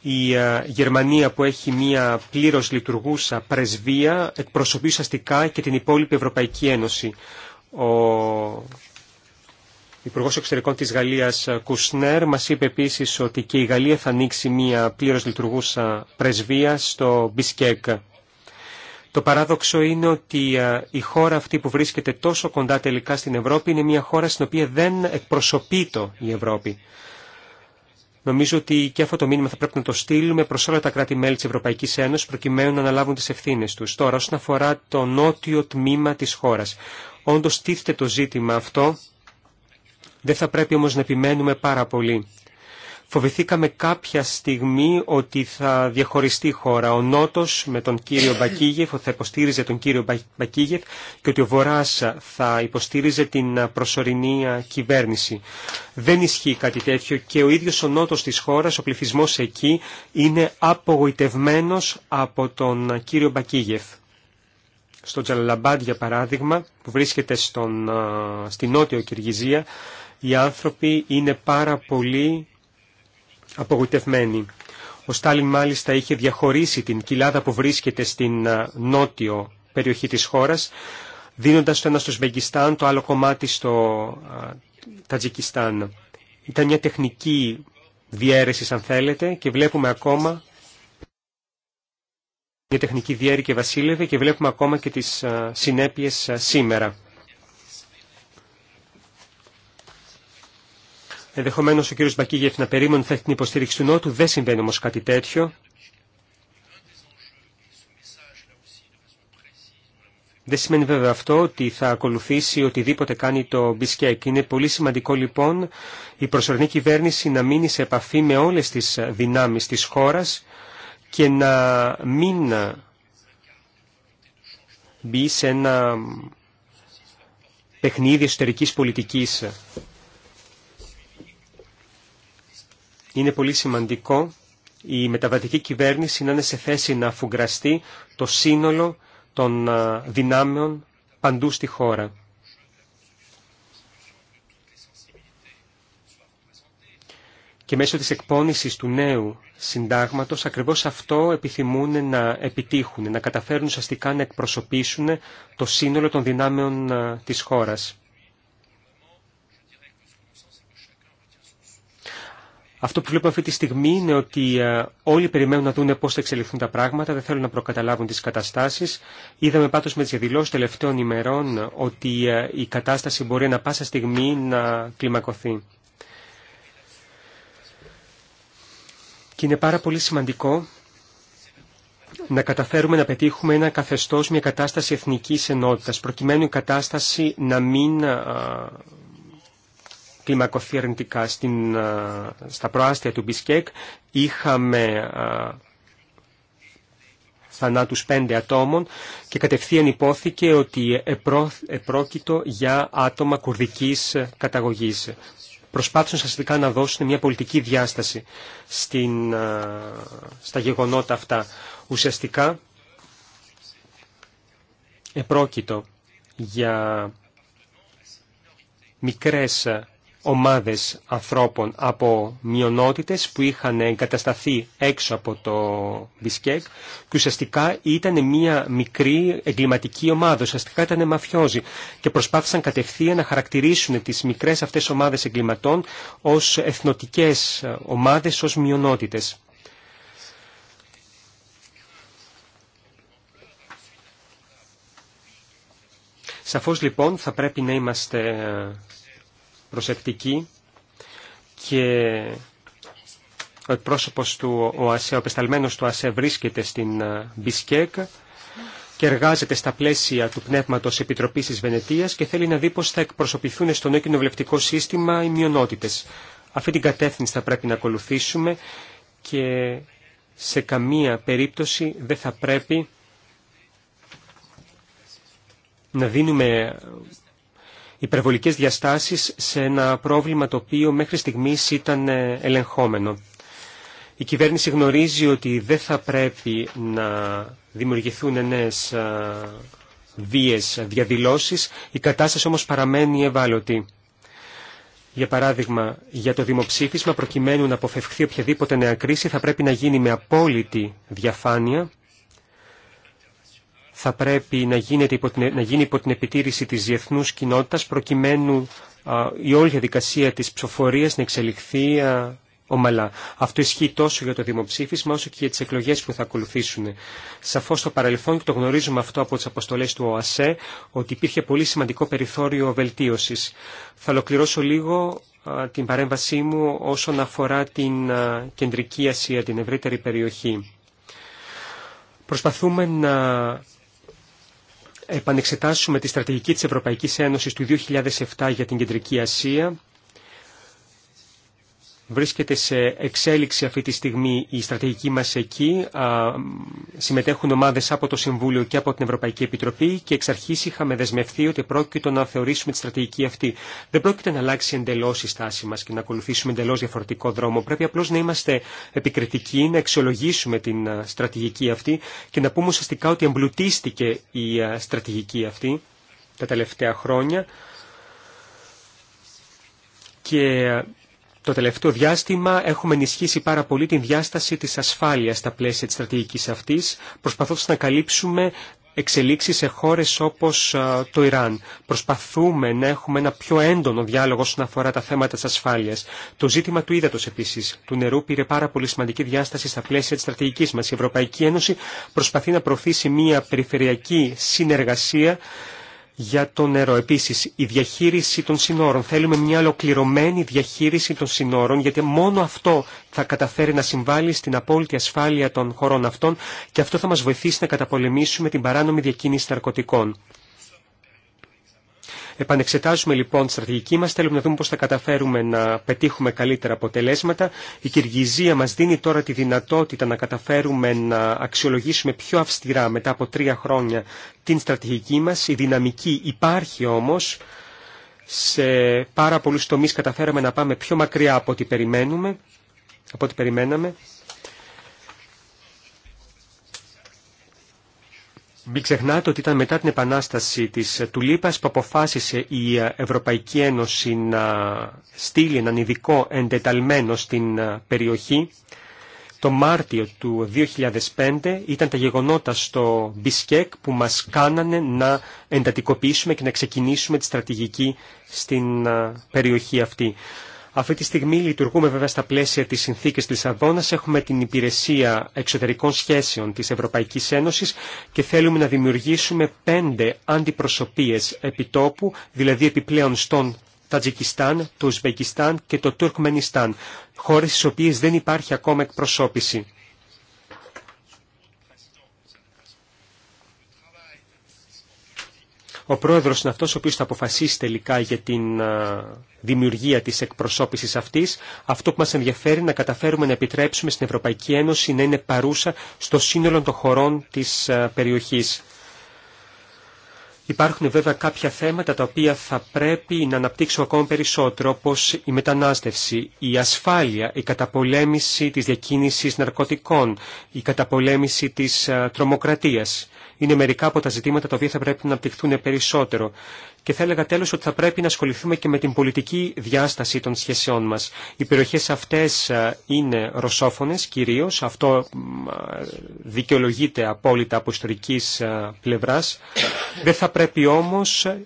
Η ε, Γερμανία που έχει μια πλήρως λειτουργούσα πρεσβεία εκπροσωπεί ουσιαστικά και την υπόλοιπη Ευρωπαϊκή Ένωση. Υπουργό Εξωτερικών τη Γαλλία ε, Κουσνέρ μα είπε επίση ότι και η Γαλλία θα ανοίξει μία πλήρως λειτουργούσα πρεσβεία στο Μπισκέκ. Το παράδοξο είναι ότι ε, η χώρα αυτή που βρίσκεται τόσο κοντά τελικά στην Ευρώπη είναι μια πλήρω οποία δεν εκπροσωπείται η Ευρώπη. Νομίζω ότι και αυτό το παραδοξο ειναι οτι η χωρα αυτη που βρισκεται τοσο κοντα τελικα στην ευρωπη ειναι μια χωρα στην οποια δεν εκπροσωπεί το η ευρωπη νομιζω οτι και αυτο το μηνυμα θα πρέπει να το στείλουμε προ όλα τα κράτη-μέλη τη Ευρωπαϊκή Ένωση προκειμένου να αναλάβουν τι ευθύνε του. Τώρα, όσον αφορά το νότιο τμήμα τη χώρα. Όντω τίθεται το ζήτημα αυτό δεν θα πρέπει όμως να επιμένουμε πάρα πολύ. Φοβηθήκαμε κάποια στιγμή ότι θα διαχωριστεί η χώρα. Ο Νότος με τον κύριο Μπακίγεφ θα υποστήριζε τον κύριο Μπακίγεφ και ότι ο Βοράς θα υποστήριζε την προσωρινή κυβέρνηση. Δεν ισχύει κάτι τέτοιο και ο ίδιος ο Νότος της χώρας, ο πληθυσμός εκεί, είναι απογοητευμένος από τον κύριο Μπακίγεφ. Στο Τζαλαλαμπάντ, για παράδειγμα, που βρίσκεται στον, στη Νότιο Κυργιζία, οι άνθρωποι είναι πάρα πολύ απογοητευμένοι. Ο Στάλιν μάλιστα είχε διαχωρίσει την κοιλάδα που βρίσκεται στην νότιο περιοχή της χώρας, δίνοντας το ένα στο Σβεγγιστάν, το άλλο κομμάτι στο Τατζικιστάν. Ήταν μια τεχνική διαίρεση, αν θέλετε, και βλέπουμε ακόμα μια τεχνική διέρη και βασίλευε και βλέπουμε ακόμα και τις συνέπειες σήμερα. Ενδεχομένω ο κύριος Μπακίγεφ να περίμενε θα έχει την υποστήριξη του Νότου. Δεν συμβαίνει όμω κάτι τέτοιο. Δεν σημαίνει βέβαια αυτό ότι θα ακολουθήσει οτιδήποτε κάνει το Μπισκέκ. Είναι πολύ σημαντικό λοιπόν η προσωρινή κυβέρνηση να μείνει σε επαφή με όλες τις δυνάμεις της χώρας και να μην μπει σε ένα παιχνίδι εσωτερικής πολιτικής. είναι πολύ σημαντικό η μεταβατική κυβέρνηση να είναι σε θέση να αφουγκραστεί το σύνολο των δυνάμεων παντού στη χώρα. Και μέσω της εκπόνησης του νέου συντάγματος ακριβώς αυτό επιθυμούν να επιτύχουν, να καταφέρουν ουσιαστικά να εκπροσωπήσουν το σύνολο των δυνάμεων της χώρας. Αυτό που βλέπουμε αυτή τη στιγμή είναι ότι ε, όλοι περιμένουν να δουν πώς θα εξελιχθούν τα πράγματα, δεν θέλουν να προκαταλάβουν τις καταστάσεις. Είδαμε πάντως με τις διαδηλώσεις τελευταίων ημερών ότι ε, η κατάσταση μπορεί να πάσα στιγμή να κλιμακωθεί. Και είναι πάρα πολύ σημαντικό να καταφέρουμε να πετύχουμε ένα καθεστώς, μια κατάσταση εθνικής ενότητας, προκειμένου η κατάσταση να μην ε, κλιμακωθεί Στην, στα προάστια του Μπισκέκ είχαμε θανάτους πέντε ατόμων και κατευθείαν υπόθηκε ότι επρόκειτο για άτομα κουρδικής καταγωγής. Προσπάθησαν σαστικά να δώσουν μια πολιτική διάσταση στην, στα γεγονότα αυτά. Ουσιαστικά επρόκειτο για μικρές ομάδες ανθρώπων από μειονότητες που είχαν εγκατασταθεί έξω από το ΒΙΣΚΕΚ και ουσιαστικά ήταν μια μικρή εγκληματική ομάδα, ουσιαστικά ήταν μαφιόζοι και προσπάθησαν κατευθείαν να χαρακτηρίσουν τις μικρές αυτές ομάδες εγκληματών ως εθνοτικές ομάδες, ως μειονότητες. Σαφώς λοιπόν θα πρέπει να είμαστε προσεκτική και ο εκπρόσωπος του ΑΣΕ, ο απεσταλμένος του ΑΣΕ βρίσκεται στην ε, Μπισκέκ και εργάζεται στα πλαίσια του Πνεύματος Επιτροπής της Βενετίας και θέλει να δει πώς θα εκπροσωπηθούν στο νέο κοινοβουλευτικό σύστημα οι μειονότητες. Αυτή την κατεύθυνση θα πρέπει να ακολουθήσουμε και σε καμία περίπτωση δεν θα πρέπει να δίνουμε υπερβολικές διαστάσεις σε ένα πρόβλημα το οποίο μέχρι στιγμής ήταν ε, ελεγχόμενο. Η κυβέρνηση γνωρίζει ότι δεν θα πρέπει να δημιουργηθούν νέες ε, βίες διαδηλώσεις, η κατάσταση όμως παραμένει ευάλωτη. Για παράδειγμα, για το δημοψήφισμα προκειμένου να αποφευχθεί οποιαδήποτε νέα κρίση θα πρέπει να γίνει με απόλυτη διαφάνεια θα πρέπει να, γίνεται υπό την, να γίνει υπό την επιτήρηση της διεθνούς κοινότητας προκειμένου η όλη διαδικασία της ψηφοφορίας να εξελιχθεί α, ομαλά. Αυτό ισχύει τόσο για το δημοψήφισμα όσο και για τις εκλογές που θα ακολουθήσουν. Σαφώς στο παρελθόν και το γνωρίζουμε αυτό από τις αποστολές του ΟΑΣΕ ότι υπήρχε πολύ σημαντικό περιθώριο βελτίωσης. Θα ολοκληρώσω λίγο την παρέμβασή μου όσον αφορά την Κεντρική Ασία, την ευρύτερη περιοχή. Προσπαθούμε να επανεξετάσουμε τη στρατηγική της Ευρωπαϊκής Ένωσης του 2007 για την Κεντρική Ασία Βρίσκεται σε εξέλιξη αυτή τη στιγμή η στρατηγική μας εκεί. συμμετέχουν ομάδες από το Συμβούλιο και από την Ευρωπαϊκή Επιτροπή και εξ αρχής είχαμε δεσμευτεί ότι πρόκειται να θεωρήσουμε τη στρατηγική αυτή. Δεν πρόκειται να αλλάξει εντελώς η στάση μας και να ακολουθήσουμε εντελώς διαφορετικό δρόμο. Πρέπει απλώς να είμαστε επικριτικοί, να αξιολογήσουμε την στρατηγική αυτή και να πούμε ουσιαστικά ότι εμπλουτίστηκε η στρατηγική αυτή τα τελευταία χρόνια το τελευταίο διάστημα έχουμε ενισχύσει πάρα πολύ την διάσταση της ασφάλειας στα πλαίσια της στρατηγικής αυτής, προσπαθώντας να καλύψουμε εξελίξεις σε χώρες όπως το Ιράν. Προσπαθούμε να έχουμε ένα πιο έντονο διάλογο όσον αφορά τα θέματα της ασφάλειας. Το ζήτημα του ύδατος επίσης, του νερού, πήρε πάρα πολύ σημαντική διάσταση στα πλαίσια της στρατηγικής μας. Η Ευρωπαϊκή Ένωση προσπαθεί να προωθήσει μια περιφερειακή συνεργασία για το νερό. Επίσης, η διαχείριση των συνόρων. Θέλουμε μια ολοκληρωμένη διαχείριση των συνόρων, γιατί μόνο αυτό θα καταφέρει να συμβάλλει στην απόλυτη ασφάλεια των χωρών αυτών και αυτό θα μας βοηθήσει να καταπολεμήσουμε την παράνομη διακίνηση ναρκωτικών. Επανεξετάζουμε λοιπόν τη στρατηγική μας, θέλουμε να δούμε πώς θα καταφέρουμε να πετύχουμε καλύτερα αποτελέσματα. Η Κυργυζία μας δίνει τώρα τη δυνατότητα να καταφέρουμε να αξιολογήσουμε πιο αυστηρά μετά από τρία χρόνια την στρατηγική μας. Η δυναμική υπάρχει όμως. Σε πάρα πολλούς τομείς καταφέραμε να πάμε πιο μακριά περιμένουμε, από ό,τι περιμέναμε. Μην ξεχνάτε ότι ήταν μετά την επανάσταση της ε, Τουλίπας που αποφάσισε η ε, Ευρωπαϊκή Ένωση να στείλει έναν ειδικό εντεταλμένο στην ε, περιοχή. Το Μάρτιο του 2005 ήταν τα γεγονότα στο Μπισκέκ που μας κάνανε να εντατικοποιήσουμε και να ξεκινήσουμε τη στρατηγική στην περιοχή αυτή. Αυτή τη στιγμή λειτουργούμε βέβαια στα πλαίσια της συνθήκης της Λισαβόνας, έχουμε την υπηρεσία εξωτερικών σχέσεων της Ευρωπαϊκής Ένωσης και θέλουμε να δημιουργήσουμε πέντε αντιπροσωπείες επιτόπου, δηλαδή επιπλέον στον Τατζικιστάν, το Ουσβεκιστάν και το Τουρκμενιστάν, χώρες στις οποίες δεν υπάρχει ακόμα εκπροσώπηση. Ο πρόεδρος είναι αυτός ο οποίος θα αποφασίσει τελικά για την δημιουργία της εκπροσώπησης αυτής. Αυτό που μας ενδιαφέρει να καταφέρουμε να επιτρέψουμε στην Ευρωπαϊκή Ένωση να είναι παρούσα στο σύνολο των χωρών της περιοχής. Υπάρχουν βέβαια κάποια θέματα τα οποία θα πρέπει να αναπτύξουμε ακόμα περισσότερο, όπως η μετανάστευση, η ασφάλεια, η καταπολέμηση της διακίνησης ναρκωτικών, η καταπολέμηση της τρομοκρατίας είναι μερικά από τα ζητήματα τα οποία θα πρέπει να αναπτυχθούν περισσότερο. Και θα έλεγα τέλο ότι θα πρέπει να ασχοληθούμε και με την πολιτική διάσταση των σχέσεών μα. Οι περιοχέ αυτέ ε, είναι ρωσόφωνες κυρίω. Αυτό ε, δικαιολογείται απόλυτα από ιστορική ε, πλευρά. Δεν θα πρέπει όμω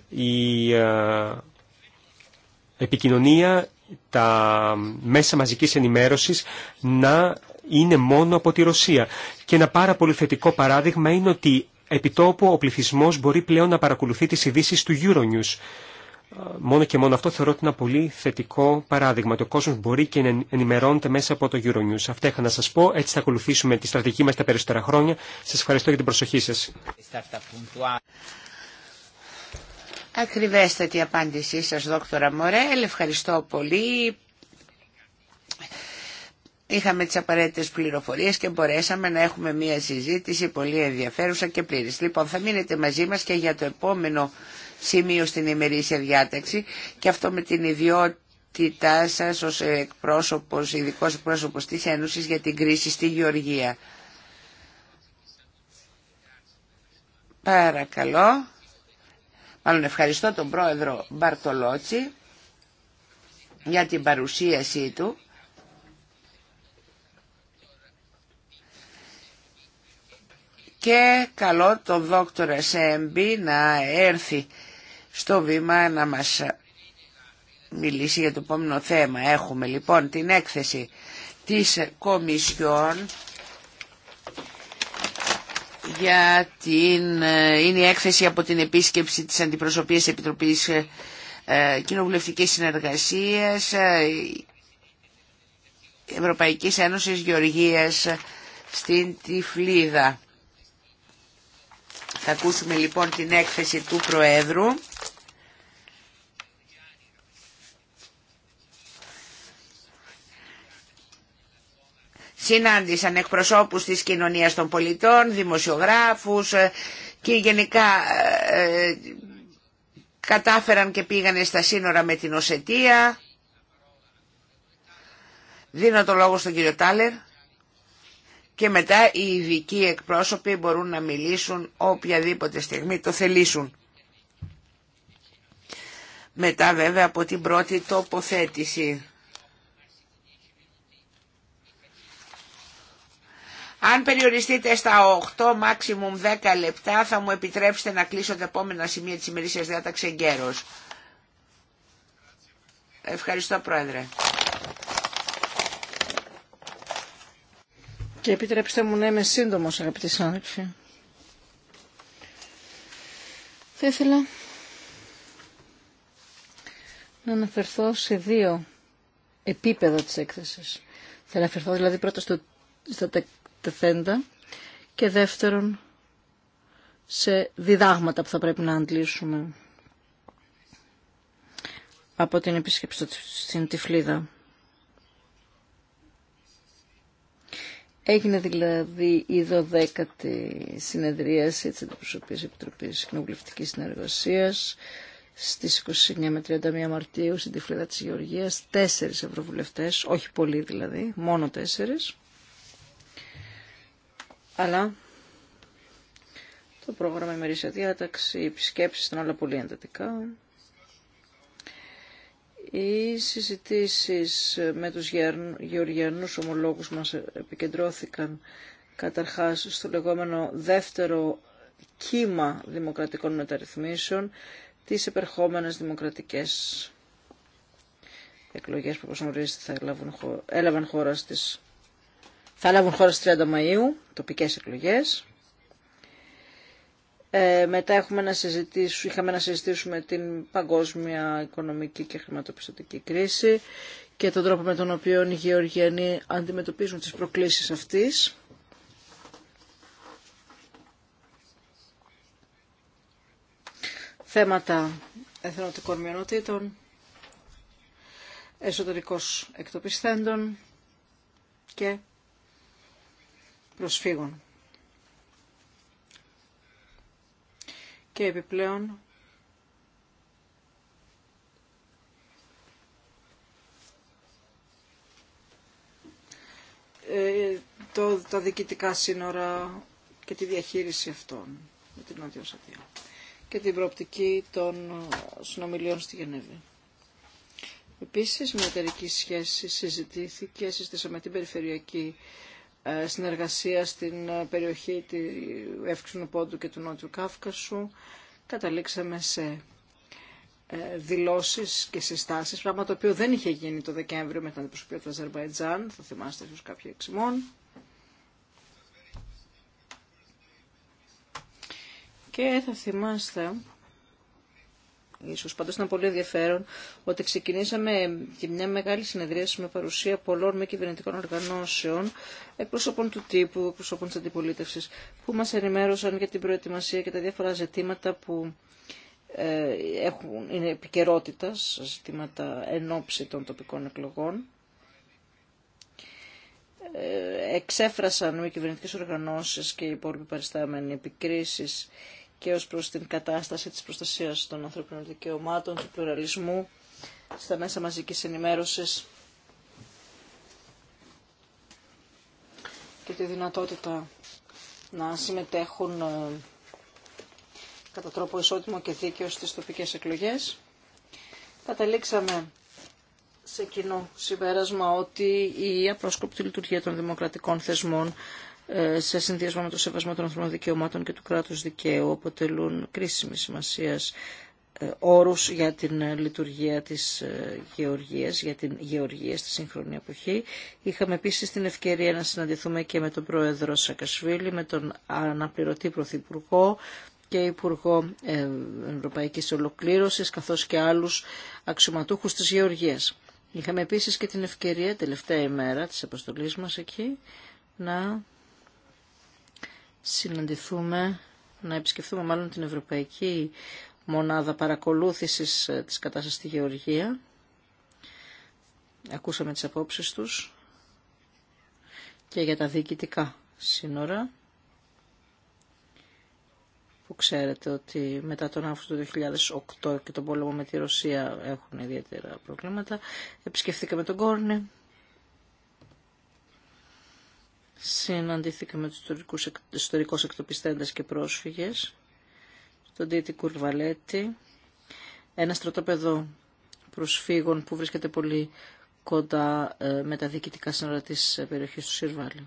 η επικοινωνία, τα μέσα μαζικής ενημέρωσης να είναι μόνο από τη Ρωσία. Και ένα πάρα πολύ θετικό παράδειγμα είναι ότι επιτόπου ο πληθυσμός μπορεί πλέον να παρακολουθεί τις ειδήσει του Euronews. Ε, μόνο και μόνο αυτό θεωρώ ότι είναι ένα πολύ θετικό παράδειγμα. Το κόσμο μπορεί και να ενημερώνεται μέσα από το Euronews. Αυτά είχα να σα πω. Έτσι θα ακολουθήσουμε τη στρατηγική μα τα περισσότερα χρόνια. Σα ευχαριστώ για την προσοχή σα. Ακριβέστατη απάντησή σας, Δόκτωρα Μορέλ. Ευχαριστώ πολύ είχαμε τις απαραίτητες πληροφορίες και μπορέσαμε να έχουμε μια συζήτηση πολύ ενδιαφέρουσα και πλήρης. Λοιπόν, θα μείνετε μαζί μας και για το επόμενο σημείο στην ημερήσια διάταξη και αυτό με την ιδιότητά σας ως εκπρόσωπος, ειδικός εκπρόσωπος της Ένωσης για την κρίση στη Γεωργία. Παρακαλώ. Μάλλον ευχαριστώ τον πρόεδρο Μπαρτολότσι για την παρουσίασή του και καλό τον δόκτωρα Σέμπι να έρθει στο βήμα να μας μιλήσει για το επόμενο θέμα. Έχουμε λοιπόν την έκθεση της Κομισιόν για την... είναι η έκθεση από την επίσκεψη της Αντιπροσωπείας Επιτροπής ε, Κοινοβουλευτικής Συνεργασίας ε, Ευρωπαϊκής Ένωσης Γεωργίας στην Τυφλίδα. Θα ακούσουμε λοιπόν την έκθεση του Προέδρου. Συνάντησαν εκπροσώπους της κοινωνίας των πολιτών, δημοσιογράφους ε, και γενικά ε, ε, κατάφεραν και πήγανε στα σύνορα με την Οσετία. Δίνω το λόγο στον κύριο Τάλερ και μετά οι ειδικοί εκπρόσωποι μπορούν να μιλήσουν οποιαδήποτε στιγμή το θελήσουν. Μετά βέβαια από την πρώτη τοποθέτηση. Αν περιοριστείτε στα 8, maximum 10 λεπτά, θα μου επιτρέψετε να κλείσω τα επόμενα σημεία της ημερήσιας διάταξης εγκαίρως. Ευχαριστώ Πρόεδρε. Και επιτρέψτε μου να είμαι σύντομος αγαπητοί συνάδελφοι. Θα ήθελα να αναφερθώ σε δύο επίπεδα της έκθεσης. Θα αναφερθώ δηλαδή πρώτα στο, στα τεθέντα και δεύτερον σε διδάγματα που θα πρέπει να αντλήσουμε από την επίσκεψη στην Τυφλίδα. Έγινε δηλαδή η 12η συνεδρίαση της Αντιπροσωπής Επιτροπής Κοινοβουλευτικής Συνεργασίας στις 29 με 31 Μαρτίου στην Τυφλίδα της Γεωργίας. Τέσσερις ευρωβουλευτές, όχι πολλοί δηλαδή, μόνο τέσσερις. Αλλά το πρόγραμμα ημερήσια διάταξη, οι επισκέψεις ήταν όλα πολύ εντατικά. Οι συζητήσεις με τους γεωργιανούς ομολόγους μας επικεντρώθηκαν καταρχάς στο λεγόμενο δεύτερο κύμα δημοκρατικών μεταρρυθμίσεων, τις επερχόμενες δημοκρατικές εκλογές που όπως γνωρίζετε θα έλαβαν χώρα στις... Θα λάβουν χώρα στις 30 Μαΐου, τοπικές εκλογές. Ε, μετά έχουμε να συζητήσουμε, είχαμε να συζητήσουμε την παγκόσμια οικονομική και χρηματοπιστωτική κρίση και τον τρόπο με τον οποίο οι Γεωργιανοί αντιμετωπίζουν τις προκλήσεις αυτής. Θέματα εθνωτικών μειονοτήτων, εσωτερικός εκτοπισθέντων και προσφύγων. και επιπλέον ε, το, τα διοικητικά σύνορα και τη διαχείριση αυτών με την Νότια και την προοπτική των συνομιλίων στη Γενέβη. Επίσης, με εταιρική σχέση συζητήθηκε, συζητήσαμε την Περιφερειακή ε, συνεργασία στην ε, περιοχή του Εύξηνου Πόντου και του Νότιου Κάφκασου, καταλήξαμε σε ε, δηλώσεις και συστάσεις, πράγμα το οποίο δεν είχε γίνει το Δεκέμβριο με την αντιπροσωπεία του Αζερβαϊτζάν, θα θυμάστε ίσως κάποιοι εξημών. Και θα θυμάστε ίσως. Πάντως ήταν πολύ ενδιαφέρον ότι ξεκινήσαμε και μια μεγάλη συνεδρίαση με παρουσία πολλών μη κυβερνητικών οργανώσεων, εκπροσώπων του τύπου, εκπροσώπων τη αντιπολίτευση, που μα ενημέρωσαν για την προετοιμασία και τα διάφορα ζητήματα που ε, έχουν, είναι επικαιρότητα, ζητήματα ώψη των τοπικών εκλογών ε, εξέφρασαν οι κυβερνητικέ οργανώσει και οι υπόλοιποι παριστάμενοι επικρίσει και ως προς την κατάσταση της προστασίας των ανθρωπίνων δικαιωμάτων, του πλουραλισμού, στα μέσα μαζικής ενημέρωσης και τη δυνατότητα να συμμετέχουν ε, κατά τρόπο ισότιμο και δίκαιο στις τοπικές εκλογές. Καταλήξαμε σε κοινό συμπέρασμα ότι η απρόσκοπτη λειτουργία των δημοκρατικών θεσμών σε συνδυασμό με το σεβασμό των ανθρωπίνων δικαιωμάτων και του κράτους δικαίου αποτελούν κρίσιμη σημασία ε, όρους για την ε, λειτουργία της ε, γεωργίας, για την γεωργία στη σύγχρονη εποχή. Είχαμε επίσης την ευκαιρία να συναντηθούμε και με τον πρόεδρο Σακασβίλη, με τον αναπληρωτή πρωθυπουργό και υπουργό Ευρωπαϊκής Ολοκλήρωσης, καθώς και άλλους αξιωματούχους της γεωργίας. Είχαμε επίσης και την ευκαιρία, τελευταία ημέρα της αποστολή μας εκεί, να συναντηθούμε, να επισκεφθούμε μάλλον την Ευρωπαϊκή Μονάδα Παρακολούθησης ε, της κατάστασης στη Γεωργία. Ακούσαμε τις απόψεις τους και για τα διοικητικά σύνορα που ξέρετε ότι μετά τον Αύγουστο του 2008 και τον πόλεμο με τη Ρωσία έχουν ιδιαίτερα προβλήματα. Επισκεφθήκαμε τον Κόρνη συναντηθήκα με τους ιστορικούς, εκτοπιστέντες και πρόσφυγες, τον Τίτη Κουρβαλέτη, ένα στρατόπεδο προσφύγων που βρίσκεται πολύ κοντά ε, με τα διοικητικά σύνορα της ε, περιοχής του Συρβάλη.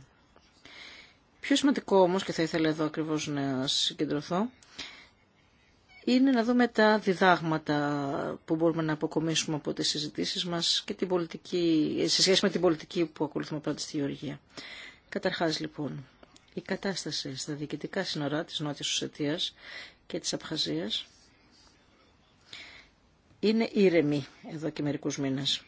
Πιο σημαντικό όμως, και θα ήθελα εδώ ακριβώς να συγκεντρωθώ, είναι να δούμε τα διδάγματα που μπορούμε να αποκομίσουμε από τις συζητήσεις μας και σε σχέση με την πολιτική που ακολουθούμε πάντα στη Γεωργία. Καταρχάς λοιπόν, η κατάσταση στα διοικητικά σύνορα της Νότιας Ουσιατίας και της Απχαζίας είναι ήρεμη εδώ και μερικούς μήνες.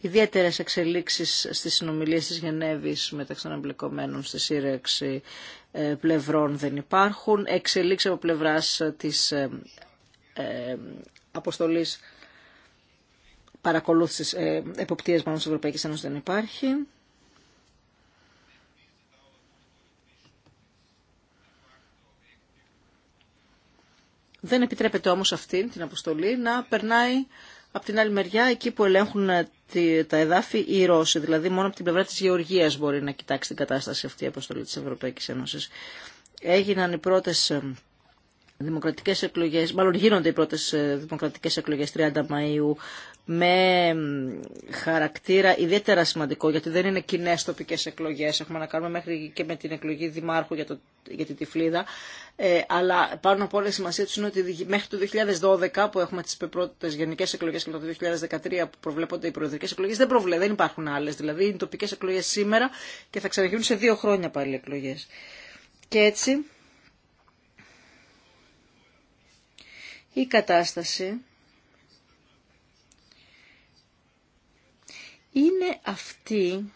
Ιδιαίτερες εξελίξεις στις συνομιλίες της Γενέβης μεταξύ των εμπλεκομένων στη σύρεξη ε, πλευρών δεν υπάρχουν. Εξελίξεις από πλευράς της ε, ε, αποστολής παρακολούθησης, εποπτείας μάλλον της Ευρωπαϊκής Ένωσης δεν υπάρχει. Δεν επιτρέπεται όμως αυτή την αποστολή να περνάει από την άλλη μεριά εκεί που ελέγχουν ε, τα εδάφη οι Ρώσοι. Δηλαδή μόνο από την πλευρά της Γεωργίας μπορεί να κοιτάξει την κατάσταση αυτή η αποστολή της Ευρωπαϊκής Ένωσης. Έγιναν οι πρώτες ε, Δημοκρατικέ εκλογέ, μάλλον γίνονται οι πρώτε δημοκρατικέ εκλογέ, 30 Μαου, με χαρακτήρα ιδιαίτερα σημαντικό γιατί δεν είναι κοινέ τοπικέ εκλογέ. Έχουμε να κάνουμε μέχρι και με την εκλογή δημάρχου για, το, για την Τυφλίδα. Ε, αλλά πάνω από όλα η σημασία του είναι ότι μέχρι το 2012 που έχουμε τι πρώτες γενικές εκλογές και το 2013 που προβλέπονται οι προεδρικές εκλογέ, δεν, δεν υπάρχουν άλλε, Δηλαδή είναι τοπικέ εκλογέ σήμερα και θα ξαναγίνουν σε δύο χρόνια πάλι εκλογέ. Και έτσι η κατάσταση είναι αυτή,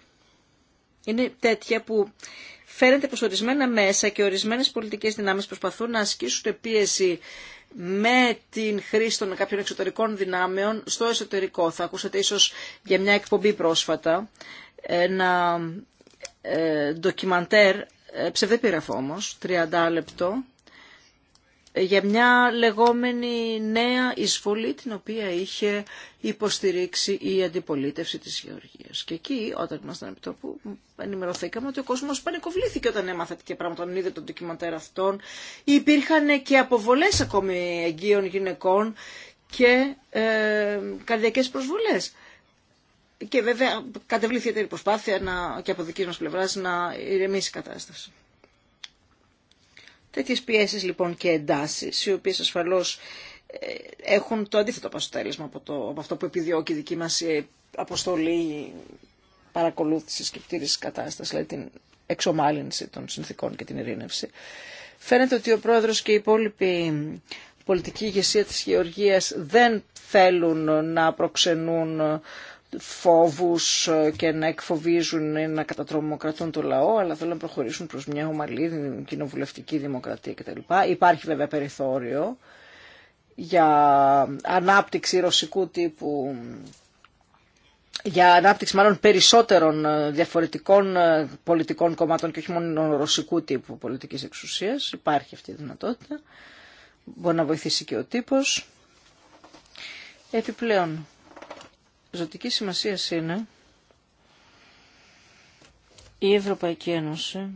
είναι τέτοια που φαίνεται πως ορισμένα μέσα και ορισμένες πολιτικές δυνάμεις προσπαθούν να ασκήσουν πίεση με την χρήση των κάποιων εξωτερικών δυνάμεων στο εσωτερικό. Θα ακούσατε ίσως για μια εκπομπή πρόσφατα ένα ε, ντοκιμαντέρ, ε, ψευδεπίγραφο όμως, 30 λεπτό, για μια λεγόμενη νέα εισβολή την οποία είχε υποστηρίξει η αντιπολίτευση της Γεωργίας. Και εκεί όταν ήμασταν επί τόπου ενημερωθήκαμε ότι ο κόσμος πανικοβλήθηκε όταν έμαθε τέτοια πράγματα, όταν είδε τον ντοκιμαντέρ αυτών, Υπήρχαν και αποβολές ακόμη εγγύων γυναικών και ε, καρδιακές προσβολές. Και βέβαια κατεβλήθηκε η προσπάθεια να, και από δική μας πλευράς να ηρεμήσει η κατάσταση. Τέτοιες πιέσεις λοιπόν και εντάσεις, οι οποίες ασφαλώς ε, έχουν το αντίθετο αποτέλεσμα από, το, αυτό που επιδιώκει η δική μας ε, αποστολή παρακολούθησης και πτήρησης κατάστασης, δηλαδή την εξομάλυνση των συνθήκων και την ειρήνευση. Φαίνεται ότι ο πρόεδρος και η υπόλοιπη πολιτική ηγεσία της Γεωργίας δεν θέλουν να προξενούν φόβους ε, και να εκφοβίζουν ή ε, να κατατρομοκρατούν το λαό, αλλά θέλουν να προχωρήσουν προς μια ομαλή κοινοβουλευτική δημοκρατία κτλ. Υπάρχει βέβαια περιθώριο για ανάπτυξη ρωσικού τύπου για ανάπτυξη μάλλον περισσότερων ε, διαφορετικών πολιτικών κομμάτων και όχι μόνο ρωσικού τύπου πολιτικής εξουσίας. Υπάρχει αυτή η δυνατότητα. Μπορεί να βοηθήσει και ο τύπος. Επιπλέον, ζωτική σημασία είναι η Ευρωπαϊκή Ένωση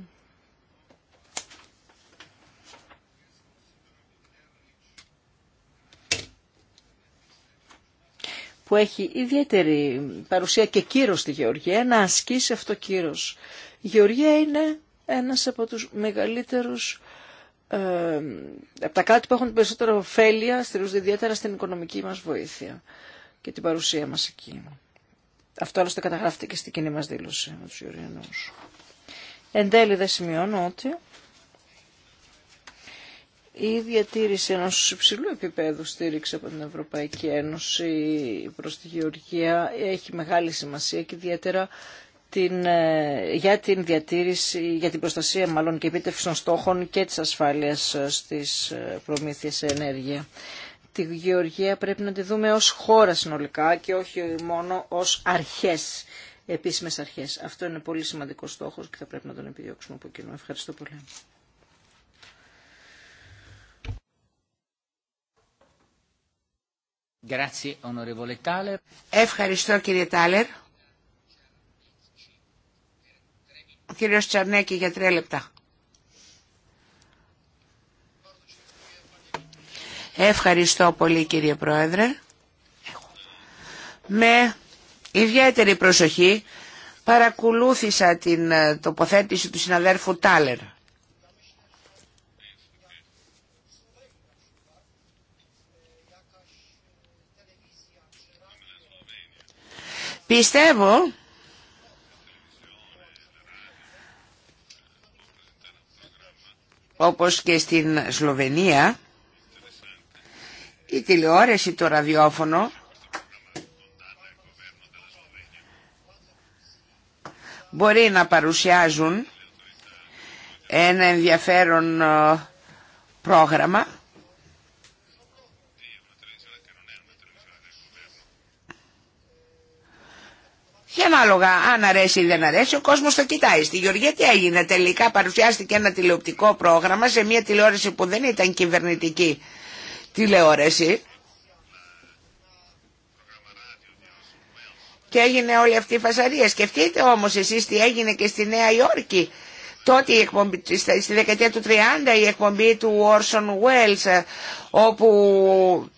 που έχει ιδιαίτερη παρουσία και κύρος στη Γεωργία, να ασκήσει αυτό κύρος. Η Γεωργία είναι ένας από τους μεγαλύτερους, ε, από τα κράτη που έχουν περισσότερο ωφέλεια, στηρίζονται ιδιαίτερα στην οικονομική μας βοήθεια και την παρουσία μας εκεί. Αυτό άλλωστε καταγράφεται και στην κοινή μας δήλωση με τους Ιωριανούς. Εν τέλει δεν σημειώνω ότι η διατήρηση ενός υψηλού επίπεδου στήριξη από την Ευρωπαϊκή Ένωση προς τη Γεωργία έχει μεγάλη σημασία και ιδιαίτερα την, ε, για την διατήρηση, για την προστασία μάλλον και επίτευξη των στόχων και της ασφάλειας ε, στις ε, προμήθειες ενέργεια τη γεωργία πρέπει να τη δούμε ως χώρα συνολικά και όχι μόνο ως αρχές, επίσημες αρχές. Αυτό είναι πολύ σημαντικό στόχος και θα πρέπει να τον επιδιώξουμε από κοινού. Ευχαριστώ πολύ. Ευχαριστώ κύριε Τάλερ. Ο κύριος Τσαρνέκη για τρία λεπτά. Ευχαριστώ πολύ κύριε Πρόεδρε. Με ιδιαίτερη προσοχή παρακολούθησα την ε, τοποθέτηση του συναδέρφου Τάλερ. Πιστεύω όπως και στην Σλοβενία η τηλεόραση, το ραδιόφωνο μπορεί να παρουσιάζουν ένα ενδιαφέρον ε, πρόγραμμα και ανάλογα αν αρέσει ή δεν αρέσει ο κόσμος το κοιτάει. Στη Γεωργία τι έγινε τελικά παρουσιάστηκε ένα τηλεοπτικό πρόγραμμα σε μια τηλεόραση που δεν ήταν κυβερνητική τηλεόραση και έγινε όλη αυτή η φασαρία. Σκεφτείτε όμως εσείς τι έγινε και στη Νέα Υόρκη. Τότε η στη δεκαετία του 30 η εκπομπή του Orson Welles ε, όπου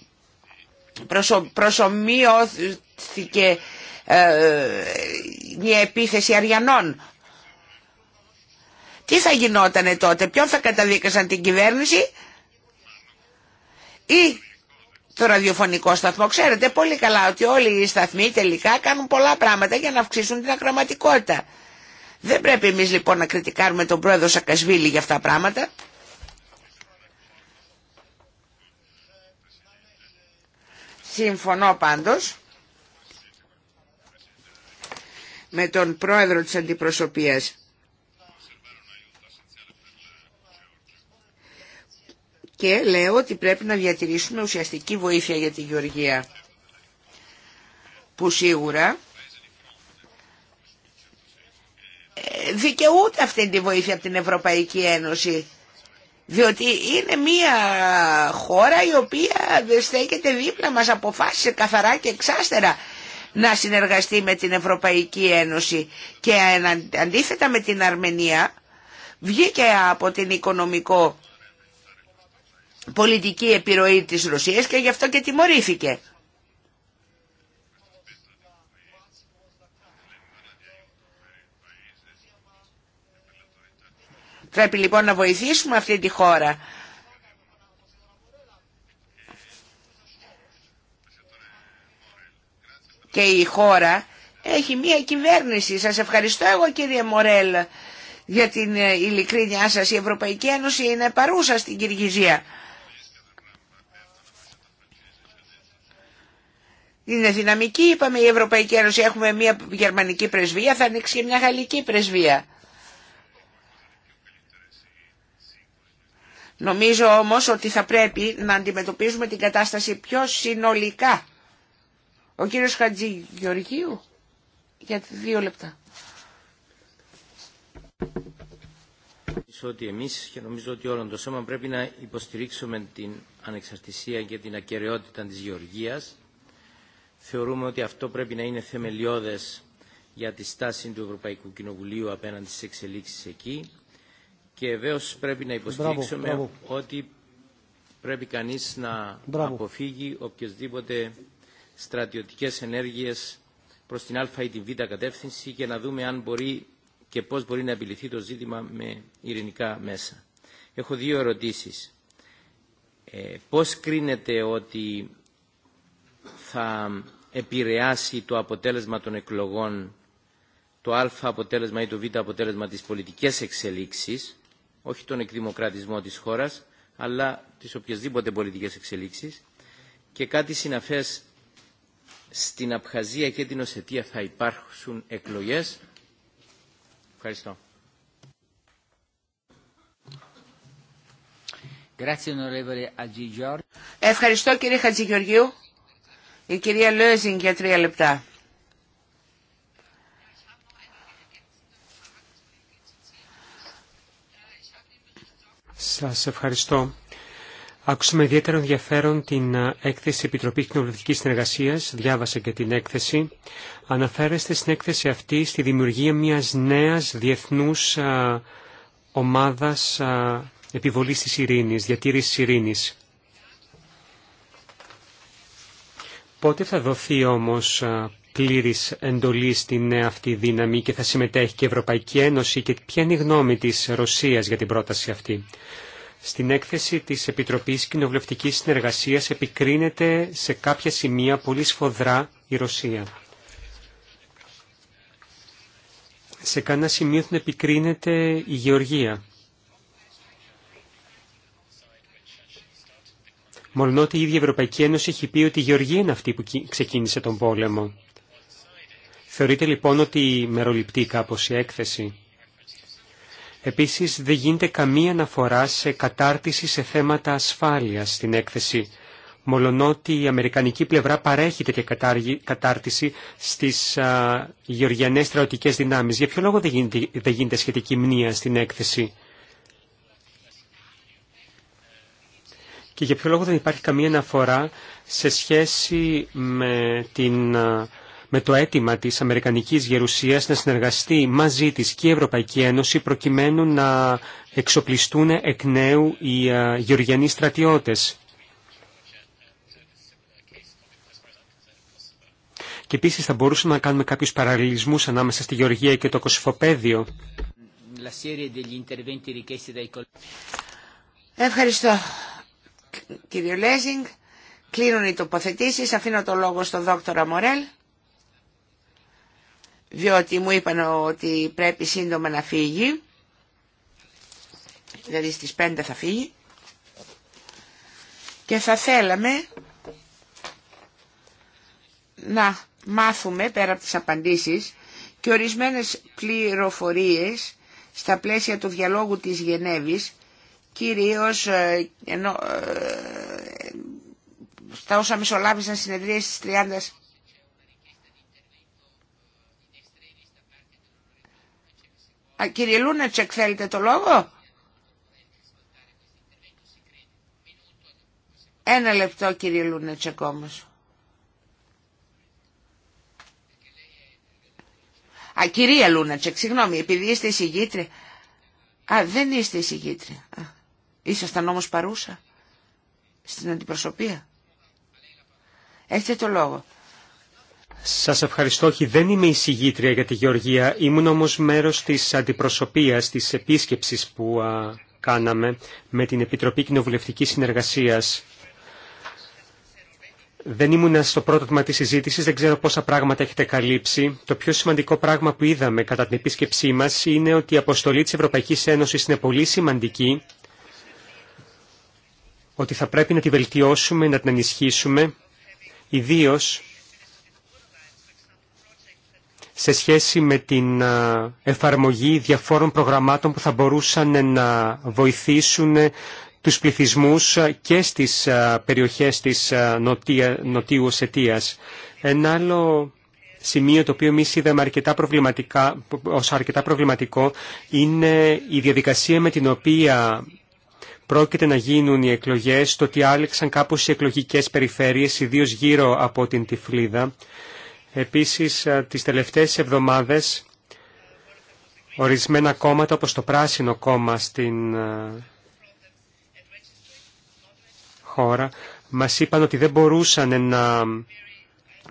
προσωμείωθηκε ε, μια επίθεση αριανών. Τι θα γινότανε τότε, ποιον θα καταδίκασαν την κυβέρνηση ή το ραδιοφωνικό σταθμό. Ξέρετε πολύ καλά ότι όλοι οι σταθμοί τελικά κάνουν πολλά πράγματα για να αυξήσουν την ακροματικότητα. Δεν πρέπει εμείς λοιπόν να κριτικάρουμε τον πρόεδρο Σακασβίλη για αυτά τα πράγματα. Συμφωνώ πάντως με τον πρόεδρο της αντιπροσωπείας και λέω ότι πρέπει να διατηρήσουμε ουσιαστική βοήθεια για τη Γεωργία που σίγουρα ε, δικαιούται αυτή τη βοήθεια από την Ευρωπαϊκή Ένωση διότι είναι μια χώρα η οποία στέκεται δίπλα μας αποφάσισε καθαρά και εξάστερα να συνεργαστεί με την Ευρωπαϊκή Ένωση και αντίθετα με την Αρμενία βγήκε από την οικονομικό πολιτική επιρροή της Ρωσίας και γι' αυτό και τιμωρήθηκε. Πρέπει λοιπόν να βοηθήσουμε αυτή τη χώρα. Και η χώρα έχει μία κυβέρνηση. Σας ευχαριστώ εγώ κύριε Μορέλ για την ε, ειλικρίνειά σας. Η Ευρωπαϊκή Ένωση είναι παρούσα στην Κυργυζία. είναι δυναμική, είπαμε η Ευρωπαϊκή Ένωση, έχουμε μια γερμανική πρεσβεία, θα ανοίξει και μια γαλλική πρεσβεία. Νομίζω όμως ότι θα πρέπει να αντιμετωπίζουμε την κατάσταση πιο συνολικά. Ο κύριος Χατζή Γεωργίου, για δύο λεπτά. ότι εμείς και νομίζω ότι όλον το σώμα πρέπει να υποστηρίξουμε την ανεξαρτησία και την ακαιρεότητα της γεωργίας θεωρούμε ότι αυτό πρέπει να είναι θεμελιώδες για τη στάση του Ευρωπαϊκού Κοινοβουλίου απέναντι στις εξελίξεις εκεί και βεβαίω πρέπει να υποστηρίξουμε ότι πρέπει κανείς να αποφύγει οποιασδήποτε στρατιωτικές ενέργειες προς την α ή την β κατεύθυνση και να δούμε αν μπορεί και πώς μπορεί να επιληθεί το ζήτημα με ειρηνικά μέσα. Έχω δύο ερωτήσεις. Ε, πώς κρίνεται ότι θα επηρεάσει το αποτέλεσμα των εκλογών, το α αποτέλεσμα ή το β αποτέλεσμα της πολιτικής εξελίξης, όχι τον εκδημοκρατισμό της χώρας, αλλά τις οποιασδήποτε πολιτικές εξελίξεις και κάτι συναφές στην Απχαζία και την Οσετία θα υπάρχουν εκλογές. Ευχαριστώ. Ευχαριστώ κύριε Χατζηγεωργίου. Η κυρία Λέζινγκ για τρία λεπτά. Σας ευχαριστώ. Άκουσα με ιδιαίτερο ενδιαφέρον την ε, έκθεση Επιτροπής Κοινοβουλευτική συνεργασία. διάβασα και την έκθεση. Αναφέρεστε στην έκθεση αυτή στη δημιουργία μιας νέας διεθνούς ε, ομάδας ε, επιβολής της διατήρηση διατήρησης ειρήνη. Πότε θα δοθεί όμως πλήρης εντολή στη αυτή δύναμη και θα συμμετέχει και η Ευρωπαϊκή Ένωση και ποια είναι η γνώμη της Ρωσίας για την πρόταση αυτή. Στην έκθεση της Επιτροπής Κοινοβουλευτικής Συνεργασίας επικρίνεται σε κάποια σημεία πολύ σφοδρά η Ρωσία. Σε κάνα σημείο την επικρίνεται η Γεωργία. Μολονότι η ίδια η Ευρωπαϊκή Ένωση έχει πει ότι η Γεωργία είναι αυτή που ξεκίνησε τον πόλεμο. Θεωρείται λοιπόν ότι μεροληπτεί κάπως η έκθεση. Επίσης δεν γίνεται καμία αναφορά σε κατάρτιση σε θέματα ασφάλειας στην έκθεση, μολονότι η αμερικανική πλευρά παρέχει και κατάρτιση στις α, γεωργιανές στρατιωτικές δυνάμεις. Για ποιο λόγο δεν γίνεται, γίνεται σχετική μνήμα στην έκθεση. και για ποιο λόγο δεν υπάρχει καμία αναφορά σε σχέση με, την, με το αίτημα της Αμερικανικής Γερουσίας να συνεργαστεί μαζί της και η Ευρωπαϊκή Ένωση προκειμένου να εξοπλιστούν εκ νέου οι ε, γεωργιανοί στρατιώτες. Και επίσης θα μπορούσαμε να κάνουμε κάποιους παραλληλισμούς ανάμεσα στη Γεωργία και το Κωσυφοπαίδιο. Ευχαριστώ κύριο Λέζινγκ. Κλείνουν οι τοποθετήσει. Αφήνω το λόγο στον δόκτωρα Μορέλ. Διότι μου είπαν ότι πρέπει σύντομα να φύγει. Δηλαδή στις 5 θα φύγει. Και θα θέλαμε να μάθουμε πέρα από τις απαντήσεις και ορισμένες πληροφορίες στα πλαίσια του διαλόγου της Γενέβης κυρίως ε, ενώ, ε, στα όσα μισολάβησαν συνεδρίες στις 30 Α, κύριε Λούνατσεκ, θέλετε το λόγο? Ένα λεπτό, κύριε Λούνατσεκ, όμως. Α, κυρία Λούνατσεκ, συγγνώμη, επειδή είστε εισηγήτρια. Α, δεν είστε εισηγήτρια. Ήσασταν όμως παρούσα στην αντιπροσωπεία. Έχετε το λόγο. Σας ευχαριστώ Όχι, δεν είμαι συγγήτρια για τη Γεωργία. Ήμουν όμως μέρος της αντιπροσωπείας, της επίσκεψης που α, κάναμε με την Επιτροπή Κοινοβουλευτικής Συνεργασίας. Δεν ήμουν στο πρώτο τμήμα της συζήτησης, δεν ξέρω πόσα πράγματα έχετε καλύψει. Το πιο σημαντικό πράγμα που είδαμε κατά την επίσκεψή μας είναι ότι η αποστολή της Ευρωπαϊκής Ένωσης είναι πολύ σημαντική ότι θα πρέπει να τη βελτιώσουμε, να την ενισχύσουμε, ιδίως σε σχέση με την εφαρμογή διαφόρων προγραμμάτων που θα μπορούσαν να βοηθήσουν τους πληθυσμούς και στις περιοχές της Νοτιού Οσετίας. Ένα άλλο σημείο το οποίο εμεί είδαμε αρκετά ως αρκετά προβληματικό είναι η διαδικασία με την οποία πρόκειται να γίνουν οι εκλογές, το ότι άλεξαν κάπως οι εκλογικές περιφέρειες, ιδίως γύρω από την Τυφλίδα. Επίσης, ε, τις τελευταίες εβδομάδες, ορισμένα κόμματα όπως το Πράσινο Κόμμα στην ε, χώρα, μας είπαν ότι δεν μπορούσαν να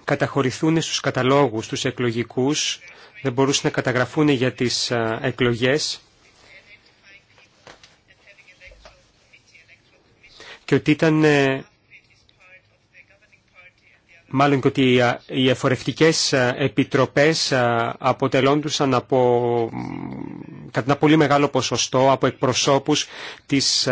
καταχωρηθούν στους καταλόγους τους εκλογικούς, δεν μπορούσαν να καταγραφούν για τις ε, εκλογές και ότι ήταν ε, μάλλον ότι οι εφορευτικές ε, επιτροπές ε, αποτελόντουσαν από κατά ένα πολύ μεγάλο ποσοστό από εκπροσώπους της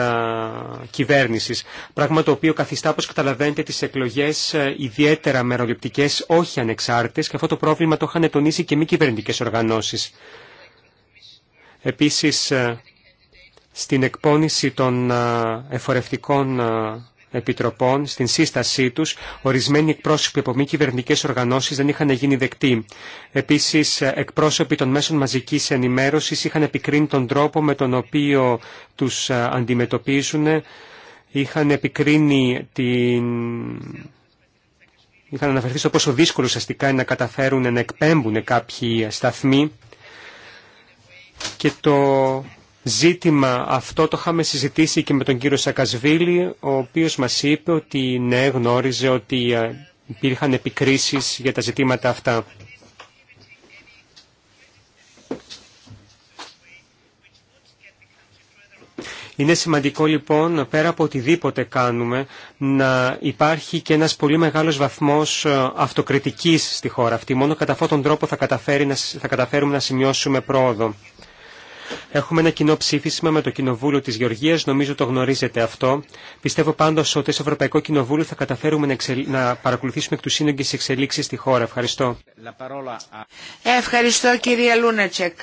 κυβέρνησης. Πράγμα το οποίο καθιστά, όπως καταλαβαίνετε, τις εκλογές ιδιαίτερα μεροληπτικές, όχι ανεξάρτητες και αυτό το πρόβλημα το είχαν τονίσει και μη κυβερνητικές οργανώσεις. Επίσης, στην εκπόνηση των εφορευτικών επιτροπών, στην σύστασή τους, ορισμένοι εκπρόσωποι από μη κυβερνητικέ οργανώσεις δεν είχαν γίνει δεκτοί. Επίσης, εκπρόσωποι των μέσων μαζικής ενημέρωσης είχαν επικρίνει τον τρόπο με τον οποίο τους αντιμετωπίζουν, είχαν επικρίνει την... Είχαν αναφερθεί στο πόσο δύσκολο ουσιαστικά είναι να καταφέρουν να εκπέμπουν κάποιοι σταθμοί και το ζήτημα αυτό το είχαμε συζητήσει και με τον κύριο Σακασβίλη, ο οποίος μας είπε ότι ναι, γνώριζε ότι ε, υπήρχαν επικρίσεις για τα ζητήματα αυτά. Είναι σημαντικό λοιπόν, πέρα από οτιδήποτε κάνουμε, να υπάρχει και ένας πολύ μεγάλος βαθμός ε, αυτοκριτικής στη χώρα αυτή. Μόνο κατά αυτόν τον τρόπο θα, καταφέρει, θα καταφέρουμε να σημειώσουμε πρόοδο. Έχουμε ένα κοινό ψήφισμα με το Κοινοβούλιο της Γεωργίας, νομίζω το γνωρίζετε αυτό. Πιστεύω πάντως ότι στο Ευρωπαϊκό Κοινοβούλιο θα καταφέρουμε να, παρακολουθήσουμε εκ του σύνογγες εξελίξεις στη χώρα. Ευχαριστώ. Ευχαριστώ κυρία Λούνετσεκ.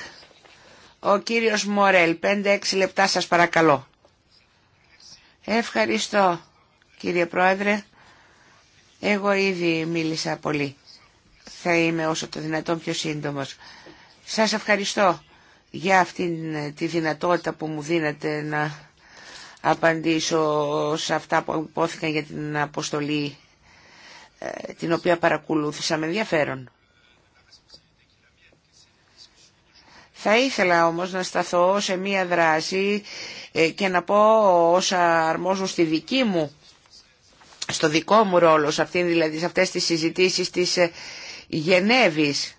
Ο κύριος Μορέλ, 5-6 λεπτά σας παρακαλώ. Ευχαριστώ κύριε Πρόεδρε. Εγώ ήδη μίλησα πολύ. Θα είμαι όσο το δυνατόν πιο σύντομος. Σας ευχαριστώ για αυτή τη δυνατότητα που μου δίνεται να απαντήσω σε αυτά που υπόθηκαν για την αποστολή ε, την οποία παρακολούθησα με ενδιαφέρον. Θα ήθελα όμως να σταθώ σε μία δράση ε, και να πω όσα αρμόζουν στη δική μου, στο δικό μου ρόλο, σε, αυτή, δηλαδή, σε αυτές τις συζητήσεις της ε, Γενέβης.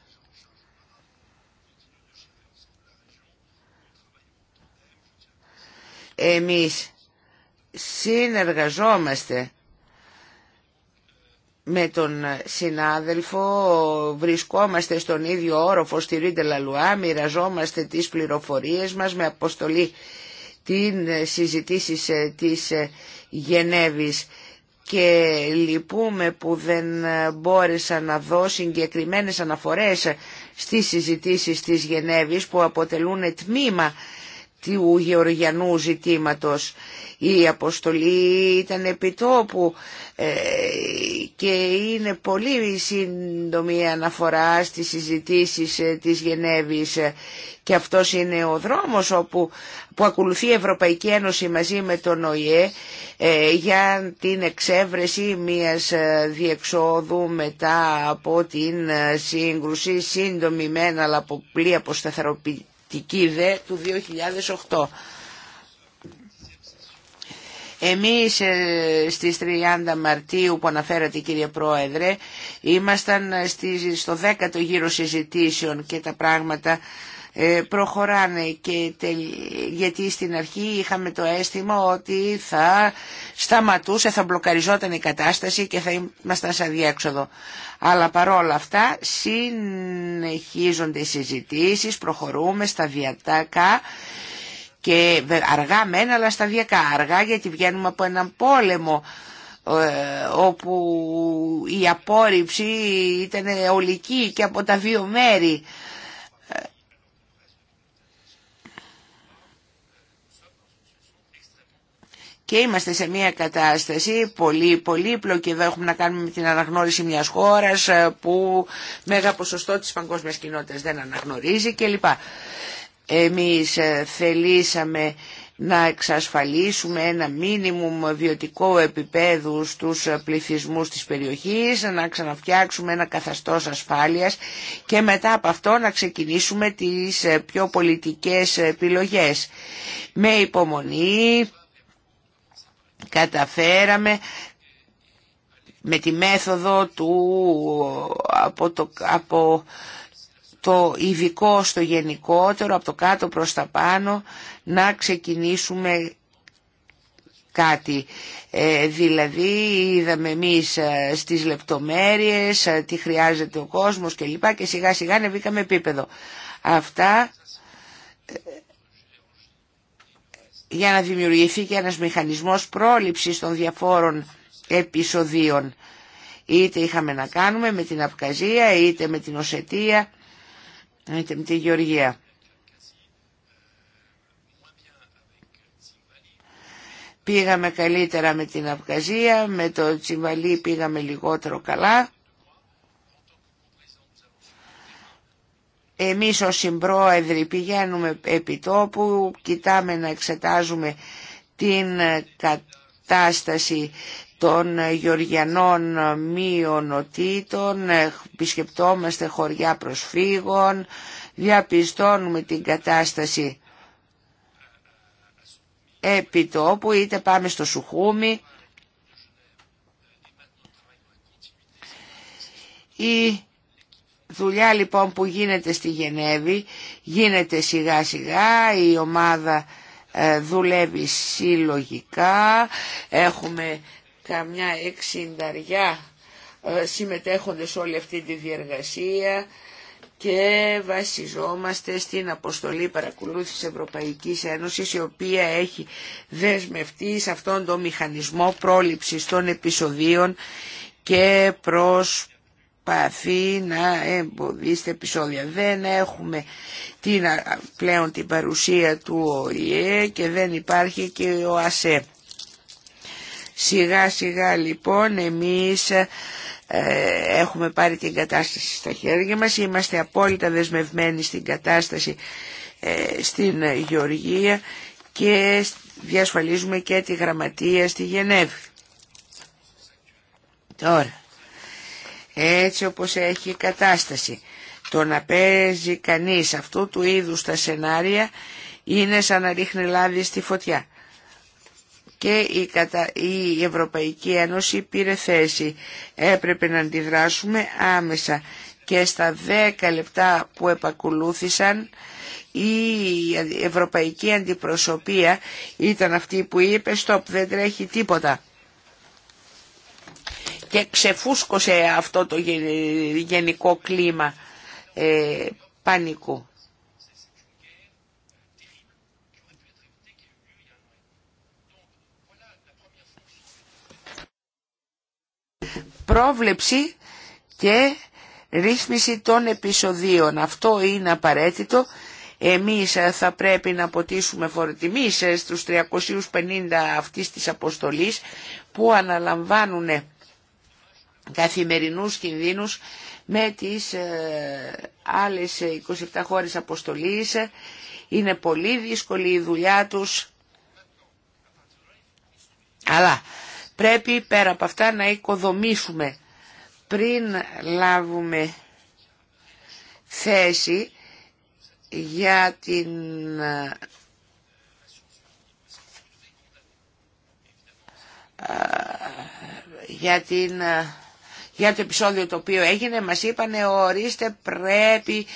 Εμείς συνεργαζόμαστε με τον συνάδελφο, βρισκόμαστε στον ίδιο όροφο στη Ρίντε Λαλουά, μοιραζόμαστε τις πληροφορίες μας με αποστολή την συζητήσεις ε, της ε, Γενέβης και λυπούμε που δεν μπόρεσα να δω συγκεκριμένες αναφορές στις συζητήσεις της Γενέβης που αποτελούν τμήμα του γεωργιανού ζητήματος. Η αποστολή ήταν επιτόπου ε, και είναι πολύ σύντομη αναφορά στις συζητήσεις ε, της Γενέβης και αυτός είναι ο δρόμος όπου, που ακολουθεί η Ευρωπαϊκή Ένωση μαζί με τον ΟΗΕ ε, για την εξέβρεση μιας διεξόδου μετά από την σύγκρουση σύντομη μένα αλλά πολύ αποσταθεροποιητική Τη δε του 2008. Εμείς ε, στις 30 Μαρτίου που αναφέρατε κύριε Πρόεδρε ήμασταν ε, στο 10ο γύρο συζητήσεων και τα πράγματα ε, προχωράνε και γιατί στην αρχή είχαμε το αίσθημα ότι θα σταματούσε, θα μπλοκαριζόταν η κατάσταση και θα ήμασταν σαν διέξοδο. Αλλά παρόλα αυτά συνεχίζονται οι συζητήσεις, προχωρούμε σταδιακά και αργά μένα, αλλά σταδιακά αργά γιατί βγαίνουμε από έναν πόλεμο ε, όπου η απόρριψη ήταν ολική και από τα δύο μέρη και είμαστε σε μια κατάσταση πολύ πολύπλοκη. Εδώ έχουμε να κάνουμε με την αναγνώριση μιας χώρας ε, που μέγα ποσοστό της παγκόσμιας κοινότητας δεν αναγνωρίζει κλπ. Εμείς ε, θελήσαμε να εξασφαλίσουμε ένα μίνιμουμ βιωτικό επίπεδου στους ε, πληθυσμούς της περιοχής, να ξαναφτιάξουμε ένα καθαστός ασφάλειας και μετά από αυτό να ξεκινήσουμε τις πιο πολιτικές επιλογές. Με υπομονή καταφέραμε με τη μέθοδο του από το, από το ειδικό στο γενικότερο, από το κάτω προς τα πάνω, να ξεκινήσουμε κάτι. Ε, δηλαδή είδαμε εμείς ε, στις λεπτομέρειες ε, τι χρειάζεται ο κόσμος κλπ. Και, και σιγά σιγά ανεβήκαμε επίπεδο. Αυτά για να δημιουργηθεί και ένας μηχανισμός πρόληψης των διαφόρων επεισοδίων. Είτε είχαμε να κάνουμε με την Απκαζία, είτε με την Οσετία, είτε με τη Γεωργία. Πήγαμε καλύτερα με την Απκαζία, με το Τσιμβαλί πήγαμε λιγότερο καλά. Εμείς ως συμπρόεδροι πηγαίνουμε επί τόπου, κοιτάμε να εξετάζουμε την ε, κατάσταση των ε, γεωργιανών ε, μειονοτήτων, επισκεπτόμαστε χωριά προσφύγων, διαπιστώνουμε την κατάσταση επί τόπου, είτε πάμε στο Σουχούμι ή δουλειά λοιπόν που γίνεται στη Γενέβη γίνεται σιγά σιγά, η ομάδα ε, δουλεύει συλλογικά, έχουμε καμιά εξινταριά ε, συμμετέχονται σε όλη αυτή τη διεργασία και βασιζόμαστε στην αποστολή παρακολούθησης Ευρωπαϊκής Ένωσης η οποία έχει δεσμευτεί σε αυτόν τον μηχανισμό πρόληψης των επεισοδίων και προς προσπαθεί να εμποδίσει επεισόδια. Δεν έχουμε την, πλέον την παρουσία του ΟΗΕ και δεν υπάρχει και ο ΑΣΕ. Σιγά σιγά λοιπόν εμείς ε, έχουμε πάρει την κατάσταση στα χέρια μας, είμαστε απόλυτα δεσμευμένοι στην κατάσταση ε, στην Γεωργία και διασφαλίζουμε και τη γραμματεία στη Γενέβη. Τώρα, έτσι όπως έχει η κατάσταση. Το να παίζει κανείς αυτού του είδους τα σενάρια είναι σαν να ρίχνει λάδι στη φωτιά. Και η, η Ευρωπαϊκή Ένωση πήρε θέση. Έπρεπε να αντιδράσουμε άμεσα και στα 10 λεπτά που επακολούθησαν η Ευρωπαϊκή Αντιπροσωπεία ήταν αυτή που είπε «Στοπ, δεν τρέχει τίποτα» και ξεφούσκωσε αυτό το γενικό κλίμα ε, πανικού. Πρόβλεψη και ρύθμιση των επεισοδίων. Αυτό είναι απαραίτητο. Εμείς θα πρέπει να ποτίσουμε φορτιμήσεις στους 350 αυτής της αποστολής που αναλαμβάνουν καθημερινούς κινδύνους με τις ε, άλλες 27 χώρες αποστολής. Είναι πολύ δύσκολη η δουλειά τους, αλλά πρέπει πέρα από αυτά να οικοδομήσουμε πριν λάβουμε θέση για την ε, για την ε, για το επεισόδιο το οποίο έγινε μας είπανε ορίστε πρέπει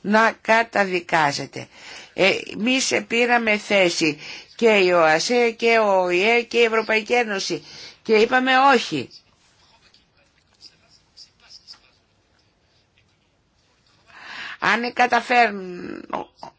να καταδικάζετε. Ε, εμείς πήραμε θέση και η ΟΑΣΕ και ο ΟΗΕ και η Ευρωπαϊκή Ένωση και είπαμε όχι. Αν καταφέρνουν,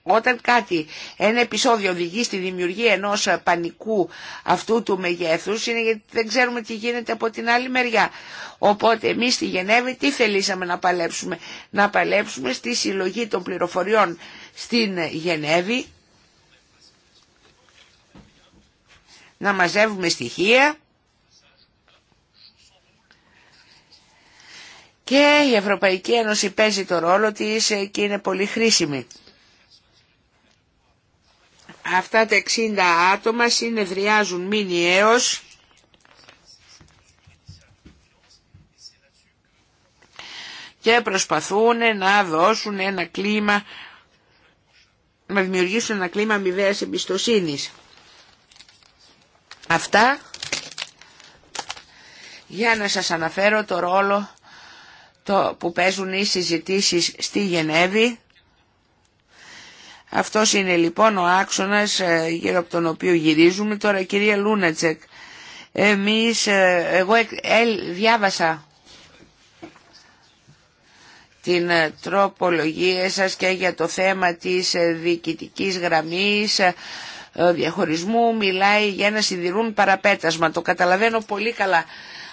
όταν κάτι, ένα επεισόδιο οδηγεί στη δημιουργία ενός πανικού αυτού του μεγέθους, είναι γιατί δεν ξέρουμε τι γίνεται από την άλλη μεριά. Οπότε εμείς στη Γενέβη τι θελήσαμε να παλέψουμε. Να παλέψουμε στη συλλογή των πληροφοριών στην Γενέβη, να μαζεύουμε στοιχεία, Και η Ευρωπαϊκή Ένωση παίζει το ρόλο της και είναι πολύ χρήσιμη. Αυτά τα 60 άτομα συνεδριάζουν μηνιαίως και προσπαθούν να δώσουν ένα κλίμα, να δημιουργήσουν ένα κλίμα αμοιβαίας εμπιστοσύνης. Αυτά για να σας αναφέρω το ρόλο που παίζουν οι συζητήσεις στη Γενέβη. Αυτός είναι λοιπόν ο άξονας ε, γύρω από τον οποίο γυρίζουμε. Τώρα κυρία Λούνατσεκ, εμείς, ε, εγώ ε, διάβασα την ε, τροπολογία σας και για το θέμα της διοικητικής γραμμής διαχωρισμού μιλάει για να σιδηρούν παραπέτασμα. Το καταλαβαίνω πολύ καλά,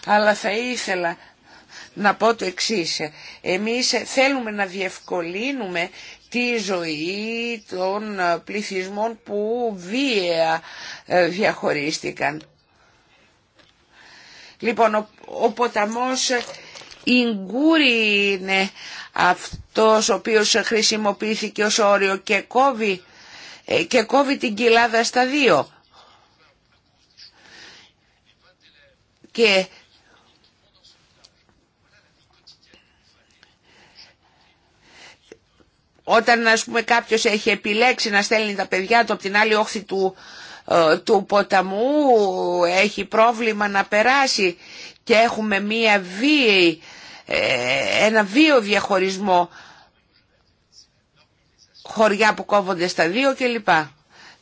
αλλά θα ήθελα να πω το εξής. Εμείς θέλουμε να διευκολύνουμε τη ζωή των ε, πληθυσμών που βία ε, διαχωρίστηκαν. Λοιπόν, ο, ο ποταμός είναι αυτός ο οποίος χρησιμοποιήθηκε ως όριο και κόβει, ε, και την κοιλάδα στα δύο. Και Όταν ας πούμε κάποιος έχει επιλέξει να στέλνει τα παιδιά του από την άλλη όχθη του, ε, του ποταμού έχει πρόβλημα να περάσει και έχουμε μία ε, ένα βίο διαχωρισμό χωριά που κόβονται στα δύο κλπ.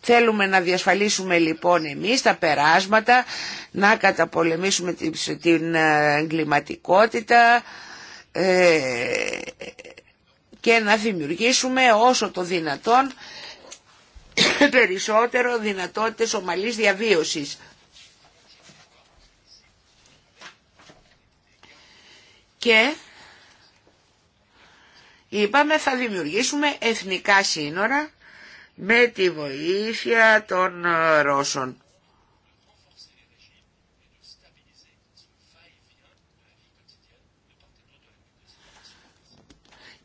Θέλουμε να διασφαλίσουμε λοιπόν εμείς τα περάσματα, να καταπολεμήσουμε την ε, εγκληματικότητα, ε, και να δημιουργήσουμε όσο το δυνατόν περισσότερο δυνατότητες ομαλής διαβίωσης. Και είπαμε θα δημιουργήσουμε εθνικά σύνορα με τη βοήθεια των ε, Ρώσων.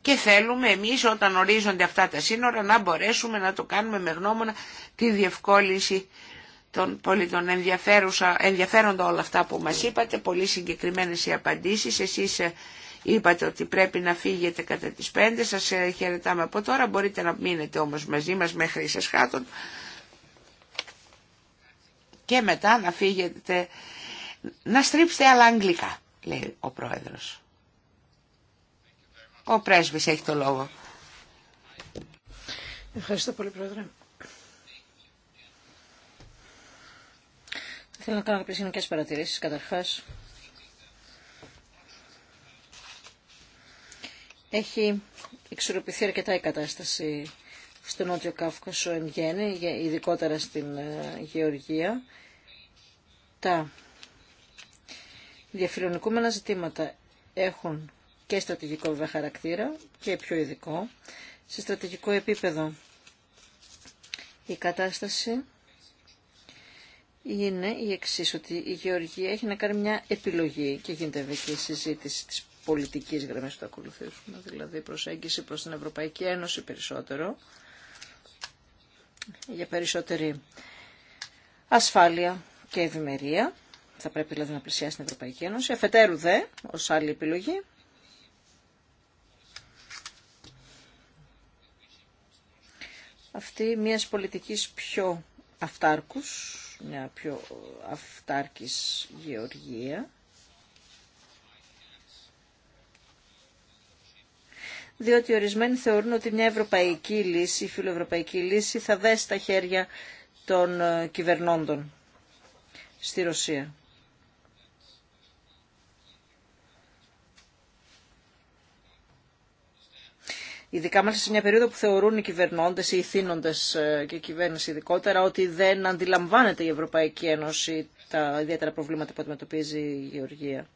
και θέλουμε εμείς όταν ορίζονται αυτά τα σύνορα να μπορέσουμε να το κάνουμε με γνώμονα τη διευκόλυνση των πολιτών. ενδιαφέροντα όλα αυτά που μας είπατε, πολύ συγκεκριμένες οι απαντήσεις. Εσείς ε, είπατε ότι πρέπει να φύγετε κατά τις 5, σας ε, χαιρετάμε από τώρα, μπορείτε να μείνετε όμως μαζί μας μέχρι σας χάτων και μετά να φύγετε, να στρίψετε αλλά αγγλικά, λέει ο πρόεδρος. Ο πρέσβης έχει το λόγο. Ευχαριστώ πολύ, Πρόεδρε. Θέλω να κάνω κάποιες γενικές παρατηρήσεις, καταρχάς. Έχει εξορροπηθεί αρκετά η κατάσταση στο Νότιο Κάφκασο εν γέννη, ειδικότερα στην ε, Γεωργία. Τα διαφιλονικούμενα ζητήματα έχουν και στρατηγικό βέβαια χαρακτήρα και πιο ειδικό. Σε στρατηγικό επίπεδο η κατάσταση είναι η εξής, ότι η Γεωργία έχει να κάνει μια επιλογή και γίνεται βέβαια η συζήτηση της πολιτικής γραμμής που θα ακολουθήσουμε, δηλαδή προσέγγιση προς την Ευρωπαϊκή Ένωση περισσότερο, για περισσότερη ασφάλεια και ευημερία. Θα πρέπει δηλαδή να πλησιάσει την Ευρωπαϊκή Ένωση. Εφετέρου δε, ως άλλη επιλογή, αυτή μιας πολιτικής πιο αυτάρκους, μια πιο αυτάρκης γεωργία. διότι ορισμένοι θεωρούν ότι μια ευρωπαϊκή λύση, η φιλοευρωπαϊκή λύση, θα δέσει τα χέρια των ε, κυβερνώντων στη Ρωσία. Ειδικά μέσα σε μια περίοδο που θεωρούν οι κυβερνώντες, οι θύνοντες ε, και η κυβέρνηση ειδικότερα, ότι δεν αντιλαμβάνεται η Ευρωπαϊκή Ένωση τα ιδιαίτερα προβλήματα που αντιμετωπίζει η Γεωργία.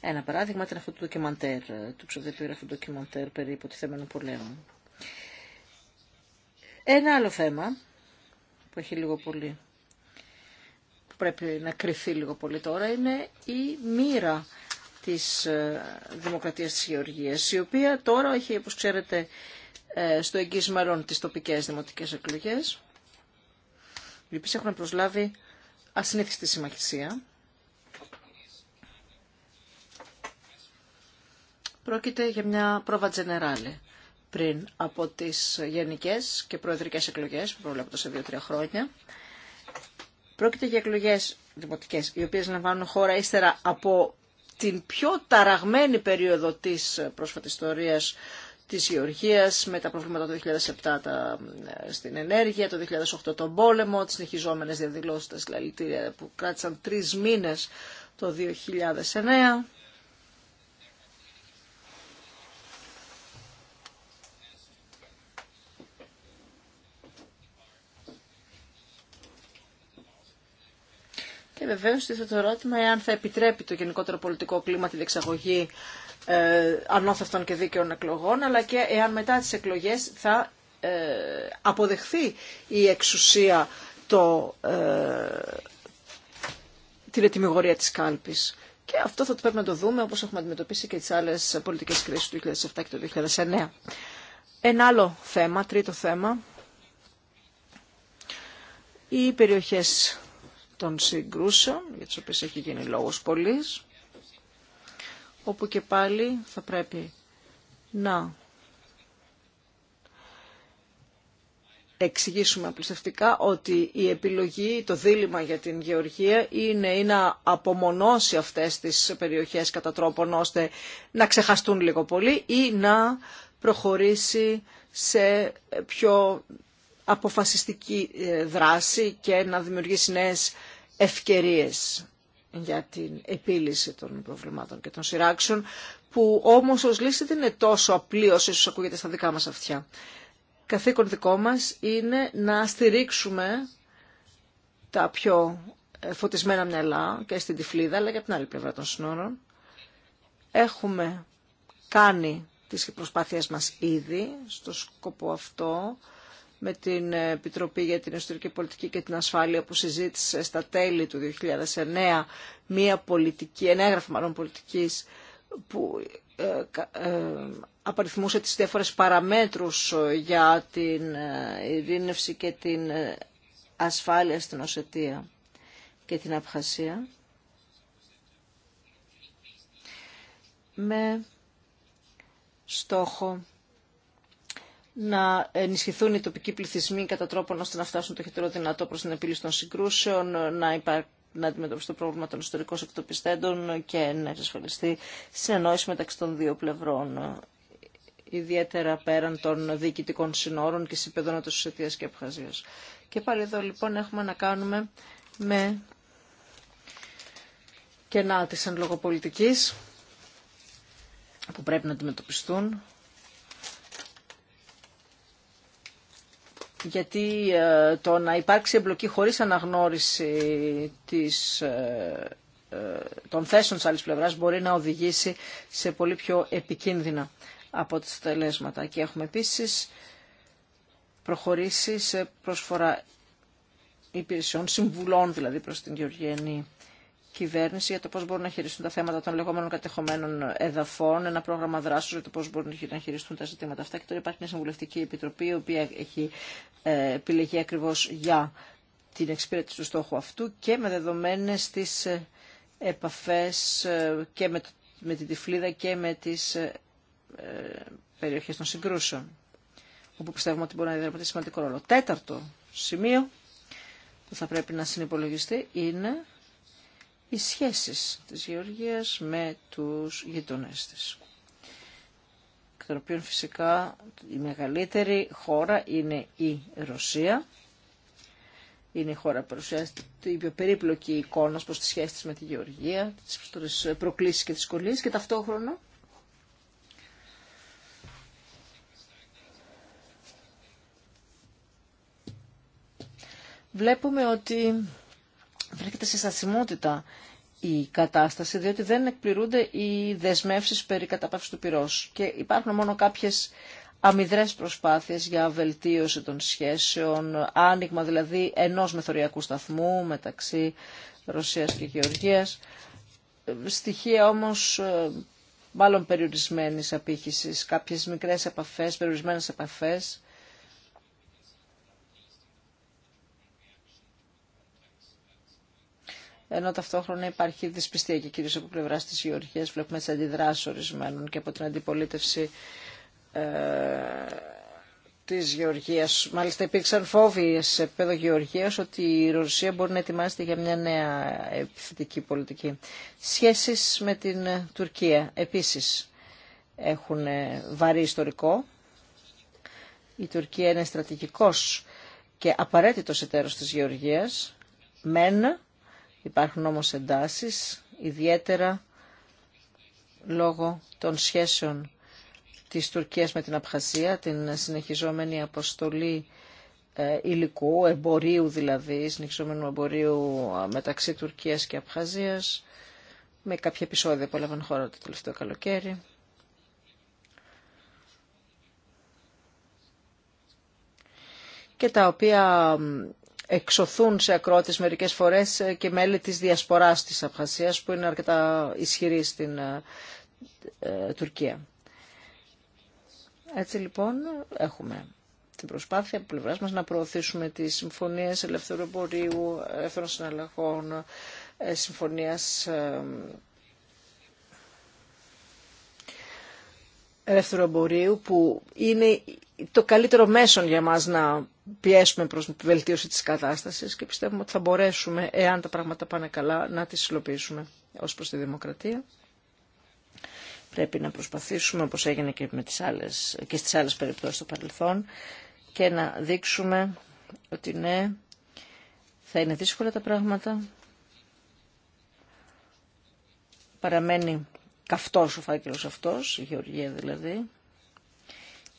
Ένα παράδειγμα ήταν αυτό το ντοκιμαντέρ, του ψευδεπίγραφου ντοκιμαντέρ περί υποτιθέμενου πολέμου. Ένα άλλο θέμα που έχει λίγο πολύ, που πρέπει να κρυθεί λίγο πολύ τώρα, είναι η μοίρα της ε, Δημοκρατίας της Γεωργίας, η οποία τώρα έχει, όπως ξέρετε, ε, στο εγγύς μέλλον τις τοπικές δημοτικές εκλογές, οι οποίες έχουν προσλάβει ασυνήθιστη συμμαχησία. Πρόκειται για μια πρόβα πριν από τις γενικές και προεδρικές εκλογές που προβλέπονται σε δύο-τρία χρόνια. Πρόκειται για εκλογές δημοτικές, οι οποίες λαμβάνουν χώρα ύστερα από την πιο ταραγμένη περίοδο της πρόσφατης ιστορίας της Γεωργίας με τα προβλήματα του 2007 ε, στην ενέργεια, το 2008 τον πόλεμο, τις συνεχιζόμενες διαδηλώσεις, τα συλλαλητήρια που κράτησαν τρεις μήνες το 2009. Και βεβαίω τίθεται το ερώτημα εάν θα επιτρέπει το γενικότερο πολιτικό κλίμα τη διεξαγωγή ε, ανώθευτων και δίκαιων εκλογών, αλλά και εάν μετά τι εκλογέ θα ε, αποδεχθεί η εξουσία το, ε, την ετοιμιγορία της κάλπης. Και αυτό θα το πρέπει να το δούμε όπως έχουμε αντιμετωπίσει και τις άλλες πολιτικές κρίσεις του 2007 και του 2009. Ένα άλλο θέμα, τρίτο θέμα, οι περιοχές των συγκρούσεων, για τις οποίες έχει γίνει λόγος πολλής, όπου και πάλι θα πρέπει να εξηγήσουμε απλουστευτικά ότι η επιλογή, το δίλημα για την γεωργία είναι ή να απομονώσει αυτές τις περιοχές κατά τρόπον ώστε να ξεχαστούν λίγο πολύ ή να προχωρήσει σε πιο αποφασιστική ε, δράση και να δημιουργήσει νέες ευκαιρίες για την επίλυση των προβλημάτων και των σειράξεων, που όμως ως λύση δεν είναι τόσο απλή όσο ακούγεται στα δικά μας αυτιά. Καθήκον δικό μας είναι να στηρίξουμε τα πιο ε, φωτισμένα μυαλά και στην Τυφλίδα, αλλά και από την άλλη πλευρά των συνόρων. Έχουμε κάνει τις προσπάθειές μας ήδη στο σκοπό αυτό με την Επιτροπή για την Εσωτερική Πολιτική και την Ασφάλεια που συζήτησε στα τέλη του 2009 μια πολιτική, ένα έγγραφο μάλλον πολιτικής που ε, ε, απαριθμούσε τις διάφορες παραμέτρους για την ε, ειρήνευση και την ασφάλεια στην Οσετία και την Απχασία. με στόχο να ενισχυθούν οι τοπικοί πληθυσμοί κατά τρόπον ώστε να φτάσουν το χειρότερο δυνατό προς την επίλυση των συγκρούσεων, να υπά... να αντιμετωπιστεί το πρόβλημα των ιστορικών εκτοπιστέντων και να εξασφαλιστεί συνεννόηση μεταξύ των δύο πλευρών, ιδιαίτερα πέραν των διοικητικών συνόρων και συμπεδών της Ουσιατίας και Απχαζίας. Και πάλι εδώ λοιπόν έχουμε να κάνουμε με κενά της εν που πρέπει να αντιμετωπιστούν γιατί ε, το να υπάρξει εμπλοκή χωρίς αναγνώριση της, ε, ε, των θέσεων της άλλης πλευράς μπορεί να οδηγήσει σε πολύ πιο επικίνδυνα από τις τελέσματα. Και έχουμε επίσης προχωρήσει σε προσφορά υπηρεσιών, συμβουλών δηλαδή προς την Γεωργιανή κυβέρνηση για το πώς μπορούν να χειριστούν τα θέματα των λεγόμενων κατεχωμένων εδαφών, ένα πρόγραμμα δράσης για το πώς μπορούν να χειριστούν τα ζητήματα αυτά και τώρα υπάρχει μια συμβουλευτική επιτροπή η οποία έχει ε, επιλεγεί ακριβώς για την εξυπηρέτηση του στόχου αυτού και με δεδομένες τις ε, επαφές ε, και με, με την Τυφλίδα και με τις περιοχές των συγκρούσεων όπου πιστεύουμε ότι μπορεί να διαδραματίσει σημαντικό ρόλο. Τέταρτο σημείο που θα πρέπει να συνυπολογιστεί είναι οι σχέσεις της Γεωργίας με τους γειτονές της. Εκ των φυσικά η μεγαλύτερη χώρα είναι η Ρωσία. Είναι η χώρα που παρουσιάζεται την πιο περίπλοκη εικόνα προς τις σχέσεις με τη Γεωργία, τις προκλήσεις και τις δυσκολίες και ταυτόχρονα βλέπουμε ότι βρίσκεται σε στασιμότητα η κατάσταση, διότι δεν εκπληρούνται οι δεσμεύσεις περί καταπαύσης του πυρός. Και υπάρχουν μόνο κάποιες αμυδρές προσπάθειες για βελτίωση των σχέσεων, άνοιγμα δηλαδή ενός μεθοριακού σταθμού μεταξύ Ρωσίας και Γεωργίας. Στοιχεία όμως ε, μάλλον περιορισμένης απήχησης, κάποιες μικρές επαφές, περιορισμένες επαφές ενώ ταυτόχρονα υπάρχει δυσπιστία και κυρίως από πλευράς της Γεωργίας βλέπουμε τις αντιδράσεις ορισμένων και από την αντιπολίτευση ε, της Γεωργίας. Μάλιστα υπήρξαν φόβοι σε επίπεδο Γεωργίας ότι η Ρωσία μπορεί να ετοιμάζεται για μια νέα επιθετική πολιτική. Σχέσεις με την Τουρκία επίσης έχουν βαρύ ιστορικό. Η Τουρκία είναι στρατηγικός και απαραίτητος εταίρος της Γεωργίας. μένα. Υπάρχουν όμως εντάσεις, ιδιαίτερα λόγω των σχέσεων της Τουρκίας με την Απχασία, την συνεχιζόμενη αποστολή ε, υλικού, εμπορίου δηλαδή, συνεχιζόμενου εμπορίου ε, μεταξύ Τουρκίας και Απχαζίας, με κάποια επεισόδια που έλαβαν χώρα το τελευταίο καλοκαίρι. και τα οποία εξωθούν σε ακρότες μερικές φορές ε, και μέλη της διασποράς της Αυχασίας που είναι αρκετά ισχυρή στην ε, ε, Τουρκία. Έτσι λοιπόν έχουμε την προσπάθεια από πλευράς μας να προωθήσουμε τις συμφωνίες ελευθεροπορίου, ελεύθερων συναλλαγών, συμφωνίας εμπορίου που είναι το καλύτερο μέσον για μας να πιέσουμε προς βελτίωση της κατάστασης και πιστεύουμε ότι θα μπορέσουμε, εάν τα πράγματα πάνε καλά, να τις υλοποιήσουμε ως προς τη δημοκρατία. Πρέπει να προσπαθήσουμε, όπως έγινε και, με τις άλλες, και στις άλλες περιπτώσεις του παρελθόν, και να δείξουμε ότι ναι, θα είναι δύσκολα τα πράγματα. Παραμένει καυτός ο φάκελος αυτός, η Γεωργία δηλαδή,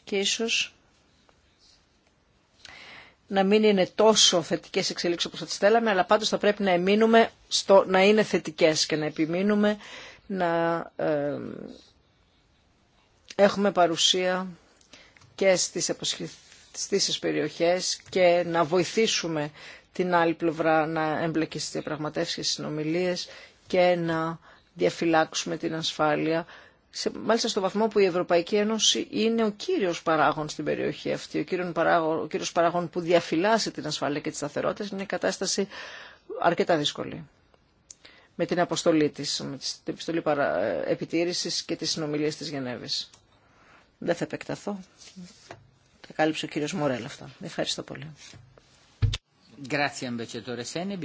και ίσως να μην είναι τόσο θετικές εξελίξεις όπως θα τις θέλαμε, αλλά πάντως θα πρέπει να εμείνουμε στο να είναι θετικές και να επιμείνουμε να έχουμε παρουσία και στις αποσχιστήσεις περιοχές και να βοηθήσουμε την άλλη πλευρά να εμπλεκεί στις διαπραγματεύσεις και συνομιλίες και να διαφυλάξουμε την ασφάλεια, μάλιστα στο βαθμό που η Ευρωπαϊκή Ένωση είναι ο κύριος παράγων στην περιοχή αυτή, ο κύριος παράγων, ο κύριος παράγων που διαφυλάσσει την ασφάλεια και τις σταθερότητα, είναι η κατάσταση αρκετά δύσκολη. Με την αποστολή της, με την επιστολή παρα, ε, επιτήρησης και τις συνομιλίες της Γενέβης. Δεν θα επεκταθώ. Θα κάλυψε ο κύριος Μορέλ αυτά. Ευχαριστώ πολύ. Ehm,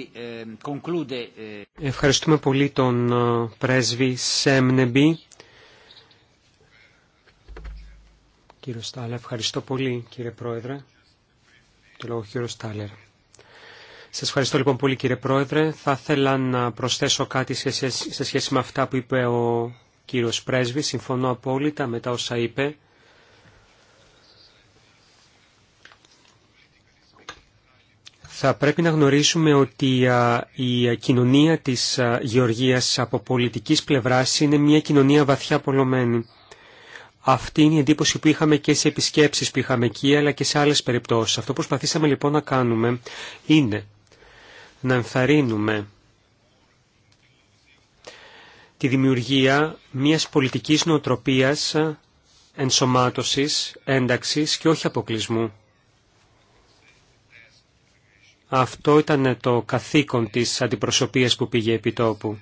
eh, Ευχαριστούμε πολύ τον ε, πρέσβη Σέμνεμπι. Κύριο Στάλερ, ευχαριστώ πολύ κύριε Πρόεδρε. Το Σας ευχαριστώ λοιπόν πολύ κύριε Πρόεδρε. Θα ήθελα να προσθέσω κάτι σε σχέση με αυτά που είπε ο κύριος Πρέσβης. Συμφωνώ απόλυτα με τα όσα είπε. θα πρέπει να γνωρίσουμε ότι η κοινωνία της Γεωργίας από πολιτικής πλευράς είναι μια κοινωνία βαθιά πολλωμένη. Αυτή είναι η εντύπωση που είχαμε και σε επισκέψεις που είχαμε εκεί αλλά και σε άλλες περιπτώσεις. Αυτό που προσπαθήσαμε λοιπόν να κάνουμε είναι να ενθαρρύνουμε τη δημιουργία μιας πολιτικής νοοτροπίας ενσωμάτωσης, ένταξης και όχι αποκλεισμού. Αυτό ήταν το καθήκον της αντιπροσωπείας που πήγε επί τόπου.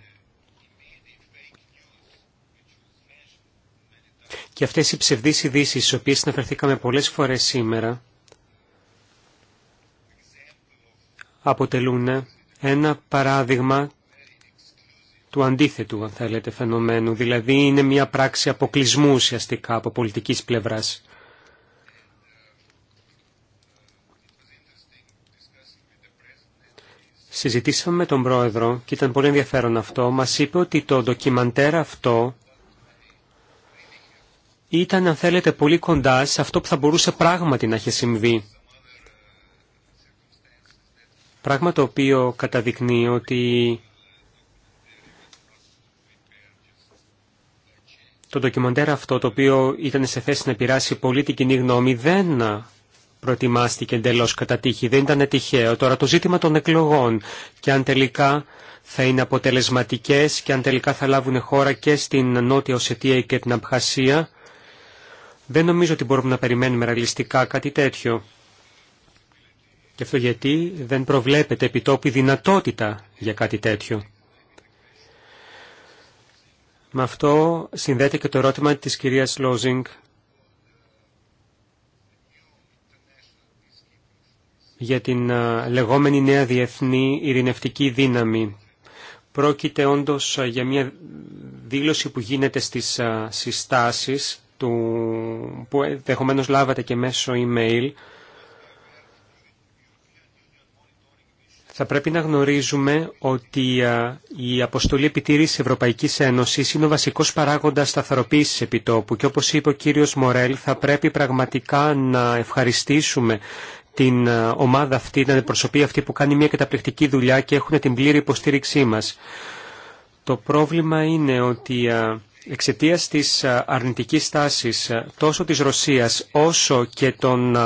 Και αυτές οι ψευδείς ειδήσει στις οποίες συναφερθήκαμε πολλές φορές σήμερα, αποτελούν ένα παράδειγμα του αντίθετου, αν θέλετε, φαινομένου. Δηλαδή είναι μια πράξη αποκλεισμού ουσιαστικά από πολιτικής πλευράς. Συζητήσαμε με τον πρόεδρο και ήταν πολύ ενδιαφέρον αυτό. Μας είπε ότι το ντοκιμαντέρ αυτό ήταν, αν θέλετε, πολύ κοντά σε αυτό που θα μπορούσε πράγματι να είχε συμβεί. Πράγμα το οποίο καταδεικνύει ότι το ντοκιμαντέρ αυτό το οποίο ήταν σε θέση να πειράσει πολύ την κοινή γνώμη δεν προετοιμάστηκε εντελώ κατά τύχη. Δεν ήταν τυχαίο. Τώρα το ζήτημα των εκλογών και αν τελικά θα είναι αποτελεσματικές και αν τελικά θα λάβουν χώρα και στην Νότια Οσετία και την Αμπχασία, δεν νομίζω ότι μπορούμε να περιμένουμε ραγλιστικά κάτι τέτοιο. Και αυτό γιατί δεν προβλέπεται επιτόπι δυνατότητα για κάτι τέτοιο. Με αυτό συνδέεται και το ερώτημα της κυρίας Λόζινγκ για την ε, λεγόμενη νέα διεθνή ειρηνευτική δύναμη. Πρόκειται όντως ε, για μια δήλωση που γίνεται στις ε, συστάσεις του, που ενδεχομένω λάβατε και μέσω email. Θα πρέπει να γνωρίζουμε ότι η αποστολή επιτήρησης Ευρωπαϊκής Ένωσης είναι ο βασικός παράγοντας σταθεροποίησης επιτόπου και όπως είπε ο κύριος Μορέλ θα πρέπει πραγματικά να ευχαριστήσουμε την ε, ομάδα αυτή, την αντιπροσωπεία αυτή που κάνει μια καταπληκτική δουλειά και έχουν την πλήρη υποστήριξή μας. Το πρόβλημα είναι ότι ε, εξαιτία της ε, αρνητικής στάσης τόσο της Ρωσίας όσο και των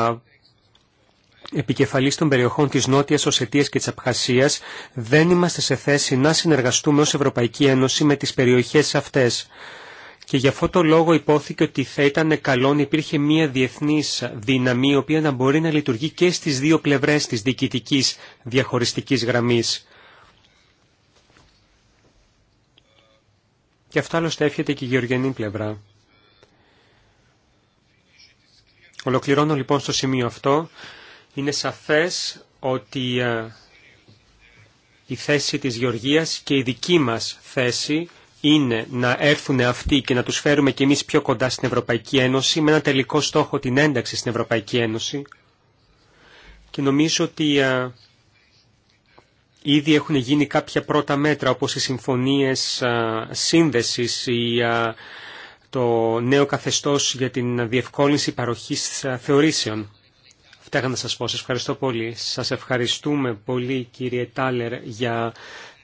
επικεφαλής των περιοχών της Νότιας Οσετίας και της Απχασίας δεν είμαστε σε θέση να συνεργαστούμε ως Ευρωπαϊκή Ένωση με τις περιοχές αυτές και γι' αυτό το λόγο υπόθηκε ότι θα ήταν καλό να υπήρχε μια διεθνής δύναμη η οποία να μπορεί να λειτουργεί και στις δύο πλευρές της διοικητικής διαχωριστικής γραμμής. Και αυτό άλλωστε έρχεται και η γεωργιανή πλευρά. Ολοκληρώνω λοιπόν στο σημείο αυτό. Είναι σαφές ότι ε, η θέση της Γεωργίας και η δική μας θέση είναι να έρθουν αυτοί και να τους φέρουμε κι εμείς πιο κοντά στην Ευρωπαϊκή Ένωση με ένα τελικό στόχο την ένταξη στην Ευρωπαϊκή Ένωση και νομίζω ότι ήδη έχουν γίνει κάποια πρώτα μέτρα όπως οι συμφωνίες α, σύνδεσης ή το νέο καθεστώς για την διευκόλυνση παροχής θεωρήσεων. Αυτά είχα να σας πω. Σας ευχαριστώ πολύ. Σας ευχαριστούμε πολύ κύριε Τάλερ για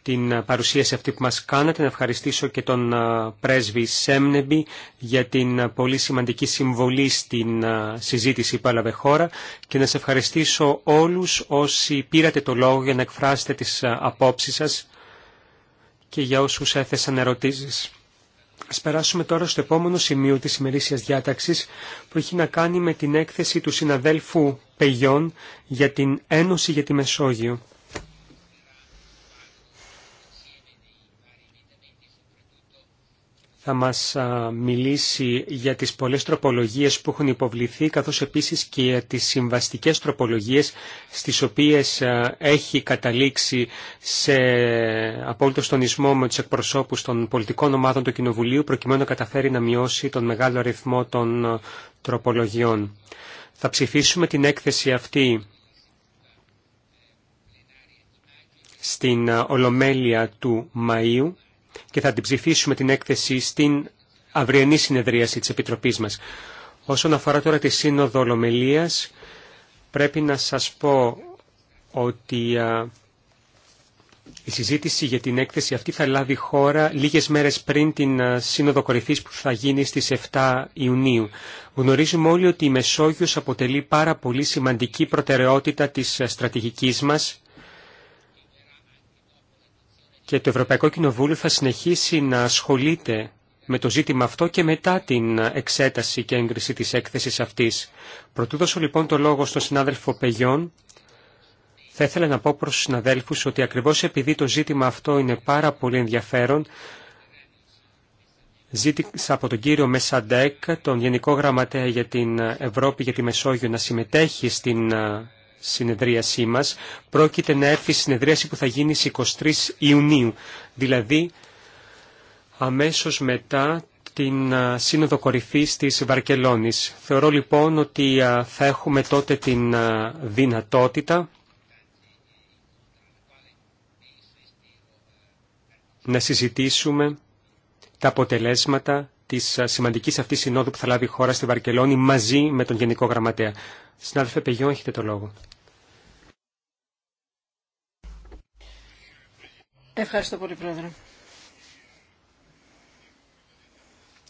την παρουσίαση αυτή που μας κάνατε. Να ευχαριστήσω και τον πρέσβη Σέμνεμπη για την πολύ σημαντική συμβολή στην συζήτηση που έλαβε χώρα και να σε ευχαριστήσω όλους όσοι πήρατε το λόγο για να εκφράσετε τις απόψεις σας και για όσους έθεσαν ερωτήσεις. Α περάσουμε τώρα στο επόμενο σημείο της ημερήσιας διάταξης που έχει να κάνει με την έκθεση του συναδέλφου Πεγιών για την Ένωση για τη Μεσόγειο. θα μας μιλήσει για τις πολλές τροπολογίες που έχουν υποβληθεί, καθώς επίσης και για τις συμβαστικές τροπολογίες στις οποίες έχει καταλήξει σε απόλυτο στονισμό με τους εκπροσώπους των πολιτικών ομάδων του Κοινοβουλίου, προκειμένου να καταφέρει να μειώσει τον μεγάλο αριθμό των τροπολογιών. Θα ψηφίσουμε την έκθεση αυτή στην Ολομέλεια του Μαΐου και θα την ψηφίσουμε την έκθεση στην αυριανή συνεδρίαση της Επιτροπής μας. Όσον αφορά τώρα τη Σύνοδο Ολομελίας, πρέπει να σας πω ότι η συζήτηση για την έκθεση αυτή θα λάβει χώρα λίγες μέρες πριν την Σύνοδο Κορυφής που θα γίνει στις 7 Ιουνίου. Γνωρίζουμε όλοι ότι η Μεσόγειος αποτελεί πάρα πολύ σημαντική προτεραιότητα της στρατηγικής μας και το Ευρωπαϊκό Κοινοβούλιο θα συνεχίσει να ασχολείται με το ζήτημα αυτό και μετά την εξέταση και έγκριση της έκθεσης αυτής. Προτού δώσω λοιπόν το λόγο στον συνάδελφο Πεγιόν, θα ήθελα να πω προς τους συναδέλφους ότι ακριβώς επειδή το ζήτημα αυτό είναι πάρα πολύ ενδιαφέρον, ζήτησα από τον κύριο Μεσαντέκ, τον Γενικό Γραμματέα για την Ευρώπη για τη Μεσόγειο, να συμμετέχει στην ε, συνεδρίασή μας πρόκειται να έρθει η συνεδρίαση που θα γίνει στις 23 Ιουνίου, δηλαδή αμέσως μετά την Σύνοδο Κορυφής της Βαρκελόνης. Θεωρώ λοιπόν ότι θα έχουμε τότε την δυνατότητα να συζητήσουμε τα αποτελέσματα Τη ε, σημαντική αυτή συνόδου που θα λάβει η χώρα στη Βαρκελόνη μαζί με τον Γενικό Γραμματέα. Συνάδελφε Πεγιό, έχετε το λόγο. Ευχαριστώ πολύ, Πρόεδρε.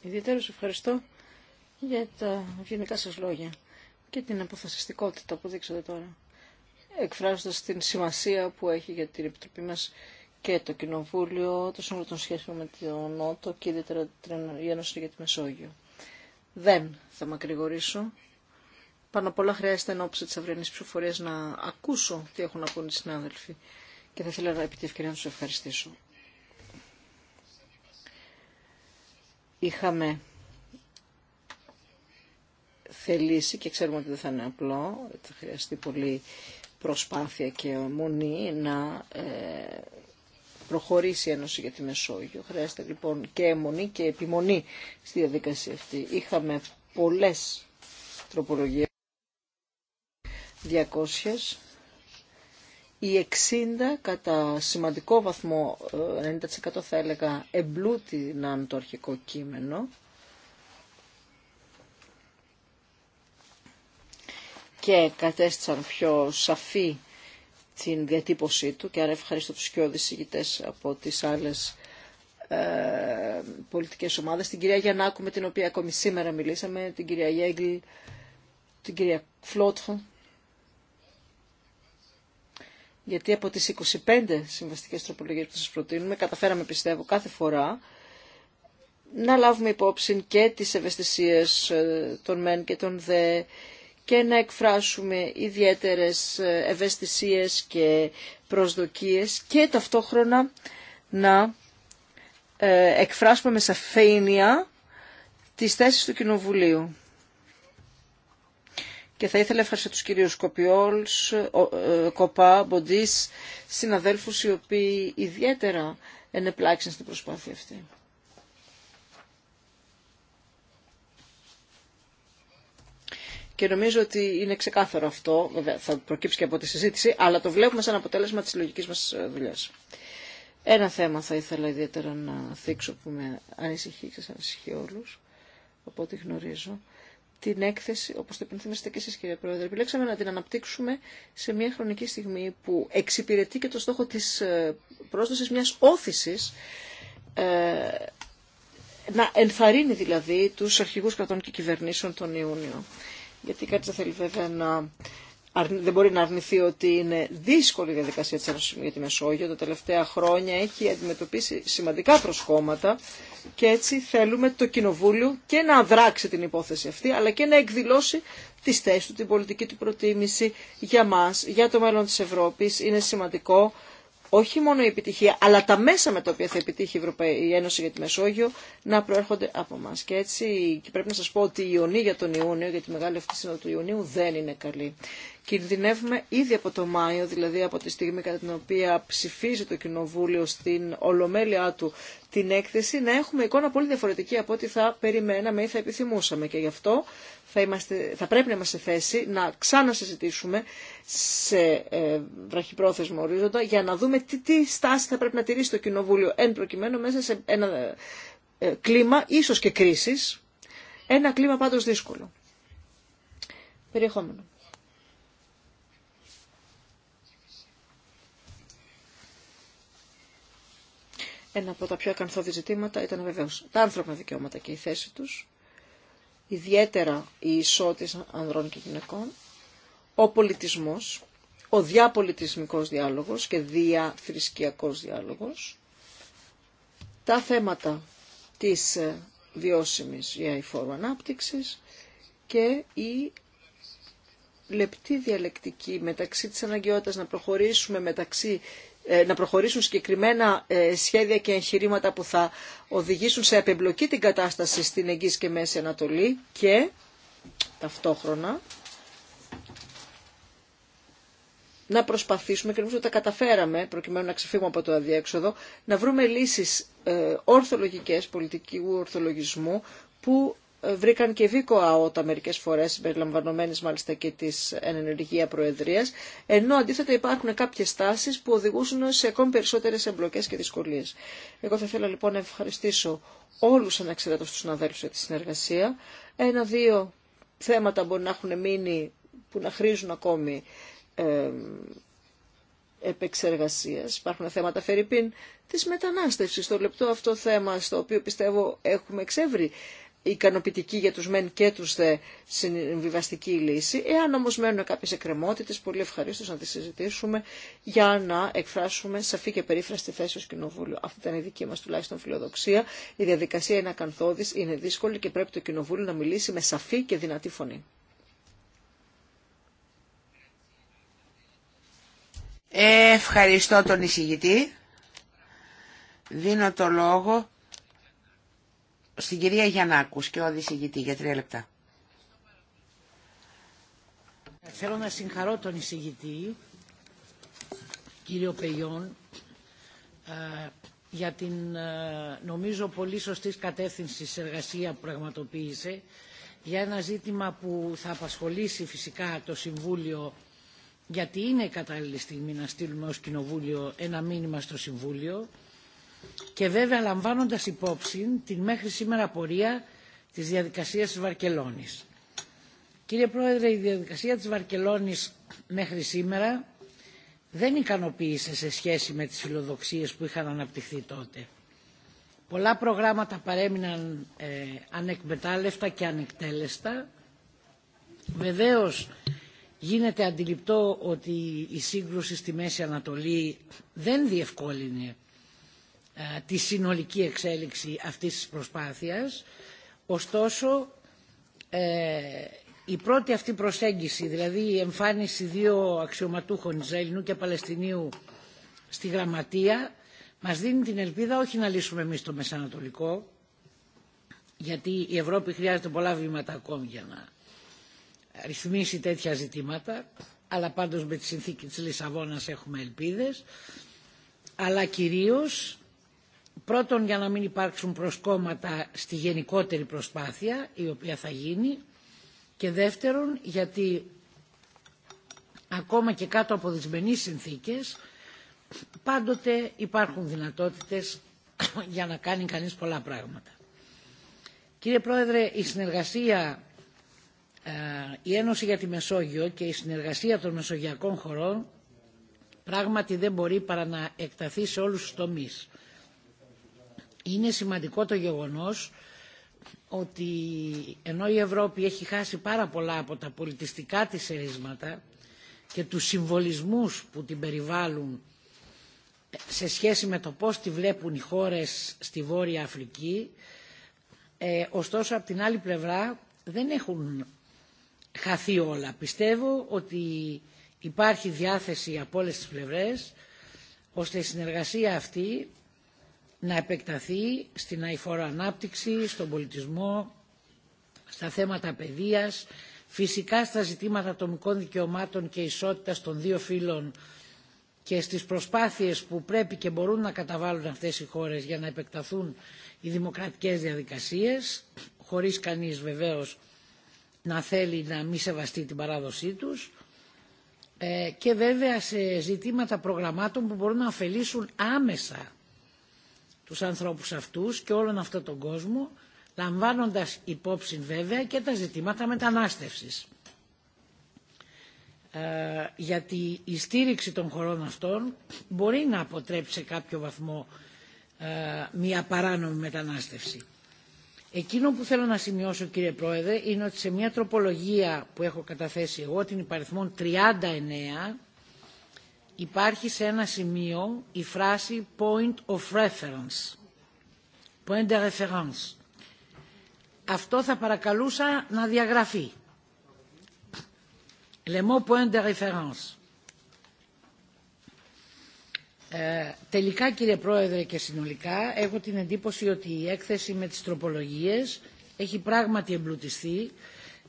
Ιδιαίτερως ευχαριστώ για τα γενικά σας λόγια και την αποφασιστικότητα που δείξατε τώρα, εκφράζοντας την σημασία που έχει για την Επιτροπή μας και το Κοινοβούλιο, το Σύμβουλο των Σχέσεων με τον Νότο και ιδιαίτερα η Ένωση για τη Μεσόγειο. Δεν θα ακρηγορήσω. Πάνω απ' όλα χρειάζεται εν ώψη τη αυριανή ψηφοφορία να ακούσω τι έχουν να πούν οι συνάδελφοι και θα ήθελα επί τη ευκαιρία να του ευχαριστήσω. Είχαμε θελήσει και ξέρουμε ότι δεν θα είναι απλό, θα χρειαστεί πολύ προσπάθεια και μονή να ε, προχωρήσει η Ένωση για τη Μεσόγειο. Χρειάζεται λοιπόν και αιμονή και επιμονή στη διαδικασία αυτή. Είχαμε πολλές τροπολογίες, 200, οι 60 κατά σημαντικό βαθμό, 90% ε, θα έλεγα, εμπλούτηναν το αρχικό κείμενο. και κατέστησαν πιο σαφή την διατύπωσή του και άρα ευχαριστώ τους και ηγητές από τις άλλες ε, πολιτικές ομάδες. Την κυρία Γιαννάκου με την οποία ακόμη σήμερα μιλήσαμε, την κυρία Γέγκλ, την κυρία Φλότχο. Γιατί από τις 25 συμβαστικές τροπολογίες που σας προτείνουμε, καταφέραμε πιστεύω κάθε φορά να λάβουμε υπόψη και τις ευαισθησίες ε, των μεν και των δε, και να εκφράσουμε ιδιαίτερες ευαισθησίες και προσδοκίες και ταυτόχρονα να ε, εκφράσουμε με σαφήνεια τις θέσεις του Κοινοβουλίου. Και θα ήθελα ευχαριστώ τους κυρίους Κοπιόλς, ε, Κοπά, Μποντής, συναδέλφους οι οποίοι ιδιαίτερα ενεπλάξαν στην προσπάθεια αυτή. και νομίζω ότι είναι ξεκάθαρο αυτό, βέβαια θα προκύψει και από τη συζήτηση, αλλά το βλέπουμε σαν αποτέλεσμα της λογικής μας ε, δουλειάς. Ένα θέμα θα ήθελα ιδιαίτερα να θίξω που με ανησυχεί και σας ανησυχεί όλους, από ό,τι γνωρίζω. Την έκθεση, όπως το υπενθυμίσετε και εσείς κύριε Πρόεδρε, επιλέξαμε να την αναπτύξουμε σε μια χρονική στιγμή που εξυπηρετεί και το στόχο της ε, πρόσδοσης μιας όθησης ε, να ενθαρρύνει δηλαδή τους αρχηγούς κρατών και κυβερνήσεων τον Ιούνιο γιατί κάτι δεν θέλει βέβαια να δεν μπορεί να αρνηθεί ότι είναι δύσκολη η διαδικασία τη για τη Μεσόγειο. Τα τελευταία χρόνια έχει αντιμετωπίσει σημαντικά προσκόμματα και έτσι θέλουμε το Κοινοβούλιο και να αδράξει την υπόθεση αυτή αλλά και να εκδηλώσει τις θέσεις του, την πολιτική του προτίμηση για μας, για το μέλλον της Ευρώπης. Είναι σημαντικό όχι μόνο η επιτυχία, αλλά τα μέσα με τα οποία θα επιτύχει η, Ένωση για τη Μεσόγειο να προέρχονται από εμά. Και έτσι και πρέπει να σα πω ότι η Ιωνή για τον Ιούνιο, για τη μεγάλη αυτή σύνοδο του Ιουνίου, δεν είναι καλή. Κινδυνεύουμε ήδη από το Μάιο, δηλαδή από τη στιγμή κατά την οποία ψηφίζει το Κοινοβούλιο στην ολομέλειά του την έκθεση, να έχουμε εικόνα πολύ διαφορετική από ό,τι θα περιμέναμε ή θα επιθυμούσαμε. Και γι' αυτό θα, θα πρέπει να είμαστε σε θέση να ξανασυζητήσουμε σε ε, βραχυπρόθεσμο ορίζοντα για να δούμε τι, τι στάση θα πρέπει να τηρήσει το Κοινοβούλιο εν προκειμένου μέσα σε ένα ε, κλίμα ίσως και κρίσης, ένα κλίμα πάντως δύσκολο. Περιεχόμενο. Ένα από τα πιο ακαθόδη ζητήματα ήταν βεβαίως τα άνθρωπα δικαιώματα και η θέση τους ιδιαίτερα η ισότητα ανδρών και γυναικών, ο πολιτισμός, ο διαπολιτισμικός διάλογος και διαθρησκιακός διάλογος, τα θέματα της ε, βιώσιμης φόρου ανάπτυξης και η λεπτή διαλεκτική μεταξύ της αναγκαιότητας να προχωρήσουμε μεταξύ ε, να προχωρήσουν συγκεκριμένα ε, σχέδια και εγχειρήματα που θα οδηγήσουν σε απεμπλοκή την κατάσταση στην Εγγύη και Μέση Ανατολή και ταυτόχρονα να προσπαθήσουμε και νομίζω ότι τα καταφέραμε προκειμένου να ξεφύγουμε από το αδιέξοδο να βρούμε λύσεις ε, ορθολογικές πολιτικού ορθολογισμού που βρήκαν και βίκο αότα μερικές φορές συμπεριλαμβανομένες μάλιστα και της ενεργεία προεδρίας, ενώ αντίθετα υπάρχουν κάποιες τάσεις που οδηγούσαν σε ακόμη περισσότερες εμπλοκές και δυσκολίες. Εγώ θα ήθελα λοιπόν να ευχαριστήσω όλους αναξαιρέτως τους συναδέλφους για τη συνεργασία. Ένα-δύο θέματα μπορεί να έχουν μείνει που να χρήζουν ακόμη ε, επεξεργασίας. Υπάρχουν θέματα φερρυπίν της μετανάστευσης, το λεπτό αυτό θέμα στο οποίο πιστεύω έχουμε εξεύρει ικανοποιητική για τους μεν και τους δε συμβιβαστική λύση. Εάν όμως μένουν κάποιες εκκρεμότητες, πολύ ευχαρίστως να τις συζητήσουμε για να εκφράσουμε σαφή και περίφραστη θέση ως Κοινοβούλιο. Αυτή ήταν η δική μας τουλάχιστον φιλοδοξία. Η διαδικασία είναι ακαθόδης, είναι δύσκολη και πρέπει το Κοινοβούλιο να μιλήσει με σαφή και δυνατή φωνή. Ευχαριστώ τον εισηγητή. Δίνω το λόγο στην κυρία Γιαννάκου, και ο για τρία λεπτά. Θέλω να συγχαρώ τον εισηγητή, κύριο Πεγιόν, ε, για την ε, νομίζω πολύ σωστή κατεύθυνση εργασία που πραγματοποίησε για ένα ζήτημα που θα απασχολήσει φυσικά το Συμβούλιο γιατί είναι κατάλληλη στιγμή να στείλουμε ως Κοινοβούλιο ένα μήνυμα στο Συμβούλιο και βέβαια λαμβάνοντας υπόψη την μέχρι σήμερα πορεία της διαδικασίας της Βαρκελόνης. Κύριε Πρόεδρε, η διαδικασία της Βαρκελόνης μέχρι σήμερα δεν ικανοποίησε σε σχέση με τις φιλοδοξίες που είχαν αναπτυχθεί τότε. Πολλά προγράμματα παρέμειναν ε, ανεκμετάλλευτα και ανεκτέλεστα. Βεβαίως γίνεται αντιληπτό ότι η σύγκρουση στη Μέση Ανατολή δεν διευκόλυνε ε, τη συνολική εξέλιξη αυτής της προσπάθειας. Ωστόσο, ε, η πρώτη αυτή προσέγγιση, δηλαδή η εμφάνιση δύο αξιωματούχων Ισραηλινού και Παλαιστινίου στη Γραμματεία, μας δίνει την ελπίδα όχι να λύσουμε εμείς το Μεσανατολικό, γιατί η Ευρώπη χρειάζεται πολλά βήματα ακόμη για να ρυθμίσει τέτοια ζητήματα, αλλά πάντως με τη συνθήκη της Λισαβόνας έχουμε ελπίδες, αλλά κυρίως Πρώτον για να μην υπάρξουν προσκόμματα στη γενικότερη προσπάθεια η οποία θα γίνει και δεύτερον γιατί ακόμα και κάτω από δυσμενείς συνθήκες πάντοτε υπάρχουν δυνατότητες <coughs> για να κάνει κανείς πολλά πράγματα. Κύριε Πρόεδρε, η συνεργασία, ε, η Ένωση για τη Μεσόγειο και η συνεργασία των μεσογειακών χωρών πράγματι δεν μπορεί παρά να εκταθεί σε όλους τους τομείς είναι σημαντικό το γεγονός ότι ενώ η Ευρώπη έχει χάσει πάρα πολλά από τα πολιτιστικά της ερίσματα και τους συμβολισμούς που την περιβάλλουν σε σχέση με το πώς τη βλέπουν οι χώρες στη Βόρεια Αφρική, ε, ωστόσο από την άλλη πλευρά δεν έχουν χαθεί όλα. Πιστεύω ότι υπάρχει διάθεση από όλες τις πλευρές ώστε η συνεργασία αυτή να επεκταθεί στην αηφόρο ανάπτυξη, στον πολιτισμό, στα θέματα παιδείας, φυσικά στα ζητήματα ατομικών δικαιωμάτων και ισότητας των δύο φύλων και στις προσπάθειες που πρέπει και μπορούν να καταβάλουν αυτές οι χώρες για να επεκταθούν οι δημοκρατικές διαδικασίες, χωρίς κανείς βεβαίως να θέλει να μη σεβαστεί την παράδοσή τους ε, και βέβαια σε ζητήματα προγραμμάτων που μπορούν να ωφελήσουν άμεσα τους ανθρώπους αυτούς και όλον αυτόν τον κόσμο, λαμβάνοντας υπόψη βέβαια και τα ζητήματα μετανάστευσης. Ε, γιατί η στήριξη των χωρών αυτών μπορεί να αποτρέψει σε κάποιο βαθμό ε, μια παράνομη μετανάστευση. Εκείνο που θέλω να σημειώσω κύριε Πρόεδρε είναι ότι σε μια τροπολογία που έχω καταθέσει εγώ την υπαριθμόν 39 υπάρχει σε ένα σημείο η φράση point of reference. Point de référence. Αυτό θα παρακαλούσα να διαγραφεί. Le point de référence. Ε, τελικά κύριε Πρόεδρε και συνολικά έχω την εντύπωση ότι η έκθεση με τις τροπολογίες έχει πράγματι εμπλουτιστεί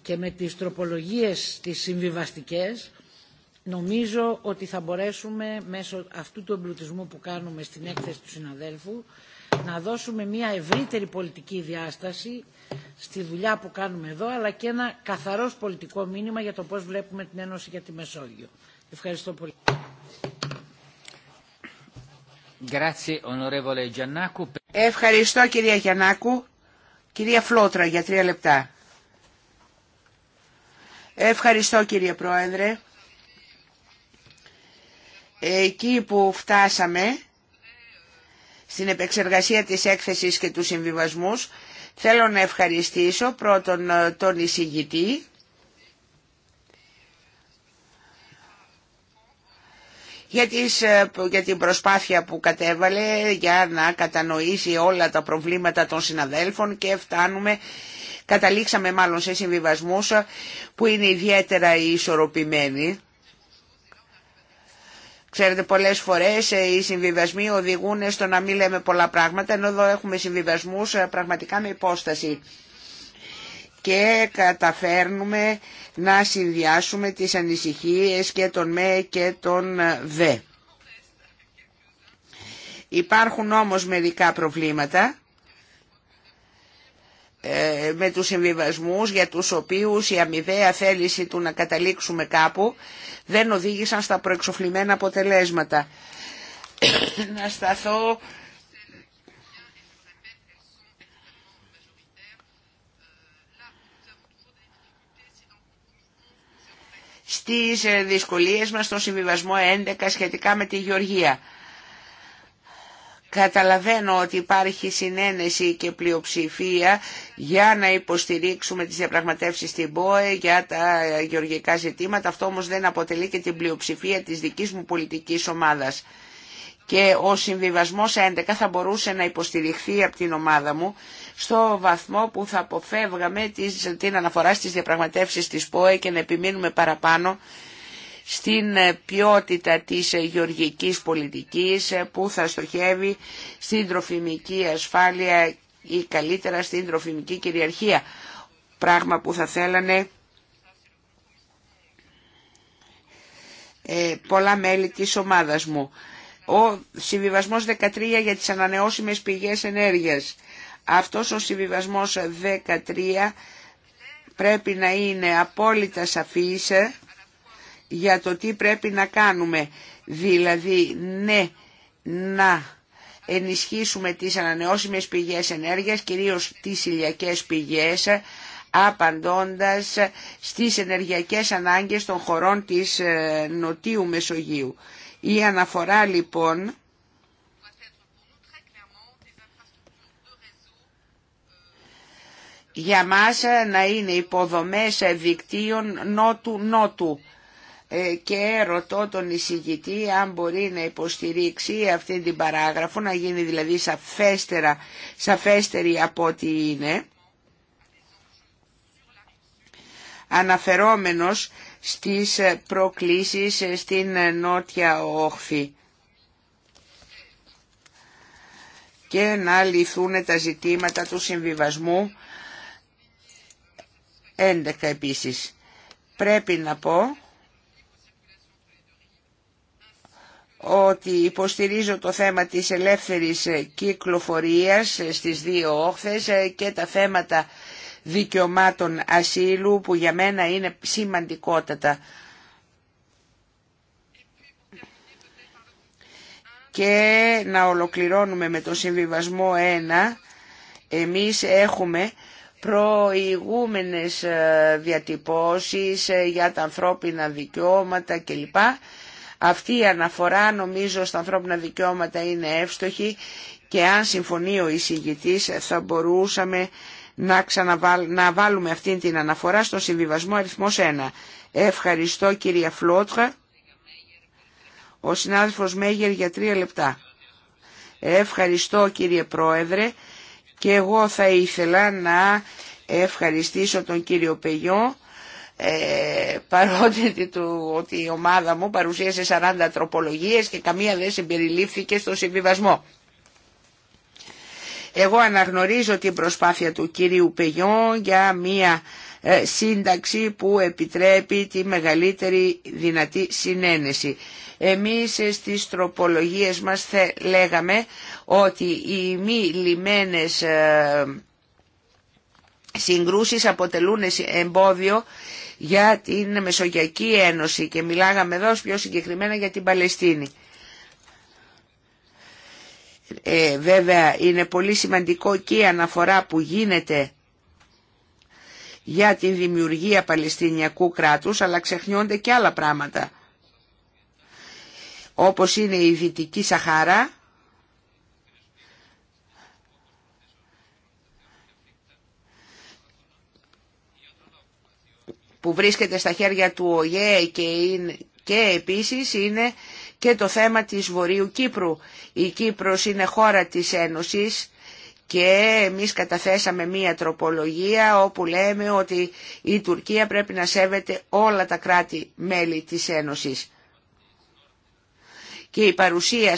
και με τις τροπολογίες τις συμβιβαστικές Νομίζω ότι θα μπορέσουμε μέσω αυτού του εμπλουτισμού που κάνουμε στην έκθεση του συναδέλφου να δώσουμε μια ευρύτερη πολιτική διάσταση στη δουλειά που κάνουμε εδώ αλλά και ένα καθαρός πολιτικό μήνυμα για το πώς βλέπουμε την Ένωση για τη Μεσόγειο. Ευχαριστώ πολύ. Ευχαριστώ κυρία Γιαννάκου. Κυρία Φλότρα για τρία λεπτά. Ευχαριστώ κύριε Πρόεδρε εκεί που φτάσαμε στην επεξεργασία της έκθεσης και του συμβιβασμούς θέλω να ευχαριστήσω πρώτον ε, τον εισηγητή για, ε, για την προσπάθεια που κατέβαλε για να κατανοήσει όλα τα προβλήματα των συναδέλφων και φτάνουμε, καταλήξαμε μάλλον σε συμβιβασμούς που είναι ιδιαίτερα ισορροπημένοι. Ξέρετε πολλές φορές ε, οι συμβιβασμοί οδηγούν στο να μην λέμε πολλά πράγματα ενώ εδώ έχουμε συμβιβασμούς ε, πραγματικά με υπόσταση και καταφέρνουμε να συνδυάσουμε τις ανησυχίες και τον με και τον ε, δε. Υπάρχουν όμως μερικά προβλήματα ε, με τους συμβιβασμούς για τους οποίους η αμοιβαία θέληση του να καταλήξουμε κάπου δεν οδήγησαν στα προεξοφλημένα αποτελέσματα. <coughs> να σταθώ στις ε, δυσκολίες μας στον συμβιβασμό 11 σχετικά με τη Γεωργία. Καταλαβαίνω ότι υπάρχει συνένεση και πλειοψηφία για να υποστηρίξουμε τις διαπραγματεύσεις στην ΠΟΕ για τα γεωργικά ζητήματα. Αυτό όμως δεν αποτελεί και την πλειοψηφία της δικής μου πολιτικής ομάδας. Και ο συμβιβασμός 11 θα μπορούσε να υποστηριχθεί από την ομάδα μου στο βαθμό που θα αποφεύγαμε την αναφορά στις διαπραγματεύσεις της ΠΟΕ και να επιμείνουμε παραπάνω στην ε, ποιότητα της ε, γεωργικής πολιτικής ε, που θα στοχεύει στην τροφιμική ασφάλεια ή καλύτερα στην τροφιμική κυριαρχία. Πράγμα που θα θέλανε πολλά μέλη της ομάδας μου. Ο συμβιβασμός 13 για τις ανανεώσιμες πηγές ενέργειας. Αυτός ο συμβιβασμός 13 πρέπει να είναι απόλυτα σαφής για το τι πρέπει να κάνουμε. Δηλαδή, ναι, να ενισχύσουμε τις ανανεώσιμες πηγές ενέργειας, κυρίως τις ηλιακές πηγές, απαντώντας στις ενεργειακές ανάγκες των χωρών της ε, Νοτίου Μεσογείου. Η αναφορά λοιπόν για μας να είναι υποδομές δικτύων νότου-νότου ε, και ρωτώ τον εισηγητή αν μπορεί να υποστηρίξει αυτή την παράγραφο, να γίνει δηλαδή σαφέστερα, σαφέστερη από ό,τι είναι, αναφερόμενος στις προκλήσεις στην νότια όχθη και να λυθούν τα ζητήματα του συμβιβασμού 11 επίσης. Πρέπει να πω ότι υποστηρίζω το θέμα της ελεύθερης κυκλοφορίας στις δύο όχθες και τα θέματα δικαιωμάτων ασύλου που για μένα είναι σημαντικότατα. Και να ολοκληρώνουμε με το συμβιβασμό 1. Εμείς έχουμε προηγούμενες ε, διατυπώσεις ε, για τα ανθρώπινα δικαιώματα κλπ. Αυτή η αναφορά νομίζω στα ανθρώπινα δικαιώματα είναι εύστοχη και αν συμφωνεί ο εισηγητής θα μπορούσαμε να, να βάλουμε αυτή την αναφορά στο συμβιβασμό αριθμός 1. Ευχαριστώ κύριε Φλότρα. Ο συνάδελφος Μέγερ για τρία λεπτά. Ευχαριστώ κύριε Πρόεδρε και εγώ θα ήθελα να ευχαριστήσω τον κύριο Πεγιό ε, παρότι του, ότι η ομάδα μου παρουσίασε 40 τροπολογίες και καμία δεν συμπεριλήφθηκε στο συμβιβασμό. Εγώ αναγνωρίζω την προσπάθεια του κυρίου Πεγιόν για μία ε, σύνταξη που επιτρέπει τη μεγαλύτερη δυνατή συνένεση. Εμείς ε, στις τροπολογίες μας θε, λέγαμε ότι οι μη λιμένες ε, συγκρούσεις αποτελούν εμπόδιο για την Μεσογειακή Ένωση και μιλάγαμε εδώ πιο συγκεκριμένα για την Παλαιστίνη. Ε, βέβαια είναι πολύ σημαντικό και η αναφορά που γίνεται για τη δημιουργία Παλαιστινιακού κράτους, αλλά ξεχνιόνται και άλλα πράγματα, όπως είναι η Δυτική Σαχάρα, που βρίσκεται στα χέρια του ΟΓΕ και, είναι, και επίσης είναι και το θέμα της Βορείου Κύπρου. Η Κύπρος είναι χώρα της Ένωσης και εμείς καταθέσαμε μία τροπολογία όπου λέμε ότι η Τουρκία πρέπει να σέβεται όλα τα κράτη-μέλη της Ένωσης. Και η παρουσία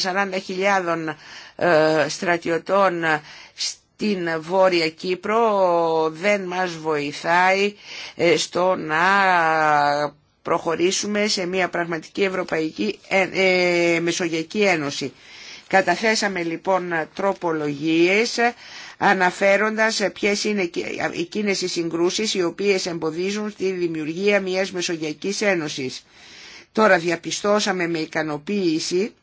40.000 ε, στρατιωτών την Βόρεια Κύπρο δεν μας βοηθάει ε, στο να προχωρήσουμε σε μια πραγματική Ευρωπαϊκή ε, ε, Μεσογειακή Ένωση. Καταθέσαμε λοιπόν τροπολογίες αναφέροντας ποιες είναι εκείνες οι συγκρούσεις οι οποίες εμποδίζουν τη δημιουργία μιας Μεσογειακής Ένωσης. Τώρα διαπιστώσαμε με ικανοποίηση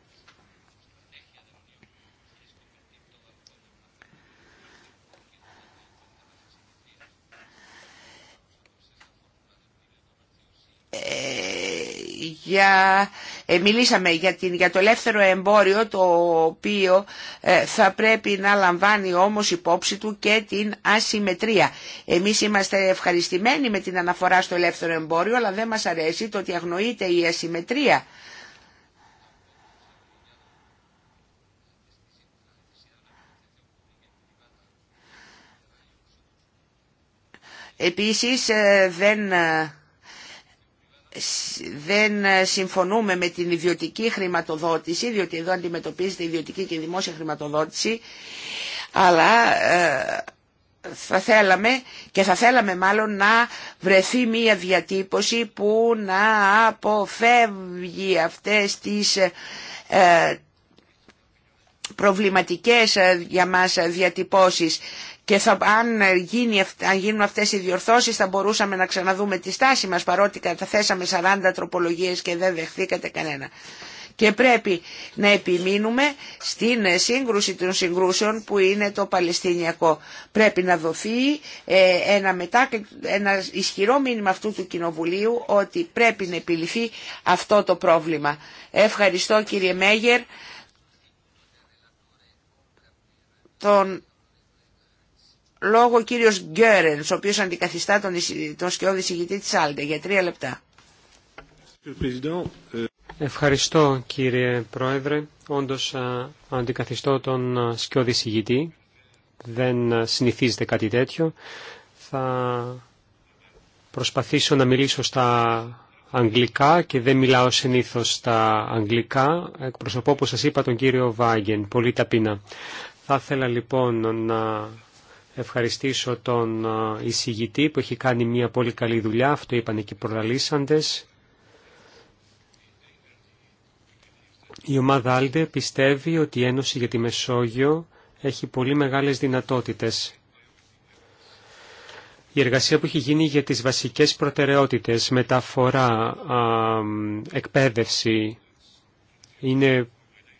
για, ε, μιλήσαμε για, την, για το ελεύθερο εμπόριο το οποίο ε, θα πρέπει να λαμβάνει όμως υπόψη του και την ασυμμετρία. Εμείς είμαστε ευχαριστημένοι με την αναφορά στο ελεύθερο εμπόριο αλλά δεν μας αρέσει το ότι αγνοείται η ασυμμετρία. Επίσης ε, δεν δεν συμφωνούμε με την ιδιωτική χρηματοδότηση, διότι εδώ αντιμετωπίζεται ιδιωτική και δημόσια χρηματοδότηση, αλλά ε, θα θέλαμε και θα θέλαμε μάλλον να βρεθεί μία διατύπωση που να αποφεύγει αυτές τις ε, ε, προβληματικές για μας διατυπώσεις και αν, γίνουν αυτές οι διορθώσεις θα μπορούσαμε να ξαναδούμε τη στάση μας παρότι καταθέσαμε 40 τροπολογίες και δεν δεχθήκατε κανένα. Και πρέπει να επιμείνουμε στην σύγκρουση των συγκρούσεων που είναι το Παλαιστινιακό. Πρέπει να δοθεί ε, ένα, μετά, ένα ισχυρό μήνυμα αυτού του Κοινοβουλίου ότι πρέπει να επιληθεί αυτό το πρόβλημα. Ευχαριστώ κύριε Μέγερ. Λόγω ο κύριος Γκέρενς, ο οποίος αντικαθιστά τον, τον σκιώδη συγητή της Άλντε, για τρία λεπτά. Ευχαριστώ κύριε Πρόεδρε. Όντως αντικαθιστώ τον σκιώδη συγητή. Δεν συνηθίζεται κάτι τέτοιο. Θα προσπαθήσω να μιλήσω στα αγγλικά και δεν μιλάω συνήθως στα αγγλικά. Εκπροσωπώ, όπως σας είπα, τον κύριο Βάγγεν, πολύ ταπεινά. Θα ήθελα λοιπόν να ευχαριστήσω τον εισηγητή που έχει κάνει μια πολύ καλή δουλειά, αυτό είπαν και οι προλαλήσαντες. Η ομάδα Άλντε πιστεύει ότι η Ένωση για τη Μεσόγειο έχει πολύ μεγάλες δυνατότητες. Η εργασία που έχει γίνει για τις βασικές προτεραιότητες, μεταφορά, α, εκπαίδευση, είναι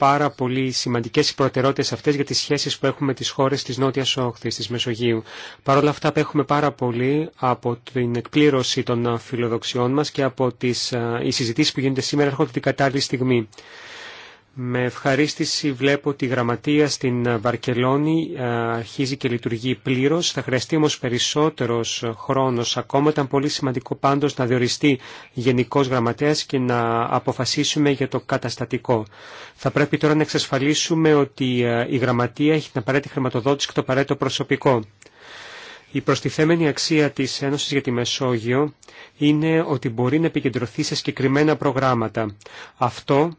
πάρα πολύ σημαντικές οι προτεραιότητες αυτές για τις σχέσεις που έχουμε με τις χώρες της Νότιας Όχθης, της Μεσογείου. Παρ' όλα αυτά απέχουμε πάρα πολύ από την εκπλήρωση των φιλοδοξιών μας και από τις ε, οι που γίνονται σήμερα έρχονται την κατάλληλη στιγμή. Με ευχαρίστηση βλέπω ότι η γραμματεία στην Βαρκελόνη ε, αρχίζει και λειτουργεί πλήρως. Θα χρειαστεί όμως περισσότερος χρόνος ακόμα. Ήταν πολύ σημαντικό πάντως να διοριστεί γενικός γραμματέας και να αποφασίσουμε για το καταστατικό. Θα πρέπει τώρα να εξασφαλίσουμε ότι ε, η γραμματεία έχει την απαραίτητη χρηματοδότηση και το απαραίτητο προσωπικό. Η προστιθέμενη αξία της Ένωσης για τη Μεσόγειο είναι ότι μπορεί να επικεντρωθεί σε συγκεκριμένα προγράμματα. Αυτό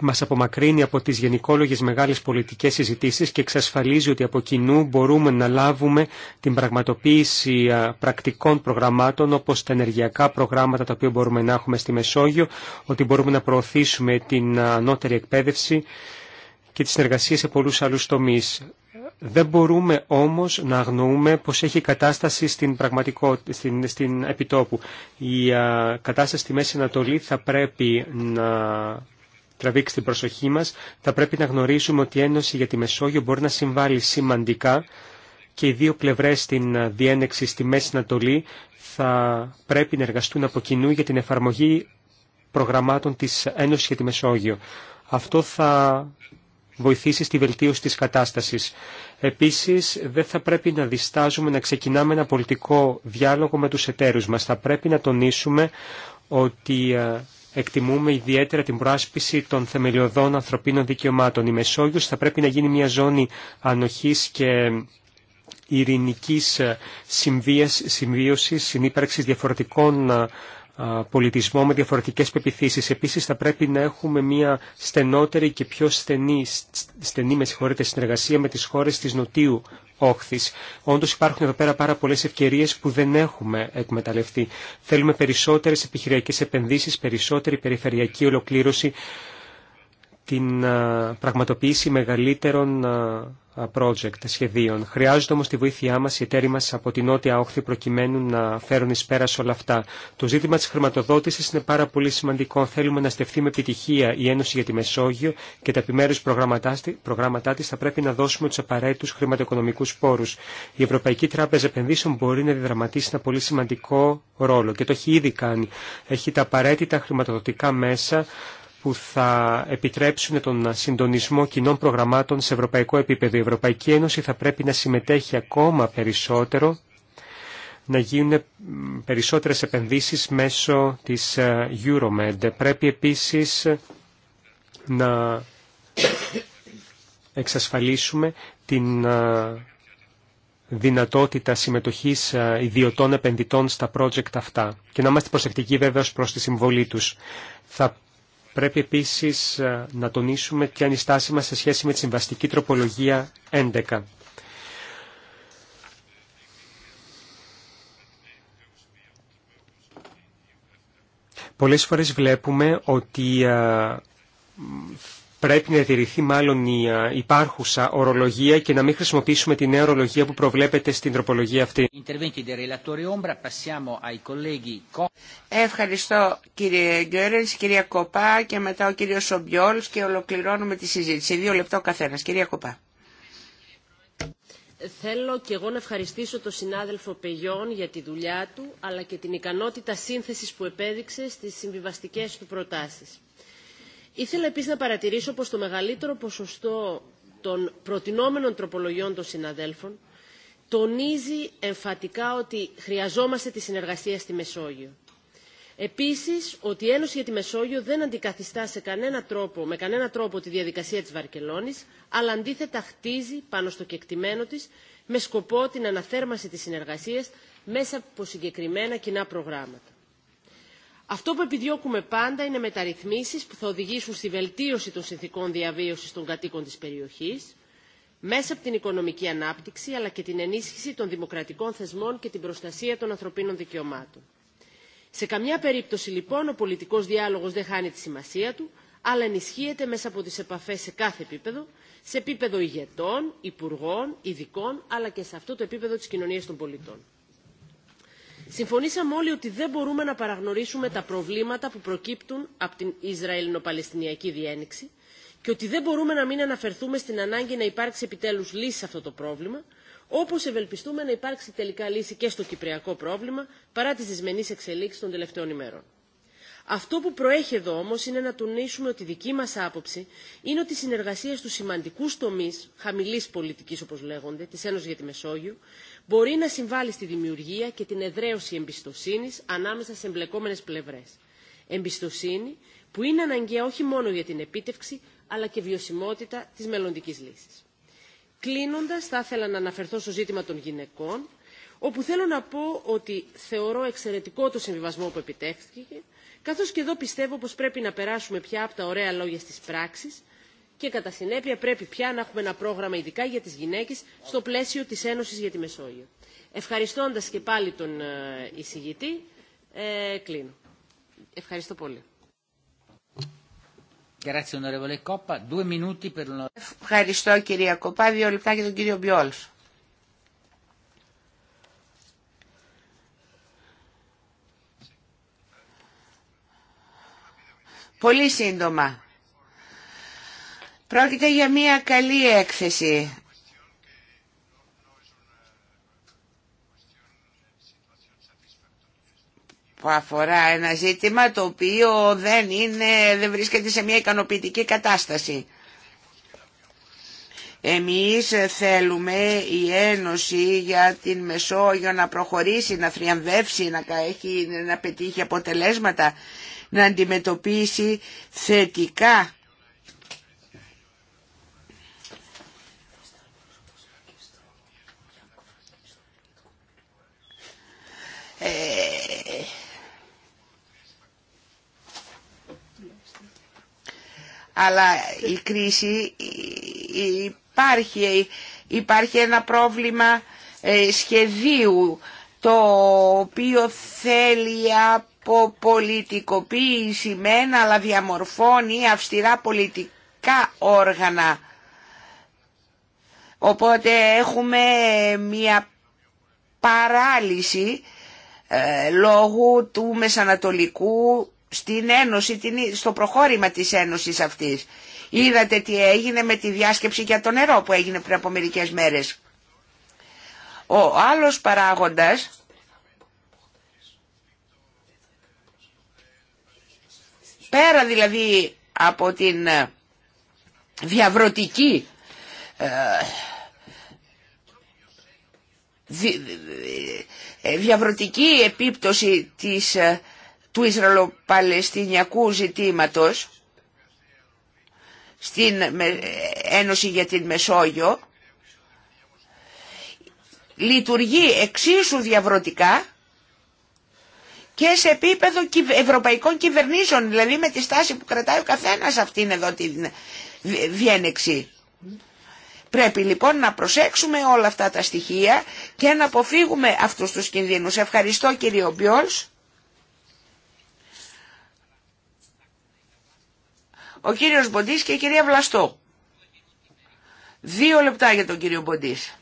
μας απομακρύνει από τις γενικόλογες μεγάλες πολιτικές συζητήσεις και εξασφαλίζει ότι από κοινού μπορούμε να λάβουμε την πραγματοποίηση πρακτικών προγραμμάτων όπως τα ενεργειακά προγράμματα τα οποία μπορούμε να έχουμε στη Μεσόγειο, ότι μπορούμε να προωθήσουμε την ανώτερη εκπαίδευση και τη συνεργασία σε πολλούς άλλους τομείς. Δεν μπορούμε όμως να αγνοούμε πως έχει κατάσταση στην, πραγματικό, στην, επιτόπου. Η α, κατάσταση στη Μέση Ανατολή θα πρέπει να Τραβήξτε την προσοχή μας, θα πρέπει να γνωρίζουμε ότι η Ένωση για τη Μεσόγειο μπορεί να συμβάλλει σημαντικά και οι δύο πλευρές στην ε, διένεξη στη Μέση Ανατολή θα πρέπει να εργαστούν από κοινού για την εφαρμογή προγραμμάτων της Ένωσης για τη Μεσόγειο. Αυτό θα βοηθήσει στη βελτίωση της κατάστασης. Επίσης, δεν θα πρέπει να διστάζουμε να ξεκινάμε ένα πολιτικό διάλογο με τους εταίρους μας. Θα πρέπει να τονίσουμε ότι ε, εκτιμούμε ιδιαίτερα την προάσπιση των θεμελιωδών ανθρωπίνων δικαιωμάτων. Η Μεσόγειος θα πρέπει να γίνει μια ζώνη ανοχής και ειρηνικής ε, συμβίωσης, συνύπαρξης διαφορετικών ε, πολιτισμών με διαφορετικές πεπιθήσεις. Επίσης θα πρέπει να έχουμε μια στενότερη και πιο στενή, στενή με συνεργασία με τις χώρες της Νοτίου όχθης. Όντως υπάρχουν εδώ πέρα πάρα πολλές ευκαιρίες που δεν έχουμε εκμεταλλευτεί. Θέλουμε περισσότερες επιχειρηματικές επενδύσεις, περισσότερη περιφερειακή ολοκλήρωση την πραγματοποίηση μεγαλύτερων project, σχεδίων. Χρειάζονται όμως τη βοήθειά μας οι εταίροι μας από την Νότια Όχθη προκειμένου να φέρουν εις πέρα σε όλα αυτά. Το ζήτημα της χρηματοδότησης είναι πάρα πολύ σημαντικό. Θέλουμε να στεφθεί με επιτυχία η Ένωση για τη Μεσόγειο και τα επιμέρους προγράμματά της θα πρέπει να δώσουμε τους απαραίτητους χρηματοοικονομικούς πόρους. Η Ευρωπαϊκή Τράπεζα Επενδύσεων μπορεί να διδραματίσει ένα πολύ σημαντικό ρόλο και το έχει ήδη κάνει. Έχει τα απαραίτητα χρηματοδοτικά μέσα που θα επιτρέψουν τον συντονισμό κοινών προγραμμάτων σε ευρωπαϊκό επίπεδο. Η Ευρωπαϊκή Ένωση θα πρέπει να συμμετέχει ακόμα περισσότερο, να γίνουν περισσότερες επενδύσεις μέσω της ε, Euromed. Πρέπει επίσης να εξασφαλίσουμε την ε, δυνατότητα συμμετοχής ε, ιδιωτών επενδυτών στα project αυτά και να είμαστε προσεκτικοί βέβαια προς τη συμβολή τους. Θα Πρέπει επίσης ε, να τονίσουμε ποια είναι η στάση μας σε σχέση με τη συμβαστική τροπολογία 11. Πολλές φορές βλέπουμε ότι ε, Πρέπει να διατηρηθεί μάλλον η υπάρχουσα ορολογία και να μην χρησιμοποιήσουμε τη νέα ορολογία που προβλέπεται στην τροπολογία αυτή. Ευχαριστώ κύριε Γκέρενς, κυρία Κοπά και μετά ο κύριος Σομπιόλ και ολοκληρώνουμε τη συζήτηση. Δύο λεπτό καθένας. Κυρία Κοπά. Θέλω και εγώ να ευχαριστήσω τον συνάδελφο Πεγιόν για τη δουλειά του, αλλά και την ικανότητα σύνθεσης που επέδειξε στις συμβιβαστικές του προτάσεις. Ήθελα επίσης να παρατηρήσω πως το μεγαλύτερο ποσοστό των προτινόμενων τροπολογιών των συναδέλφων τονίζει εμφατικά ότι χρειαζόμαστε τη συνεργασία στη Μεσόγειο. Επίσης, ότι η Ένωση για τη Μεσόγειο δεν αντικαθιστά σε κανένα τρόπο, με κανένα τρόπο τη διαδικασία της Βαρκελόνης, αλλά αντίθετα χτίζει πάνω στο κεκτημένο της με σκοπό την αναθέρμανση της συνεργασίας μέσα από συγκεκριμένα κοινά προγράμματα. Αυτό που επιδιώκουμε πάντα είναι μεταρρυθμίσεις που θα οδηγήσουν στη βελτίωση των συνθήκων διαβίωσης των κατοίκων της περιοχής, μέσα από την οικονομική ανάπτυξη αλλά και την ενίσχυση των δημοκρατικών θεσμών και την προστασία των ανθρωπίνων δικαιωμάτων. Σε καμιά περίπτωση λοιπόν ο πολιτικός διάλογος δεν χάνει τη σημασία του, αλλά ενισχύεται μέσα από τις επαφές σε κάθε επίπεδο, σε επίπεδο ηγετών, υπουργών, ειδικών, αλλά και σε αυτό το επίπεδο της κοινωνίας των πολιτών. Συμφωνήσαμε όλοι ότι δεν μπορούμε να παραγνωρίσουμε τα προβλήματα που προκύπτουν από την Ισραηλινο-Παλαιστινιακή διένεξη και ότι δεν μπορούμε να μην αναφερθούμε στην ανάγκη να υπάρξει επιτέλους λύση σε αυτό το πρόβλημα, όπως ευελπιστούμε να υπάρξει τελικά λύση και στο κυπριακό πρόβλημα, παρά τις δυσμενείς εξελίξεις των τελευταίων ημέρων. Αυτό που προέχει εδώ όμως είναι να τονίσουμε ότι η δική μας άποψη είναι ότι η συνεργασία στους σημαντικούς τομείς χαμηλής πολιτικής όπως λέγονται, της Ένωσης για τη Μεσόγειο, μπορεί να συμβάλλει στη δημιουργία και την εδραίωση εμπιστοσύνης ανάμεσα σε εμπλεκόμενες πλευρές. Εμπιστοσύνη που είναι αναγκαία όχι μόνο για την επίτευξη αλλά και βιωσιμότητα της μελλοντική λύσης. Κλείνοντας, θα ήθελα να αναφερθώ στο ζήτημα των γυναικών, όπου θέλω να πω ότι θεωρώ εξαιρετικό το συμβιβασμό που επιτέχθηκε, καθώς και εδώ πιστεύω πως πρέπει να περάσουμε πια από τα ωραία λόγια στις πράξεις και κατά συνέπεια πρέπει πια να έχουμε ένα πρόγραμμα ειδικά για τις γυναίκες στο πλαίσιο της Ένωσης για τη Μεσόγειο. Ευχαριστώντας και πάλι τον ε, εισηγητή, ε, κλείνω. Ευχαριστώ πολύ. Ευχαριστώ κυρία Κοπά. Δύο λεπτά για τον κύριο Μπιόλς. Πολύ σύντομα. Πρόκειται για μια καλή έκθεση. που αφορά ένα ζήτημα το οποίο δεν, είναι, δεν βρίσκεται σε μια ικανοποιητική κατάσταση. Εμείς θέλουμε η Ένωση για την Μεσόγειο να προχωρήσει, να θριαμβεύσει, να, έχει, να πετύχει αποτελέσματα να αντιμετωπίσει θετικά ε, αλλά η κρίση υπάρχει, υπάρχει ένα πρόβλημα ε, σχεδίου το οποίο θέλει πολιτικοποίηση μένα αλλά διαμορφώνει αυστηρά πολιτικά όργανα. Οπότε έχουμε μια παράλυση ε, λόγω του Μεσανατολικού στην Ένωση, την, στο προχώρημα της Ένωσης αυτής. Είδατε τι έγινε με τη διάσκεψη για το νερό που έγινε πριν από μερικές μέρες. Ο άλλος παράγοντας Πέρα δηλαδή από την ε, διαβρωτική ε, ε, διαβρωτική επίπτωση της, του Ισραηλοπαλαιστινιακού ζητήματος στην Ένωση για την Μεσόγειο λειτουργεί εξίσου διαβρωτικά και σε επίπεδο ευρωπαϊκών κυβερνήσεων, δηλαδή με τη στάση που κρατάει ο καθένας αυτήν εδώ τη διένεξη. Πρέπει λοιπόν να προσέξουμε όλα αυτά τα στοιχεία και να αποφύγουμε αυτούς τους κινδύνους. Ευχαριστώ κύριο Μπιόλς. Ο κύριος Μποντής και η κυρία Βλαστό. Δύο λεπτά για τον κύριο Μποντής.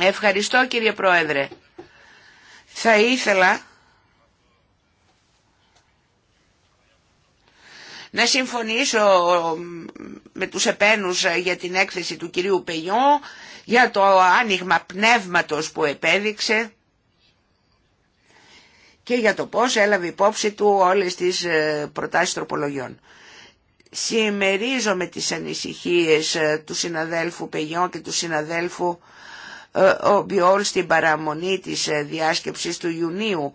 Ευχαριστώ κύριε Πρόεδρε. Θα ήθελα Να συμφωνήσω με τους επένους για την έκθεση του κυρίου Πεγιόν, για το άνοιγμα πνεύματος που επέδειξε και για το πώς έλαβε υπόψη του όλες τις ε, προτάσεις τροπολογιών. Συμμερίζομαι τις ανησυχίες ε, του συναδέλφου Πεγιόν και του συναδέλφου ε, ο Μπιόλ στην παραμονή της διάσκεψης του Ιουνίου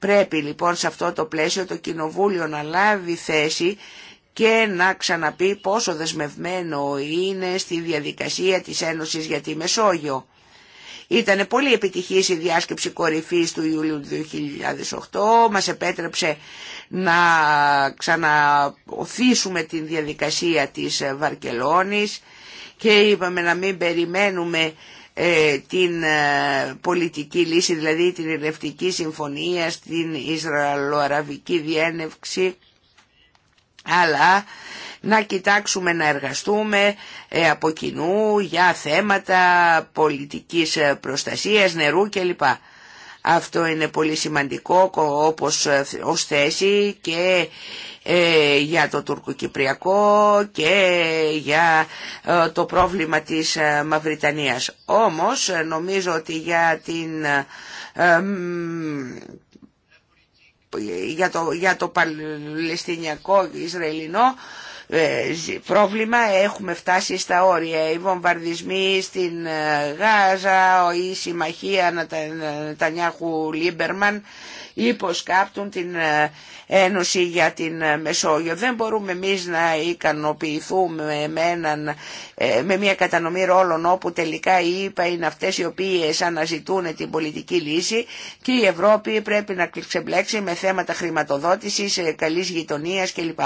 Πρέπει λοιπόν σε αυτό το πλαίσιο το Κοινοβούλιο να λάβει θέση και να ξαναπεί πόσο δεσμευμένο είναι στη διαδικασία της Ένωσης για τη Μεσόγειο. Ήτανε πολύ επιτυχής η διάσκεψη κορυφής του Ιουλίου 2008, μας επέτρεψε να ξαναωθήσουμε την διαδικασία της Βαρκελόνης και είπαμε να μην περιμένουμε ε, την ε, πολιτική λύση, δηλαδή την ειρευτική Συμφωνία, στην Ισραηλοαραβική Διένευξη, αλλά να κοιτάξουμε να εργαστούμε ε, από κοινού για θέματα πολιτικής προστασίας, νερού κλπ. Αυτό είναι πολύ σημαντικό όπως ε, ως θέση και ε, για το τουρκοκυπριακό και για ε, το πρόβλημα της Μαυριτανίας. Όμως νομίζω ότι για την... για το, για το Παλαιστινιακό Ισραηλινό ε, πρόβλημα έχουμε φτάσει στα όρια. Οι βομβαρδισμοί στην ε, Γάζα, η συμμαχία Νατανιάχου Λίμπερμαν υποσκάπτουν την ε, Ένωση για την Μεσόγειο. Δεν μπορούμε εμείς να ικανοποιηθούμε με, έναν, με μια κατανομή ρόλων όπου τελικά οι ΙΠΑ είναι αυτές οι οποίες αναζητούν την πολιτική λύση και η Ευρώπη πρέπει να ξεμπλέξει με θέματα χρηματοδότησης, καλής γειτονίας κλπ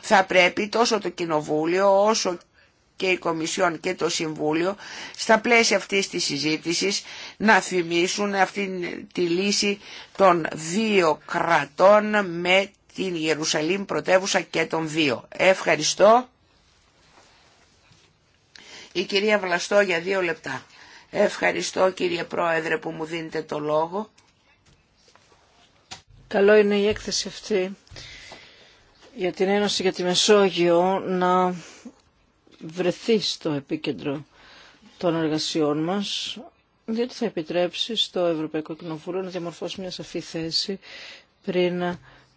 θα πρέπει τόσο το Κοινοβούλιο όσο και η Κομισιόν και το Συμβούλιο στα πλαίσια αυτής της συζήτησης να θυμίσουν αυτή τη λύση των δύο κρατών με την Ιερουσαλήμ πρωτεύουσα και των δύο. Ευχαριστώ. Η κυρία Βλαστό για δύο λεπτά. Ευχαριστώ κύριε Πρόεδρε που μου δίνετε το λόγο. Καλό είναι η έκθεση αυτή για την Ένωση για τη Μεσόγειο να βρεθεί στο επίκεντρο των εργασιών μας, διότι θα επιτρέψει στο Ευρωπαϊκό Κοινοβούλιο να διαμορφώσει μια σαφή θέση πριν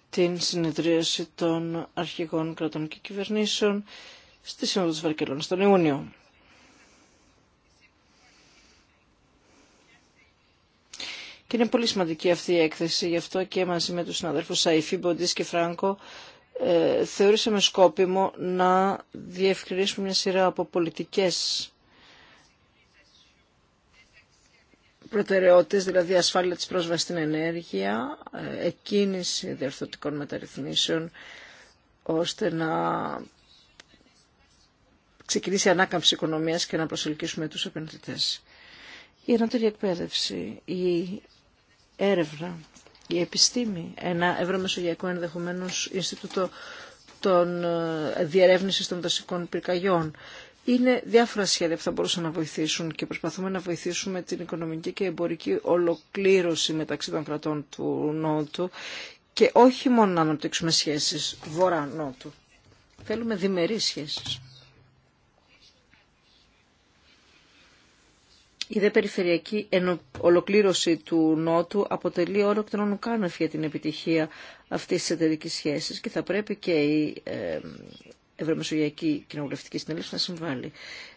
την συνεδρίαση των αρχηγών κρατών και κυβερνήσεων στη Σύνοδο της Βαρκελόνης τον Ιούνιο. Και είναι πολύ σημαντική αυτή η έκθεση, γι' αυτό και μαζί με τους συναδέλφους Σαϊφή, Μποντής και Φράνκο ε, θεωρήσαμε σκόπιμο να διευκρινίσουμε μια σειρά από πολιτικές προτεραιότητες, δηλαδή ασφάλεια της πρόσβασης στην ενέργεια, ε, εκκίνηση διαρθρωτικών μεταρρυθμίσεων, ώστε να ξεκινήσει η ανάκαμψη οικονομίας και να προσελκύσουμε τους επενδυτές. Η εναντήρια εκπαίδευση, η έρευνα, η επιστήμη, ένα ευρωμεσογειακό ενδεχομένω Ινστιτούτο των ε, διερεύνησης των δασικών πυρκαγιών. Είναι διάφορα σχέδια που θα μπορούσαν να βοηθήσουν και προσπαθούμε να βοηθήσουμε την οικονομική και εμπορική ολοκλήρωση μεταξύ των κρατών του Νότου και όχι μόνο να αναπτύξουμε σχέσεις βορρά-νότου. Θέλουμε διμερείς σχέσεις. Η δε περιφερειακή ολοκλήρωση του Νότου αποτελεί όρο κτηνών κάνευ για την επιτυχία αυτής της εταιρική σχέσης και θα πρέπει και η Ευρωμεσογειακή Κοινοβουλευτική Συνέλευση να συμβάλλει.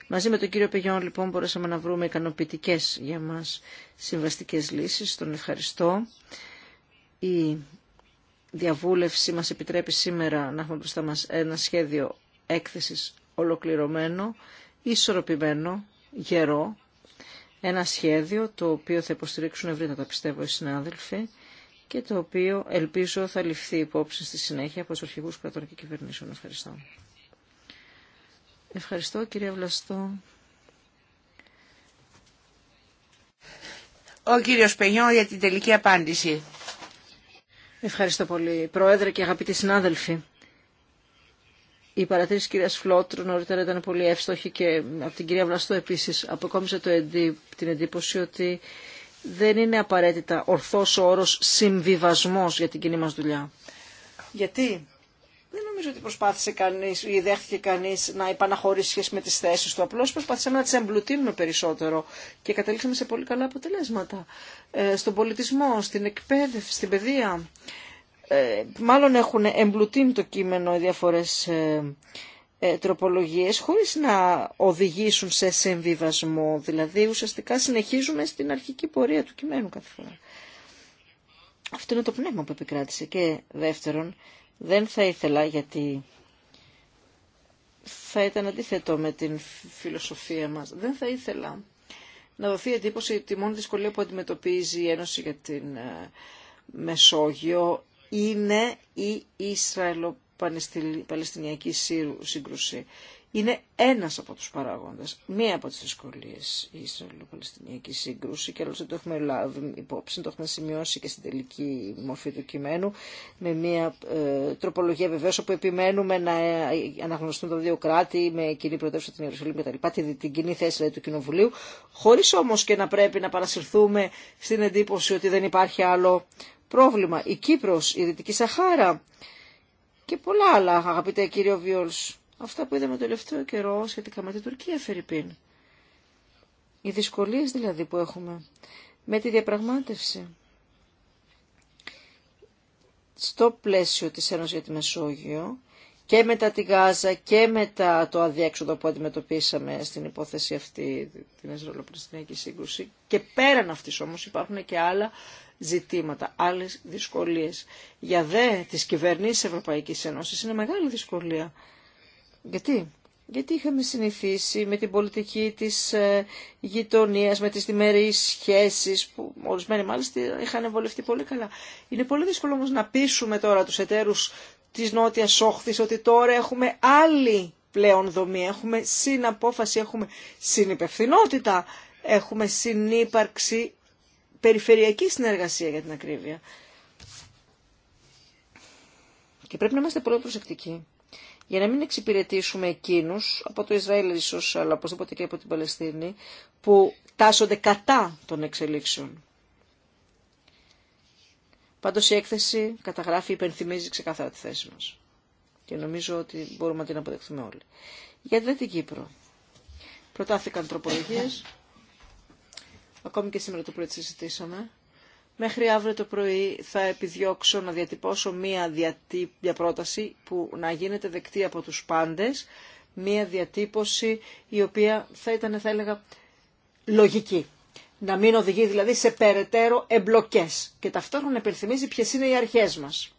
Μαζί με τον κύριο Πεγιόν, λοιπόν, μπορέσαμε να βρούμε ικανοποιητικέ για μας συμβαστικές λύσεις. Τον ευχαριστώ. Η διαβούλευση μας επιτρέπει σήμερα να έχουμε μπροστά μας ένα σχέδιο έκθεσης ολοκληρωμένο, ισορροπημένο, γερό, ένα σχέδιο το οποίο θα υποστηρίξουν ευρύτατα πιστεύω οι συνάδελφοι και το οποίο ελπίζω θα ληφθεί υπόψη στη συνέχεια από του αρχηγού κρατών και κυβερνήσεων. Ευχαριστώ. Ευχαριστώ κύριε Βλαστό. Ο κύριος Πενιό για την τελική απάντηση. Ευχαριστώ πολύ Πρόεδρε και αγαπητοί συνάδελφοι. Η παρατήρηση της κυρία Φλότρου νωρίτερα ήταν πολύ εύστοχη και από την κυρία Βλαστό επίση αποκόμισε το εντύ, την εντύπωση ότι δεν είναι απαραίτητα ορθός ο όρος συμβιβασμός για την κοινή μας δουλειά. Γιατί δεν νομίζω ότι προσπάθησε κανείς ή δέχτηκε κανείς να υπαναχωρήσει σχέση με τις θέσεις του. Απλώς προσπαθήσαμε να τις εμπλουτίνουμε περισσότερο και καταλήξαμε σε πολύ καλά αποτελέσματα. Ε, στον πολιτισμό, στην εκπαίδευση, στην παιδεία. Ε, μάλλον έχουν εμπλουτίνει το κείμενο οι διαφορές ε, ε, τροπολογίες χωρίς να οδηγήσουν σε συμβιβασμό. Δηλαδή ουσιαστικά συνεχίζουμε στην αρχική πορεία του κειμένου κάθε φορά. Αυτό είναι το πνεύμα που επικράτησε. Και δεύτερον, δεν θα ήθελα γιατί θα ήταν αντίθετο με την φιλοσοφία μας. Δεν θα ήθελα να δοθεί εντύπωση ότι η μόνη δυσκολία που αντιμετωπίζει η Ένωση για την Μεσόγειο είναι η Ισραηλο-Παλαιστινιακή σύγκρουση. Είναι ένας από τους παράγοντες, μία από τις δυσκολίε η Ισραηλο-Παλαιστινιακή σύγκρουση και άλλωστε το έχουμε λάβει υπόψη, το έχουμε σημειώσει και στην τελική μορφή του κειμένου με μία ε, τροπολογία βεβαίω όπου επιμένουμε να ε, αναγνωριστούν τα δύο κράτη με κοινή πρωτεύουσα την Ιερουσαλήμ κτλ. Την, την κοινή θέση δηλαδή, του Κοινοβουλίου, χωρίς όμως και να πρέπει να παρασυρθούμε στην εντύπωση ότι δεν υπάρχει άλλο πρόβλημα. Η Κύπρος, η Δυτική Σαχάρα και πολλά άλλα, αγαπητέ κύριο Βιόλς. Αυτά που είδαμε το τελευταίο καιρό σχετικά με την Τουρκία, Φερρυπίν. Οι δυσκολίες δηλαδή που έχουμε με τη διαπραγμάτευση στο πλαίσιο της Ένωσης για τη Μεσόγειο και μετά τη Γάζα και μετά το αδιέξοδο που αντιμετωπίσαμε στην υπόθεση αυτή την Ισραηλοπλαιστινιακή σύγκρουση. Και πέραν αυτής όμως υπάρχουν και άλλα ζητήματα, άλλες δυσκολίες. Για δε τις κυβερνήσεις Ευρωπαϊκής Ένωσης είναι μεγάλη δυσκολία. Γιατί? Γιατί είχαμε συνηθίσει με την πολιτική της ε, γειτονίας, με τις διμερείς σχέσεις, που ορισμένοι μάλιστα είχαν βολευτεί πολύ καλά. Είναι πολύ δύσκολο όμως να πείσουμε τώρα τους εταίρους της Νότιας Όχθης ότι τώρα έχουμε άλλη πλέον δομή, έχουμε συναπόφαση, έχουμε συνυπευθυνότητα, έχουμε συνύπαρξη, περιφερειακή συνεργασία για την ακρίβεια. Και πρέπει να είμαστε πολύ προσεκτικοί για να μην εξυπηρετήσουμε εκείνους, από το Ισραήλ ίσως, αλλά οπωσδήποτε και από την Παλαιστίνη, που τάσσονται κατά των εξελίξεων. Πάντω η έκθεση καταγράφει, υπενθυμίζει ξεκάθαρα τη θέση μας. Και νομίζω ότι μπορούμε να την αποδεχθούμε όλοι. Γιατί δεν την Κύπρο. Προτάθηκαν τροπολογίε, Ακόμη και σήμερα το πρωί τι συζητήσαμε. Μέχρι αύριο το πρωί θα επιδιώξω να διατυπώσω μία διαπρόταση που να γίνεται δεκτή από τους πάντες, μία διατύπωση η οποία θα ήταν, θα έλεγα, λογική να μην οδηγεί δηλαδή σε περαιτέρω εμπλοκές και ταυτόχρονα υπενθυμίζει ποιες είναι οι αρχές μας.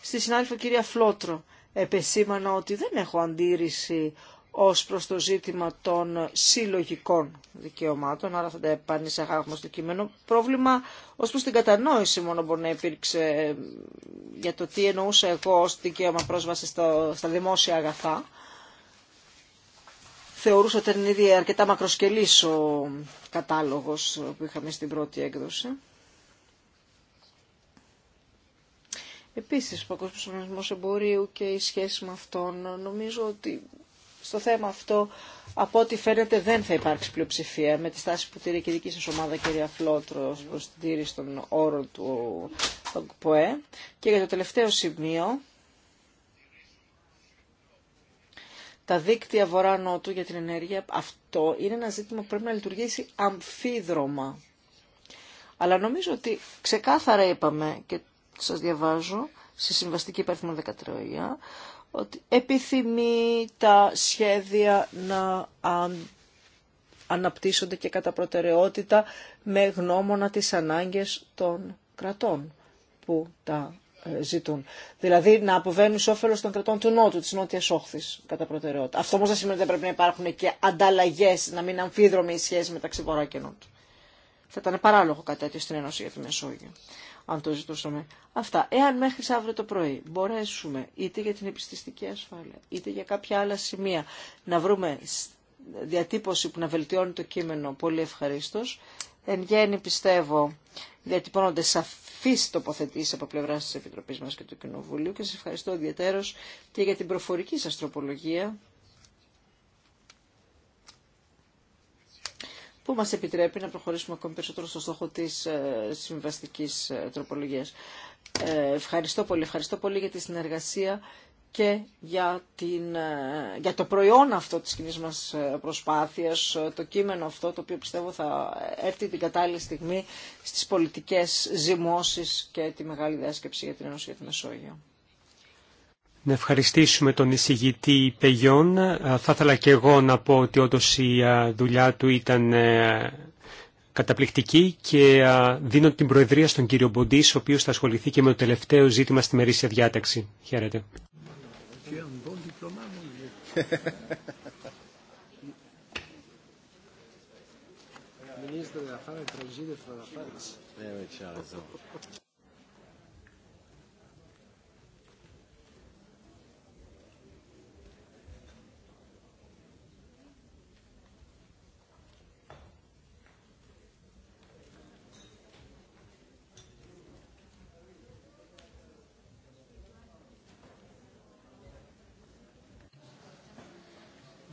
Στη συνάδελφα κυρία Φλότρο επεσήμανα ότι δεν έχω αντίρρηση ως προς το ζήτημα των συλλογικών δικαιωμάτων, άρα θα τα επανεισαγάγουμε στο κείμενο. Πρόβλημα ως προς την κατανόηση μόνο μπορεί να υπήρξε ε, για το τι εννοούσα εγώ ως δικαίωμα πρόσβαση στα δημόσια αγαθά θεωρούσα ότι ήταν ήδη αρκετά μακροσκελής ο κατάλογος που είχαμε στην πρώτη έκδοση. Επίσης, ο Παγκόσμιος Οργανισμός Εμπορίου και η σχέση με αυτόν, νομίζω ότι στο θέμα αυτό, από ό,τι φαίνεται, δεν θα υπάρξει πλειοψηφία με τη στάση που τηρεί και η δική σας ομάδα, κυρία Φλότρο, προς την τήρηση των όρων του ΠΟΕ. Και για το τελευταίο σημείο, τα δίκτυα βορρά-νότου για την ενέργεια, αυτό είναι ένα ζήτημα που πρέπει να λειτουργήσει αμφίδρομα. Αλλά νομίζω ότι ξεκάθαρα είπαμε, και σας διαβάζω, στη συμβαστική υπαριθμό 13, ότι επιθυμεί τα σχέδια να αναπτύσσονται και κατά προτεραιότητα με γνώμονα τις ανάγκες των κρατών που τα ζητούν. Δηλαδή να αποβαίνουν σε όφελο των κρατών του Νότου, τη Νότια Όχθη, κατά προτεραιότητα. Αυτό όμω δεν σημαίνει ότι δεν πρέπει να υπάρχουν και ανταλλαγέ, να μην αμφίδρομοι οι σχέσει μεταξύ Βορρά και Νότου. Θα ήταν παράλογο κάτι τέτοιο στην Ένωση για τη Μεσόγειο, αν το ζητούσαμε. Αυτά. Εάν μέχρι αύριο το πρωί μπορέσουμε είτε για την επιστηστική ασφάλεια, είτε για κάποια άλλα σημεία να βρούμε διατύπωση που να βελτιώνει το κείμενο πολύ ευχαρίστω. Εν γέννη πιστεύω διατυπώνονται σαφ σαφείς τοποθετήσει από πλευράς της Επιτροπής μας και του Κοινοβουλίου και σας ευχαριστώ ιδιαίτερως και για την προφορική σας τροπολογία που μας επιτρέπει να προχωρήσουμε ακόμη περισσότερο στο στόχο της ε, συμβαστικής ε, τροπολογίας. Ε, ευχαριστώ πολύ. Ευχαριστώ πολύ για τη συνεργασία και για, την, ε, για το προϊόν αυτό της κοινή μας ε, προσπάθειας, ε, το κείμενο αυτό το οποίο πιστεύω θα έρθει την κατάλληλη στιγμή στις πολιτικές ζυμώσεις και τη μεγάλη διάσκεψη για την Ένωση για τη Μεσόγειο. Να ευχαριστήσουμε τον εισηγητή Πεγιών. Θα ήθελα και εγώ να πω ότι όντω η δουλειά του ήταν καταπληκτική και δίνω την προεδρία στον κύριο Μποντής, ο οποίος θα ασχοληθεί και με το τελευταίο ζήτημα στη μερίσια διάταξη. Χαίρετε ministro degli affari transito fra la Francia. Eh, c'ha ragione.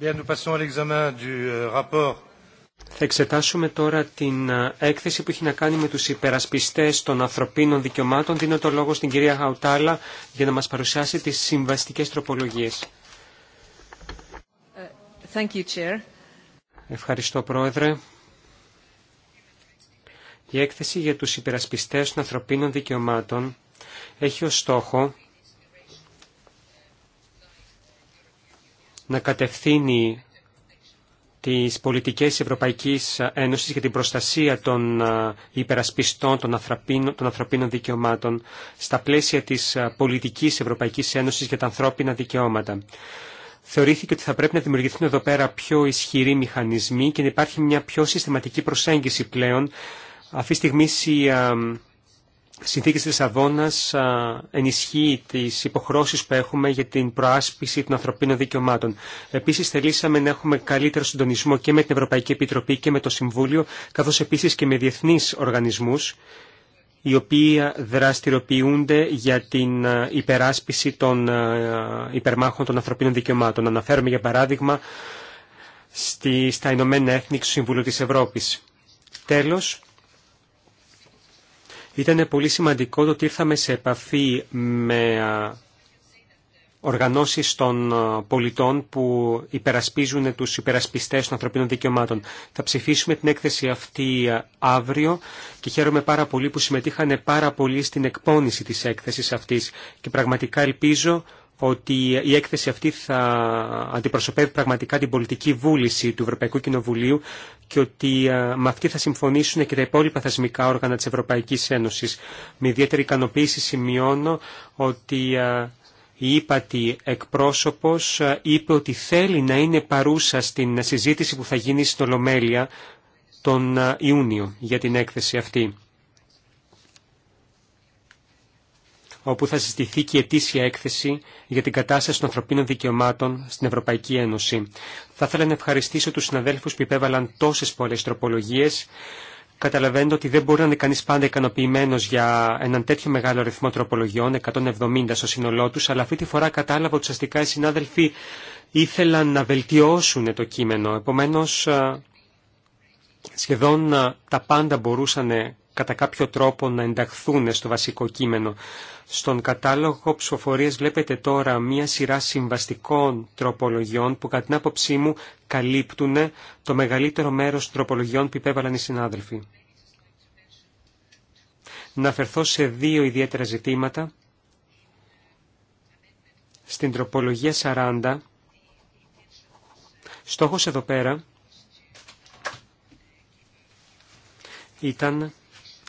Euh, Θα εξετάσουμε τώρα την έκθεση που έχει να κάνει με τους υπερασπιστές των ανθρωπίνων δικαιωμάτων. Δίνω το λόγο στην κυρία Χαουτάλα για να μας παρουσιάσει τις συμβαστικές τροπολογίες. Ε, Ευχαριστώ, Πρόεδρε. Η έκθεση για τους υπερασπιστές των ανθρωπίνων δικαιωμάτων έχει ως στόχο να κατευθύνει τις πολιτικές Ευρωπαϊκής Ένωσης για την προστασία των υπερασπιστών των ανθρωπίνων, των ανθρωπίνων δικαιωμάτων στα πλαίσια της πολιτικής Ευρωπαϊκής Ένωσης για τα ανθρώπινα δικαιώματα. Θεωρήθηκε ότι θα πρέπει να δημιουργηθούν εδώ πέρα πιο ισχυροί μηχανισμοί και να υπάρχει μια πιο συστηματική προσέγγιση πλέον. Αυτή τη στιγμή συνθήκη τη Λισαβόνα ενισχύει τις υποχρώσεις που έχουμε για την προάσπιση των ανθρωπίνων δικαιωμάτων. Επίσης θελήσαμε να έχουμε καλύτερο συντονισμό και με την Ευρωπαϊκή Επιτροπή και με το Συμβούλιο, καθώς επίσης και με διεθνείς οργανισμούς, οι οποίοι δραστηριοποιούνται για την υπεράσπιση των υπερμάχων των ανθρωπίνων δικαιωμάτων. Αναφέρομαι για παράδειγμα στα Ηνωμένα Έθνη και στο Συμβούλιο της Ευρώπης. Τέλος, ήταν πολύ σημαντικό το ότι ήρθαμε σε επαφή με οργανώσεις των πολιτών που υπερασπίζουν τους υπερασπιστές των ανθρωπίνων δικαιωμάτων. Θα ψηφίσουμε την έκθεση αυτή αύριο και χαίρομαι πάρα πολύ που συμμετείχαν πάρα πολύ στην εκπόνηση της έκθεσης αυτής και πραγματικά ελπίζω ότι η έκθεση αυτή θα αντιπροσωπεύει πραγματικά την πολιτική βούληση του Ευρωπαϊκού Κοινοβουλίου και ότι με αυτή θα συμφωνήσουν και τα υπόλοιπα θεσμικά όργανα της Ευρωπαϊκής Ένωσης. Με ιδιαίτερη ικανοποίηση σημειώνω ότι η ύπατη εκπρόσωπος είπε ότι θέλει να είναι παρούσα στην συζήτηση που θα γίνει στην Ολομέλεια τον Ιούνιο για την έκθεση αυτή. όπου θα συζητηθεί και η ετήσια έκθεση για την κατάσταση των ανθρωπίνων δικαιωμάτων στην Ευρωπαϊκή Ένωση. Θα ήθελα να ευχαριστήσω τους συναδέλφους που υπέβαλαν τόσες πολλές τροπολογίες. Καταλαβαίνετε ότι δεν μπορεί να είναι κανείς πάντα ικανοποιημένο για έναν τέτοιο μεγάλο αριθμό τροπολογιών, 170 στο σύνολό τους, αλλά αυτή τη φορά κατάλαβα ότι ουσιαστικά οι συνάδελφοι ήθελαν να βελτιώσουν το κείμενο. Επομένως, σχεδόν τα πάντα μπορούσαν κατά κάποιο τρόπο να ενταχθούν στο βασικό κείμενο. Στον κατάλογο ψηφοφορίες βλέπετε τώρα μία σειρά συμβαστικών τροπολογιών που κατά την άποψή μου καλύπτουν το μεγαλύτερο μέρος τροπολογιών που υπέβαλαν οι συνάδελφοι. Να αφαιρθώ σε δύο ιδιαίτερα ζητήματα. Στην τροπολογία 40, στόχος εδώ πέρα ήταν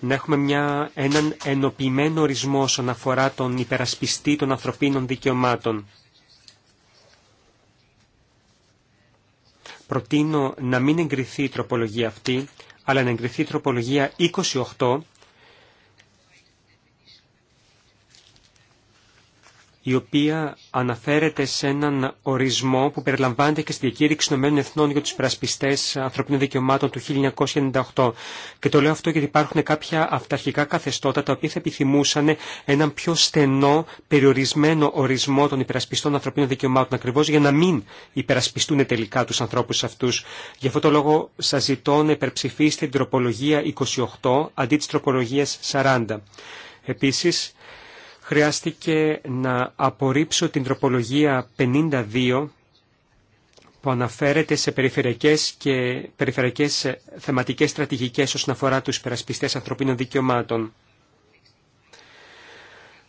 να έχουμε μια, έναν ενοποιημένο ορισμό όσον αφορά τον υπερασπιστή των ανθρωπίνων δικαιωμάτων. Προτείνω να μην εγκριθεί η τροπολογία αυτή, αλλά να εγκριθεί η τροπολογία 28 η οποία αναφέρεται σε έναν ορισμό που περιλαμβάνεται και στη διακήρυξη των Εθνών για του υπερασπιστέ Ανθρωπίνων Δικαιωμάτων του 1998. Και το λέω αυτό γιατί υπάρχουν κάποια αυταρχικά καθεστώτα τα οποία θα επιθυμούσαν έναν πιο στενό, περιορισμένο ορισμό των υπερασπιστών ανθρωπίνων δικαιωμάτων ακριβώ για να μην υπερασπιστούν τελικά του ανθρώπου αυτού. Γι' αυτό το λόγο σα ζητώ να υπερψηφίσετε την τροπολογία 28 αντί τη τροπολογία 40. Επίσης, χρειάστηκε να απορρίψω την τροπολογία 52 που αναφέρεται σε περιφερειακές και περιφερειακές θεματικές στρατηγικές όσον αφορά τους περασπιστές ανθρωπίνων δικαιωμάτων.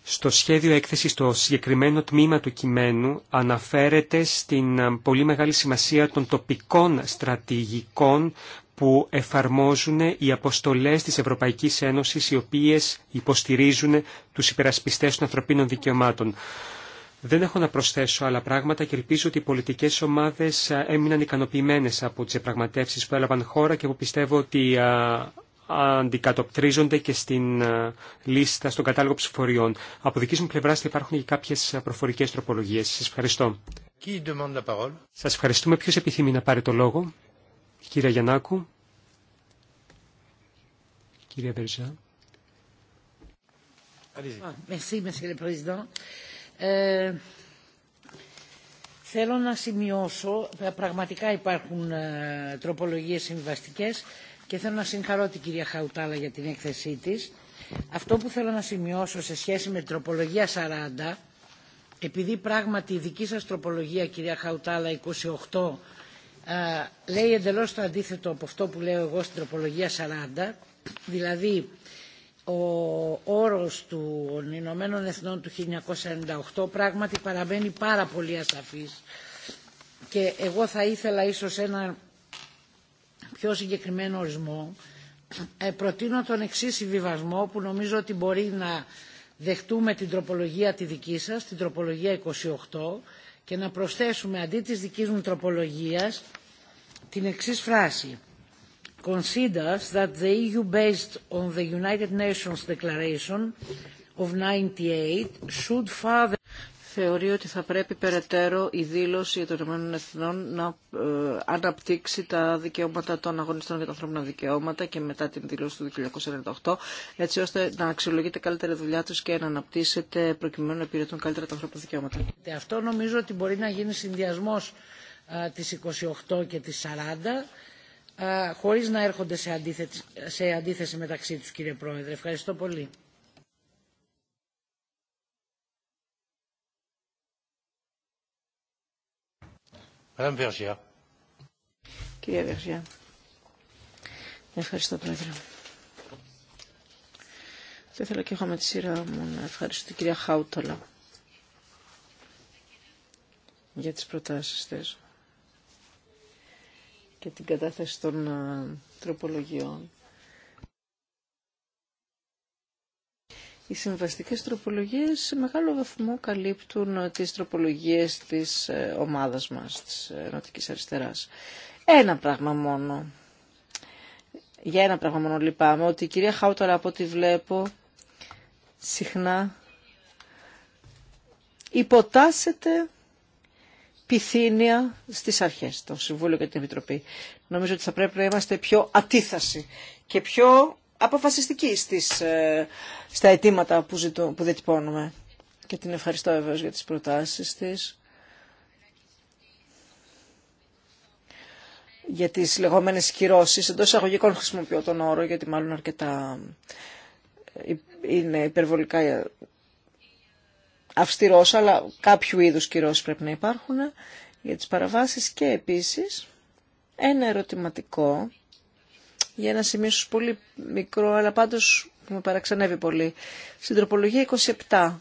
Στο σχέδιο έκθεσης στο συγκεκριμένο τμήμα του κειμένου αναφέρεται στην πολύ μεγάλη σημασία των τοπικών στρατηγικών που εφαρμόζουν οι αποστολές της Ευρωπαϊκής Ένωσης οι οποίες υποστηρίζουν τους υπερασπιστές των ανθρωπίνων δικαιωμάτων. Δεν έχω να προσθέσω άλλα πράγματα και ελπίζω ότι οι πολιτικές ομάδες έμειναν ικανοποιημένες από τις επραγματεύσεις που έλαβαν χώρα και που πιστεύω ότι αντικατοπτρίζονται και στην λίστα, στον κατάλογο ψηφοριών. Από δική μου πλευρά θα υπάρχουν και κάποιες προφορικές τροπολογίες. Σας ευχαριστώ. Σας ευχαριστούμε. ποιο επιθυμεί να πάρει το λόγο. Κύριε Γιαννάκου. Κύριε κύριε Ε, θέλω να σημειώσω, πραγματικά υπάρχουν ε, τροπολογίες συμβαστικές και θέλω να συγχαρώ την κυρία Χαουτάλα για την έκθεσή της. Αυτό που θέλω να σημειώσω σε σχέση με τροπολογία 40, επειδή πράγματι η δική σας τροπολογία, κυρία Χαουτάλα, 28, λέει εντελώς το αντίθετο από αυτό που λέω εγώ στην τροπολογία 40, δηλαδή ο όρος του Ηνωμένων Εθνών του 1998 πράγματι παραμένει πάρα πολύ ασαφής και εγώ θα ήθελα ίσως ένα πιο συγκεκριμένο ορισμό. Ε, προτείνω τον εξή συμβιβασμό που νομίζω ότι μπορεί να δεχτούμε την τροπολογία τη δική σας, την τροπολογία 28 και να προσθέσουμε αντί της δικής μου τροπολογίας την εξής φράση considers that the EU based on the United Nations Declaration of 98 should further θεωρεί ότι θα πρέπει περαιτέρω η δήλωση των ΗΕ να ε, αναπτύξει τα δικαιώματα των αγωνιστών για τα ανθρώπινα δικαιώματα και μετά την δήλωση του 1998, έτσι ώστε να αξιολογείται καλύτερα η δουλειά του και να αναπτύσσεται προκειμένου να υπηρετούν καλύτερα τα ανθρώπινα δικαιώματα. Αυτό νομίζω ότι μπορεί να γίνει συνδυασμό ε, της 28 και τη 40, ε, χωρίς να έρχονται σε αντίθεση, σε αντίθεση μεταξύ τους, κύριε Πρόεδρε. Ευχαριστώ πολύ. Madame Vergia. Κυρία Βεργιά. Ευχαριστώ, Πρόεδρε. Θα ήθελα και εγώ με τη σειρά μου να ευχαριστώ την κυρία Χάουτολα για τις προτάσεις της και την κατάθεση των ε, τροπολογιών. Οι συμβαστικές τροπολογίες σε μεγάλο βαθμό καλύπτουν τις τροπολογίες της ε, ομάδας μας, της ε, Νοτικής Αριστεράς. Ένα πράγμα μόνο. Για ένα πράγμα μόνο λυπάμαι, ότι η κυρία Χάουταρα από ό,τι βλέπω συχνά υποτάσσεται πυθύνια στις αρχές, το Συμβούλιο και την Επιτροπή. Νομίζω ότι θα πρέπει να είμαστε πιο ατίθασοι και πιο αποφασιστική στις, ε, στα αιτήματα που, ζητώ, που διατυπώνουμε. Και την ευχαριστώ βεβαίως για τις προτάσεις της. Για τις λεγόμενες κυρώσεις, εντός εισαγωγικών χρησιμοποιώ τον όρο, γιατί μάλλον αρκετά ε, είναι υπερβολικά ε, αυστηρός, αλλά κάποιου είδους κυρώσεις πρέπει να υπάρχουν για τις παραβάσεις και επίσης ένα ερωτηματικό για ένα σημείο πολύ μικρό, αλλά πάντως που με παραξενεύει πολύ. Στην τροπολογία 27,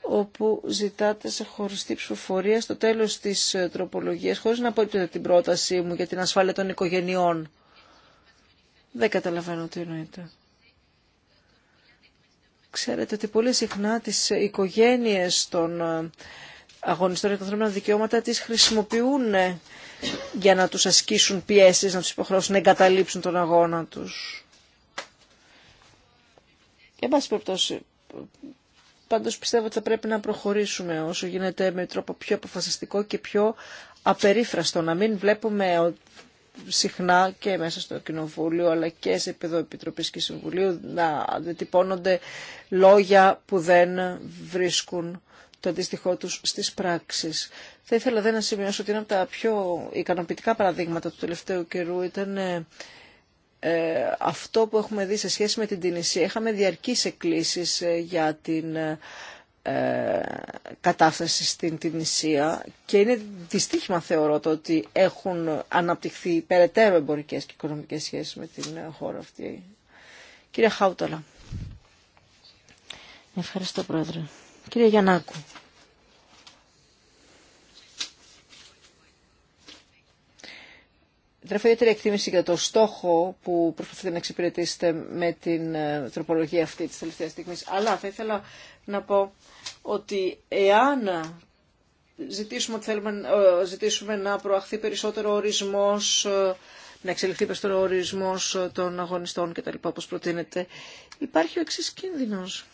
όπου ζητάτε σε χωριστή ψηφοφορία στο τέλος της ε, τροπολογίας, χωρίς να απορρίπτετε την πρότασή μου για την ασφάλεια των οικογενειών. Δεν καταλαβαίνω τι εννοείται. Ξέρετε ότι πολύ συχνά τις οικογένειες των ε, αγωνιστών για τα ανθρώπινα δικαιώματα τις χρησιμοποιούν ε, για να τους ασκήσουν πιέσεις, να τους υποχρεώσουν να εγκαταλείψουν τον αγώνα τους. Και εν πάση περιπτώσει, πάντως πιστεύω ότι θα πρέπει να προχωρήσουμε όσο γίνεται με τρόπο πιο αποφασιστικό και πιο απερίφραστο, να μην βλέπουμε συχνά και μέσα στο Κοινοβούλιο αλλά και σε επίπεδο Επιτροπής και Συμβουλίου να αντιτυπώνονται λόγια που δεν βρίσκουν το αντίστοιχό τους στις πράξεις. Θα ήθελα δεν να σημειώσω ότι ένα από τα πιο ικανοποιητικά παραδείγματα του τελευταίου καιρού ήταν ε, ε, αυτό που έχουμε δει σε σχέση με την Τινησία. Έχαμε διαρκείς εκκλήσεις ε, για την ε, κατάσταση στην Τινησία και είναι δυστύχημα θεωρώ το ότι έχουν αναπτυχθεί περαιτέρω εμπορικές και οικονομικές σχέσεις με την χώρα αυτή. Κύριε Χάουταλα. Ευχαριστώ Πρόεδρε. Κύριε Γιαννάκου. Τρέφω ιδιαίτερη εκτίμηση για το στόχο που προσπαθείτε να εξυπηρετήσετε με την ε, τροπολογία αυτή της τελευταίας στιγμής. Αλλά θα ήθελα να πω ότι εάν ζητήσουμε, ε, να προαχθεί περισσότερο ορισμός, ε, να εξελιχθεί περισσότερο ορισμός των αγωνιστών κτλ. όπως προτείνεται, υπάρχει ο εξής κίνδυνος.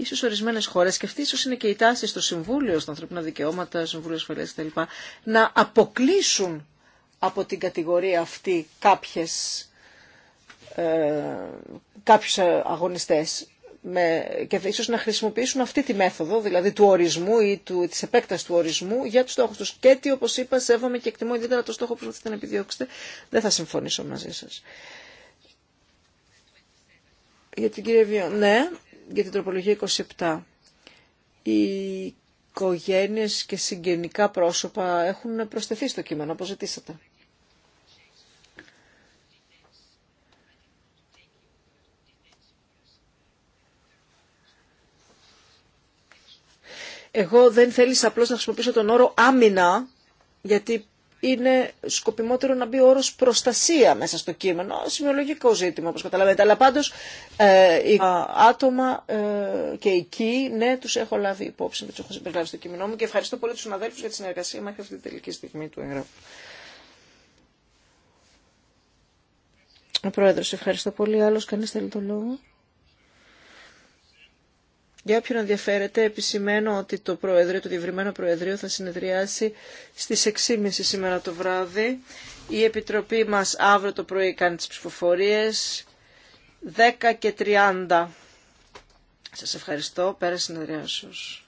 ίσως ορισμένε χώρε και αυτή ίσω είναι και η τάση στο Συμβούλιο, στα ανθρώπινα δικαιώματα, Συμβούλιο Ασφαλεία κτλ. να αποκλείσουν από την κατηγορία αυτή κάποιες, ε, αγωνιστές και ίσως να χρησιμοποιήσουν αυτή τη μέθοδο, δηλαδή του ορισμού ή του, της επέκτασης του ορισμού για τους στόχους τους. Και τι, όπως είπα, σέβομαι και εκτιμώ ιδιαίτερα το στόχο που προσπαθείτε να επιδιώξετε. Δεν θα συμφωνήσω μαζί σας. Για την κυρία Βιώνα. Ναι, για την τροπολογία 27. Οι οικογένειες και συγγενικά πρόσωπα έχουν προσθεθεί στο κείμενο, όπως ζητήσατε. Εγώ δεν θέλησα απλώς να χρησιμοποιήσω τον όρο άμυνα, γιατί είναι σκοπιμότερο να μπει ο όρος προστασία μέσα στο κείμενο. Σημειολογικό ζήτημα, όπως καταλαβαίνετε. Αλλά πάντως ε, άτομα ε, και εκεί, ναι, τους έχω λάβει υπόψη, τους έχω συμπεριλάβει στο κείμενό μου και ευχαριστώ πολύ τους συναδέλφους για τη συνεργασία μέχρι αυτή τη τελική στιγμή του εγγράφου. Ο Πρόεδρος, ευχαριστώ πολύ. Άλλος κανείς θέλει το λόγο. Για όποιον ενδιαφέρεται, επισημαίνω ότι το Προεδρείο, το Διευρυμένο Προεδρείο θα συνεδριάσει στις 6.30 σήμερα το βράδυ. Η Επιτροπή μας αύριο το πρωί κάνει τις ψηφοφορίες 10 και 30. Σας ευχαριστώ. Πέρα συνεδριάσεως.